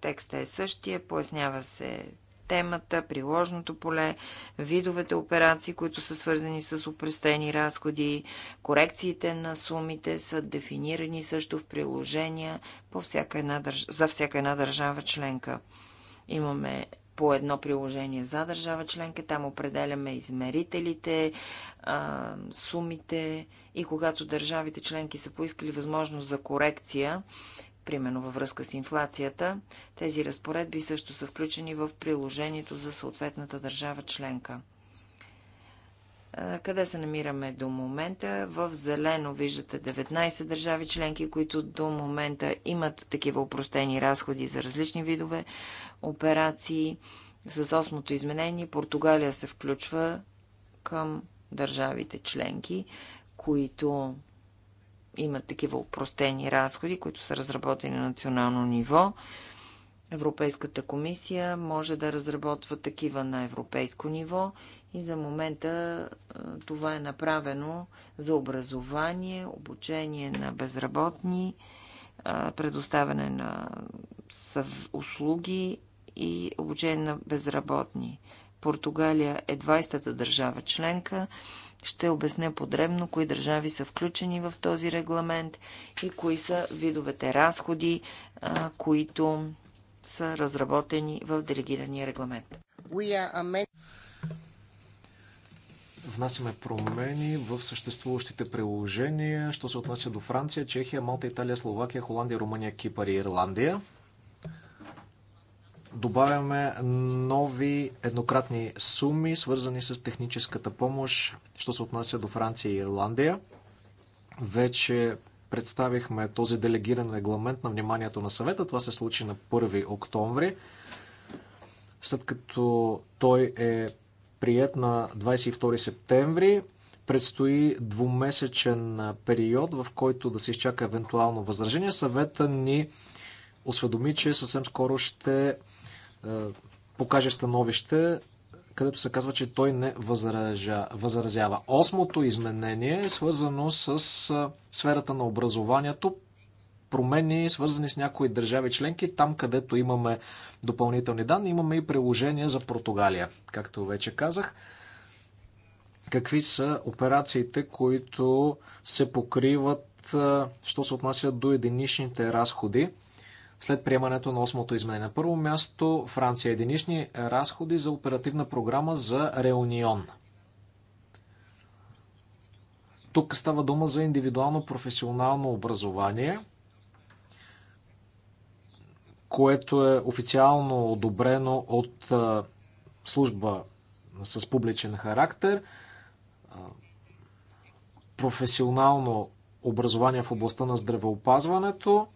S1: Текста е същия, пояснява се темата, приложното поле, видовете операции, които са свързани с опрестени разходи, корекциите на сумите са дефинирани също в приложения по всяка една, държ... за всяка една държава членка. Имаме по едно приложение за държава членка. Там определяме измерителите, сумите и когато държавите членки са поискали възможност за корекция, примерно във връзка с инфлацията, тези разпоредби също са включени в приложението за съответната държава членка. Къде се намираме до момента? В зелено виждате 19 държави членки, които до момента имат такива упростени разходи за различни видове операции. С осмото изменение Португалия се включва към държавите членки, които имат такива упростени разходи, които са разработени на национално ниво. Европейската комисия може да разработва такива на европейско ниво и за момента това е направено за образование, обучение на безработни, предоставяне на услуги и обучение на безработни. Португалия е 20-та държава членка. Ще обясня подребно кои държави са включени в този регламент и кои са видовете разходи, които са разработени в делегирания регламент
S3: внасяме промени в съществуващите приложения, що се отнася до Франция, Чехия, Малта, Италия, Словакия, Холандия, Румъния, Кипър и Ирландия. Добавяме нови еднократни суми, свързани с техническата помощ, що се отнася до Франция и Ирландия. Вече представихме този делегиран регламент на вниманието на съвета. Това се случи на 1 октомври. След като той е прият на 22 септември. Предстои двумесечен период, в който да се изчака евентуално възражение. Съвета ни осведоми, че съвсем скоро ще покаже становище, където се казва, че той не възража, възразява. Осмото изменение е свързано с сферата на образованието промени, свързани с някои държави членки. Там, където имаме допълнителни данни, имаме и приложения за Португалия, както вече казах. Какви са операциите, които се покриват, що се отнасят до единичните разходи? след приемането на 8-то изменение. На първо място Франция. Единични разходи за оперативна програма за Реунион. Тук става дума за индивидуално професионално образование – което е официално одобрено от служба с публичен характер, професионално образование в областта на здравеопазването.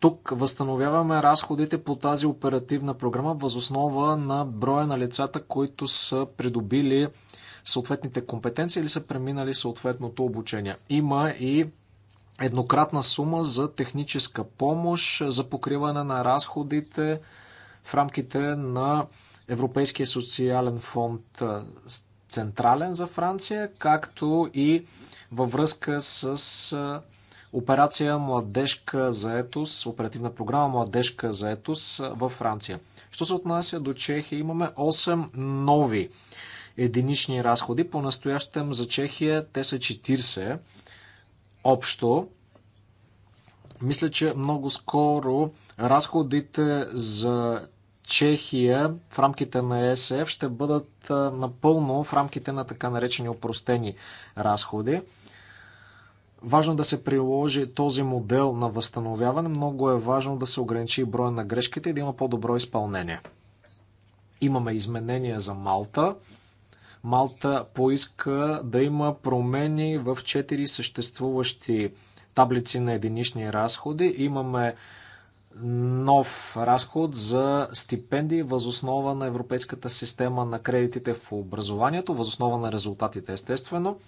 S3: Тук възстановяваме разходите по тази оперативна програма възоснова на броя на лицата, които са придобили съответните компетенции или са преминали съответното обучение. Има и еднократна сума за техническа помощ за покриване на разходите в рамките на Европейския социален фонд Централен за Франция, както и във връзка с операция Младежка заетост, оперативна програма Младежка заетост във Франция. Що се отнася до Чехия, имаме 8 нови единични разходи. По-настоящем за Чехия те са 40 общо. Мисля, че много скоро разходите за Чехия в рамките на ЕСФ ще бъдат напълно в рамките на така наречени опростени разходи. Важно да се приложи този модел на възстановяване. Много е важно да се ограничи броя на грешките и да има по-добро изпълнение. Имаме изменения за Малта. Малта поиска да има промени в четири съществуващи таблици на единични разходи. Имаме нов разход за стипендии възоснова на Европейската система на кредитите в образованието, възоснова на резултатите, естествено.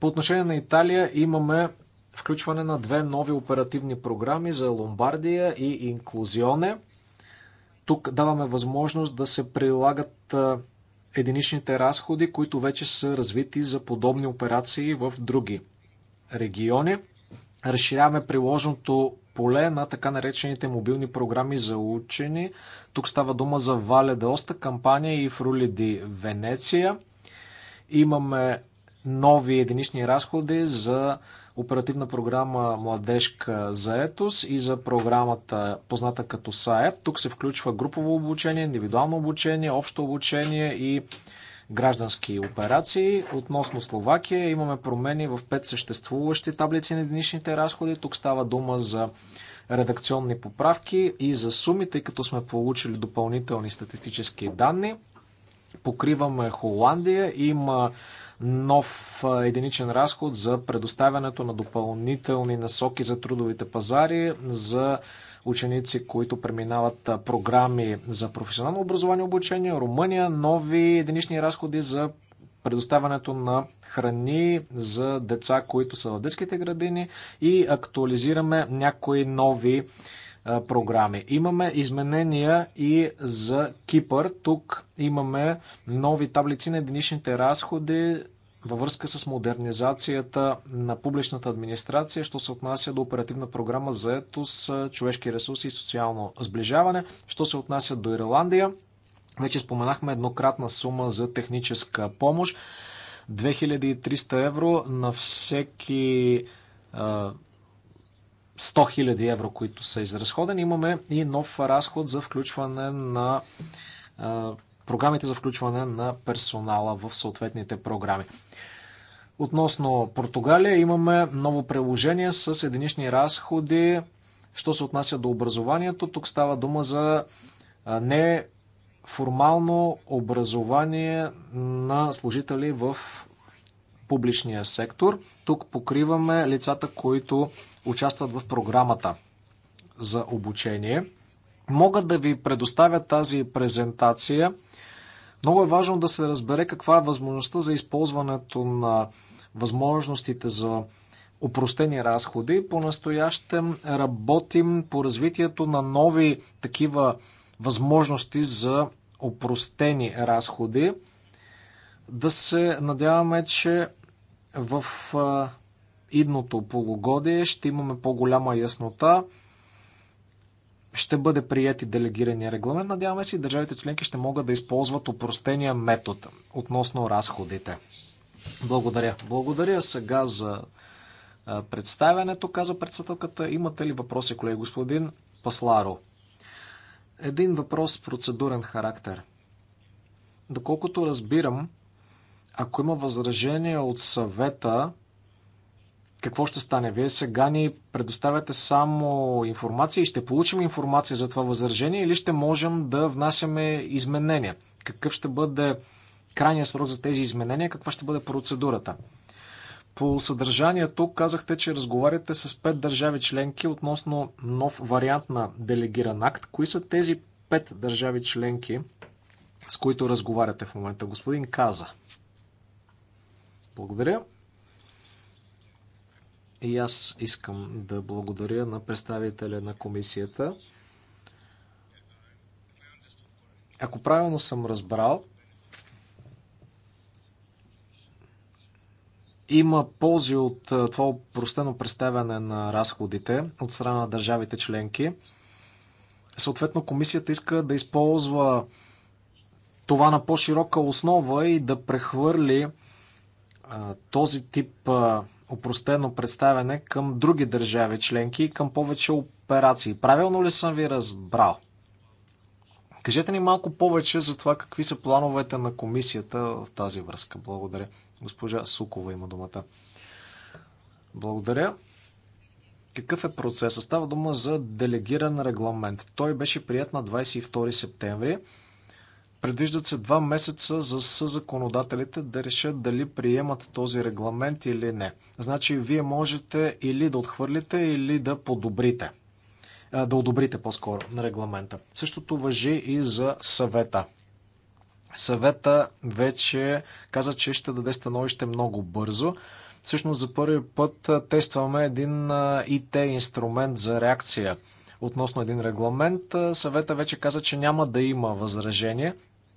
S3: По отношение на Италия имаме включване на две нови оперативни програми за Ломбардия и Инклюзионе. Тук даваме възможност да се прилагат единичните разходи, които вече са развити за подобни операции в други региони. Разширяваме приложното поле на така наречените мобилни програми за учени. Тук става дума за Вале Оста, кампания и Фрулиди Венеция. Имаме нови единични разходи за оперативна програма Младежка заетост и за програмата позната като САЕП. Тук се включва групово обучение, индивидуално обучение, общо обучение и граждански операции. Относно Словакия имаме промени в пет съществуващи таблици на единичните разходи. Тук става дума за редакционни поправки и за суми, тъй като сме получили допълнителни статистически данни. Покриваме Холандия. Има нов единичен разход за предоставянето на допълнителни насоки за трудовите пазари, за ученици, които преминават програми за професионално образование и обучение, Румъния, нови единични разходи за предоставянето на храни за деца, които са в детските градини и актуализираме някои нови програми. Имаме изменения и за Кипър. Тук имаме нови таблици на единичните разходи във връзка с модернизацията на публичната администрация, що се отнася до оперативна програма за етос, човешки ресурси и социално сближаване, що се отнася до Ирландия. Вече споменахме еднократна сума за техническа помощ. 2300 евро на всеки 100 000 евро, които са изразходени. Имаме и нов разход за включване на програмите за включване на персонала в съответните програми. Относно Португалия имаме ново приложение с единични разходи. Що се отнася до образованието, тук става дума за неформално образование на служители в публичния сектор. Тук покриваме лицата, които участват в програмата за обучение. Мога да ви предоставя тази презентация – много е важно да се разбере каква е възможността за използването на възможностите за упростени разходи. По-настоящем работим по развитието на нови такива възможности за упростени разходи. Да се надяваме, че в идното полугодие ще имаме по-голяма яснота ще бъде и делегирания регламент. Надяваме се и държавите членки ще могат да използват упростения метод относно разходите. Благодаря. Благодаря сега за представянето, каза председателката. Имате ли въпроси, колеги? Господин Пасларо. Един въпрос с процедурен характер. Доколкото разбирам, ако има възражение от съвета, какво ще стане. Вие сега ни предоставяте само информация и ще получим информация за това възражение или ще можем да внасяме изменения. Какъв ще бъде крайният срок за тези изменения, каква ще бъде процедурата. По съдържанието казахте, че разговаряте с пет държави членки относно нов вариант на делегиран акт. Кои са тези пет държави членки, с които разговаряте в момента? Господин Каза. Благодаря. И аз искам да благодаря на представителя на комисията. Ако правилно съм разбрал, има ползи от това простено представяне на разходите от страна на държавите членки. Съответно, комисията иска да използва това на по-широка основа и да прехвърли този тип опростено представяне към други държави членки и към повече операции. Правилно ли съм ви разбрал? Кажете ни малко повече за това какви са плановете на комисията в тази връзка. Благодаря. Госпожа Сукова има думата. Благодаря. Какъв е процесът? Става дума за делегиран регламент. Той беше прият на 22 септември. Предвиждат се два месеца за съзаконодателите да решат дали приемат този регламент или не. Значи, вие можете или да отхвърлите, или да подобрите. Да одобрите по-скоро на регламента. Същото въжи и за съвета. Съвета вече каза, че ще даде становище много бързо. Всъщност за първи път тестваме един IT инструмент за реакция относно един регламент. Съвета вече каза, че няма да има възражение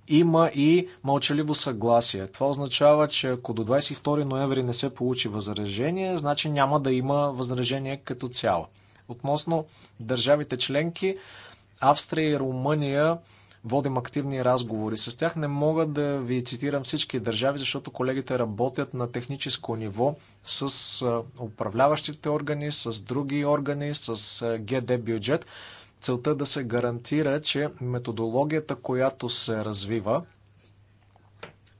S3: има и мълчаливо съгласие. Това означава, че ако до 22 ноември не се получи възражение, значи няма да има възражение като цяло. Относно държавите членки, Австрия и Румъния водим активни разговори с тях. Не мога да ви цитирам всички държави, защото колегите работят на техническо ниво с управляващите органи, с други органи, с ГД бюджет целта да се гарантира, че методологията, която се развива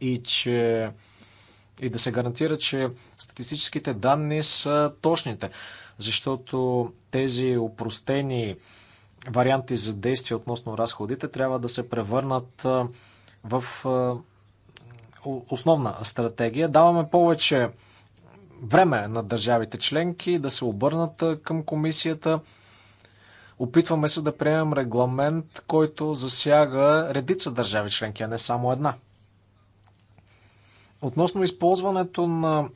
S3: и че и да се гарантира, че статистическите данни са точните, защото тези упростени варианти за действие относно разходите трябва да се превърнат в основна стратегия. Даваме повече време на държавите членки да се обърнат към комисията Опитваме се да приемем регламент, който засяга редица държави членки, а не само една. Относно използването на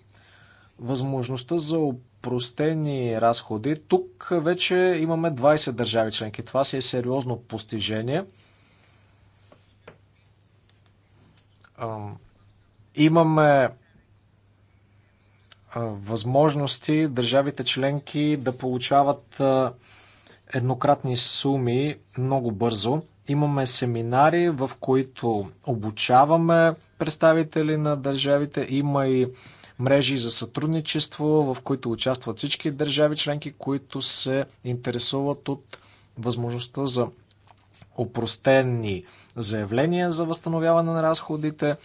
S3: възможността за опростени разходи, тук вече имаме 20 държави членки. Това си е сериозно постижение. Имаме възможности държавите членки да получават еднократни суми много бързо. Имаме семинари, в които обучаваме представители на държавите. Има и мрежи за сътрудничество, в които участват всички държави членки, които се интересуват от възможността за опростени заявления за възстановяване на разходите.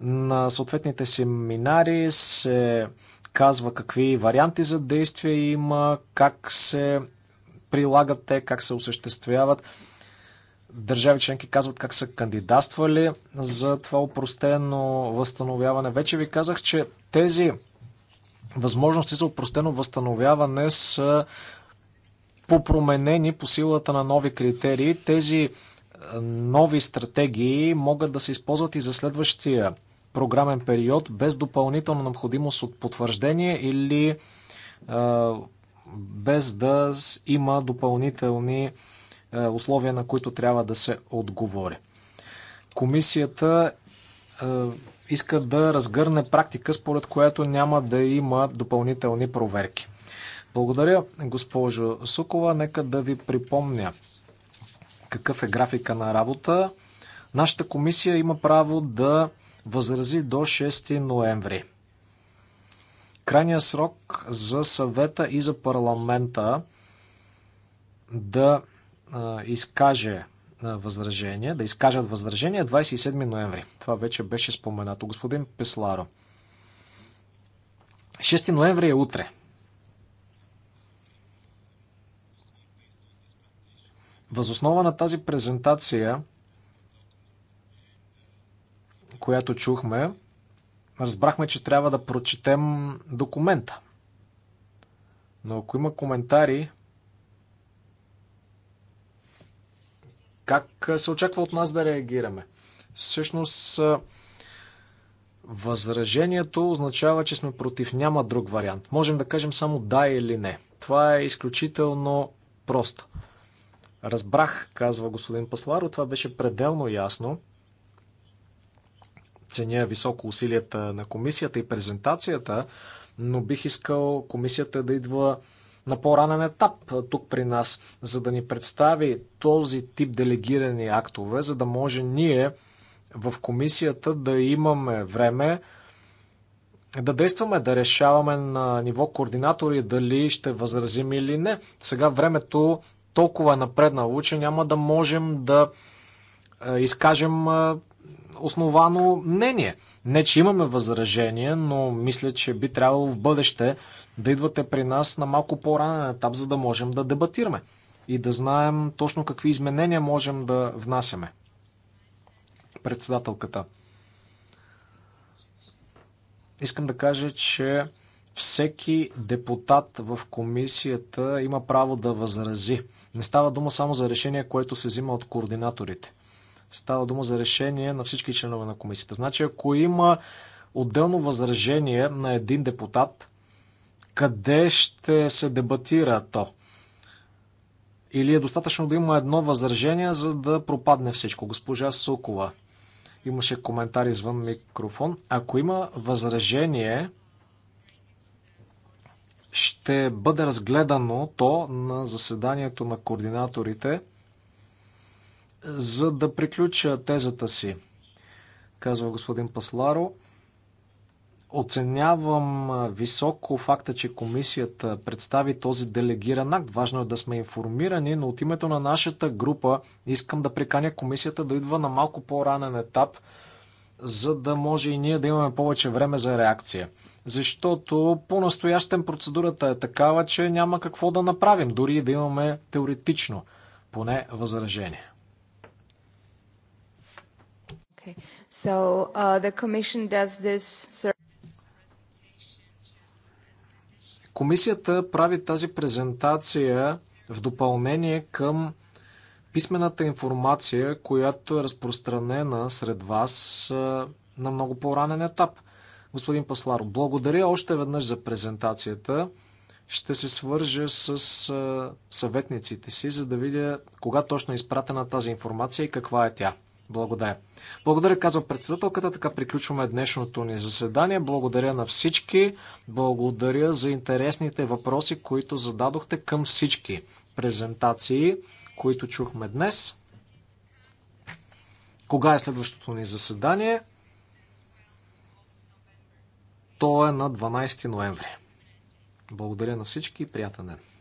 S3: На съответните семинари се казва какви варианти за действие има, как се прилагат те, как се осъществяват. Държави членки казват как са кандидатствали за това упростено възстановяване. Вече ви казах, че тези възможности за упростено възстановяване са попроменени по силата на нови критерии. Тези е, нови стратегии могат да се използват и за следващия програмен период без допълнителна необходимост от потвърждение или е, без да има допълнителни е, условия, на които трябва да се отговори. Комисията е, иска да разгърне практика, според която няма да има допълнителни проверки. Благодаря, госпожо Сукова. Нека да ви припомня какъв е графика на работа. Нашата комисия има право да възрази до 6 ноември крайния срок за съвета и за парламента да изкаже възражение, да изкажат възражение 27 ноември. Това вече беше споменато. Господин Песларо, 6 ноември е утре. Възоснова на тази презентация, която чухме, разбрахме, че трябва да прочетем документа. Но ако има коментари, как се очаква от нас да реагираме? Всъщност, възражението означава, че сме против. Няма друг вариант. Можем да кажем само да или не. Това е изключително просто. Разбрах, казва господин Пасларо, това беше пределно ясно ценя високо усилията на комисията и презентацията, но бих искал комисията да идва на по-ранен етап тук при нас, за да ни представи този тип делегирани актове, за да може ние в комисията да имаме време да действаме, да решаваме на ниво координатори дали ще възразим или не. Сега времето толкова е напреднало, че няма да можем да е, изкажем е, основано мнение. Не, че имаме възражение, но мисля, че би трябвало в бъдеще да идвате при нас на малко по-ранен етап, за да можем да дебатираме и да знаем точно какви изменения можем да внасяме. Председателката. Искам да кажа, че всеки депутат в комисията има право да възрази. Не става дума само за решение, което се взима от координаторите. Става дума за решение на всички членове на комисията. Значи, ако има отделно възражение на един депутат, къде ще се дебатира то? Или е достатъчно да има едно възражение, за да пропадне всичко? Госпожа Сукова имаше коментар извън микрофон. Ако има възражение, ще бъде разгледано то на заседанието на координаторите – за да приключа тезата си, казва господин Пасларо, оценявам високо факта, че комисията представи този делегиран акт. Важно е да сме информирани, но от името на нашата група искам да приканя комисията да идва на малко по-ранен етап, за да може и ние да имаме повече време за реакция. Защото по-настоящен процедурата е такава, че няма какво да направим, дори и да имаме теоретично поне възражение.
S1: So uh, the commission does this
S3: Комисията прави тази презентация в допълнение към писмената информация, която е разпространена сред вас на много по-ранен етап. Господин Пасларо, благодаря още веднъж за презентацията. Ще се свържа с съветниците си, за да видя кога точно е изпратена тази информация и каква е тя. Благодаря. Благодаря, казва председателката. Така приключваме днешното ни заседание. Благодаря на всички. Благодаря за интересните въпроси, които зададохте към всички презентации, които чухме днес. Кога е следващото ни заседание? То е на 12 ноември. Благодаря на всички и приятен ден.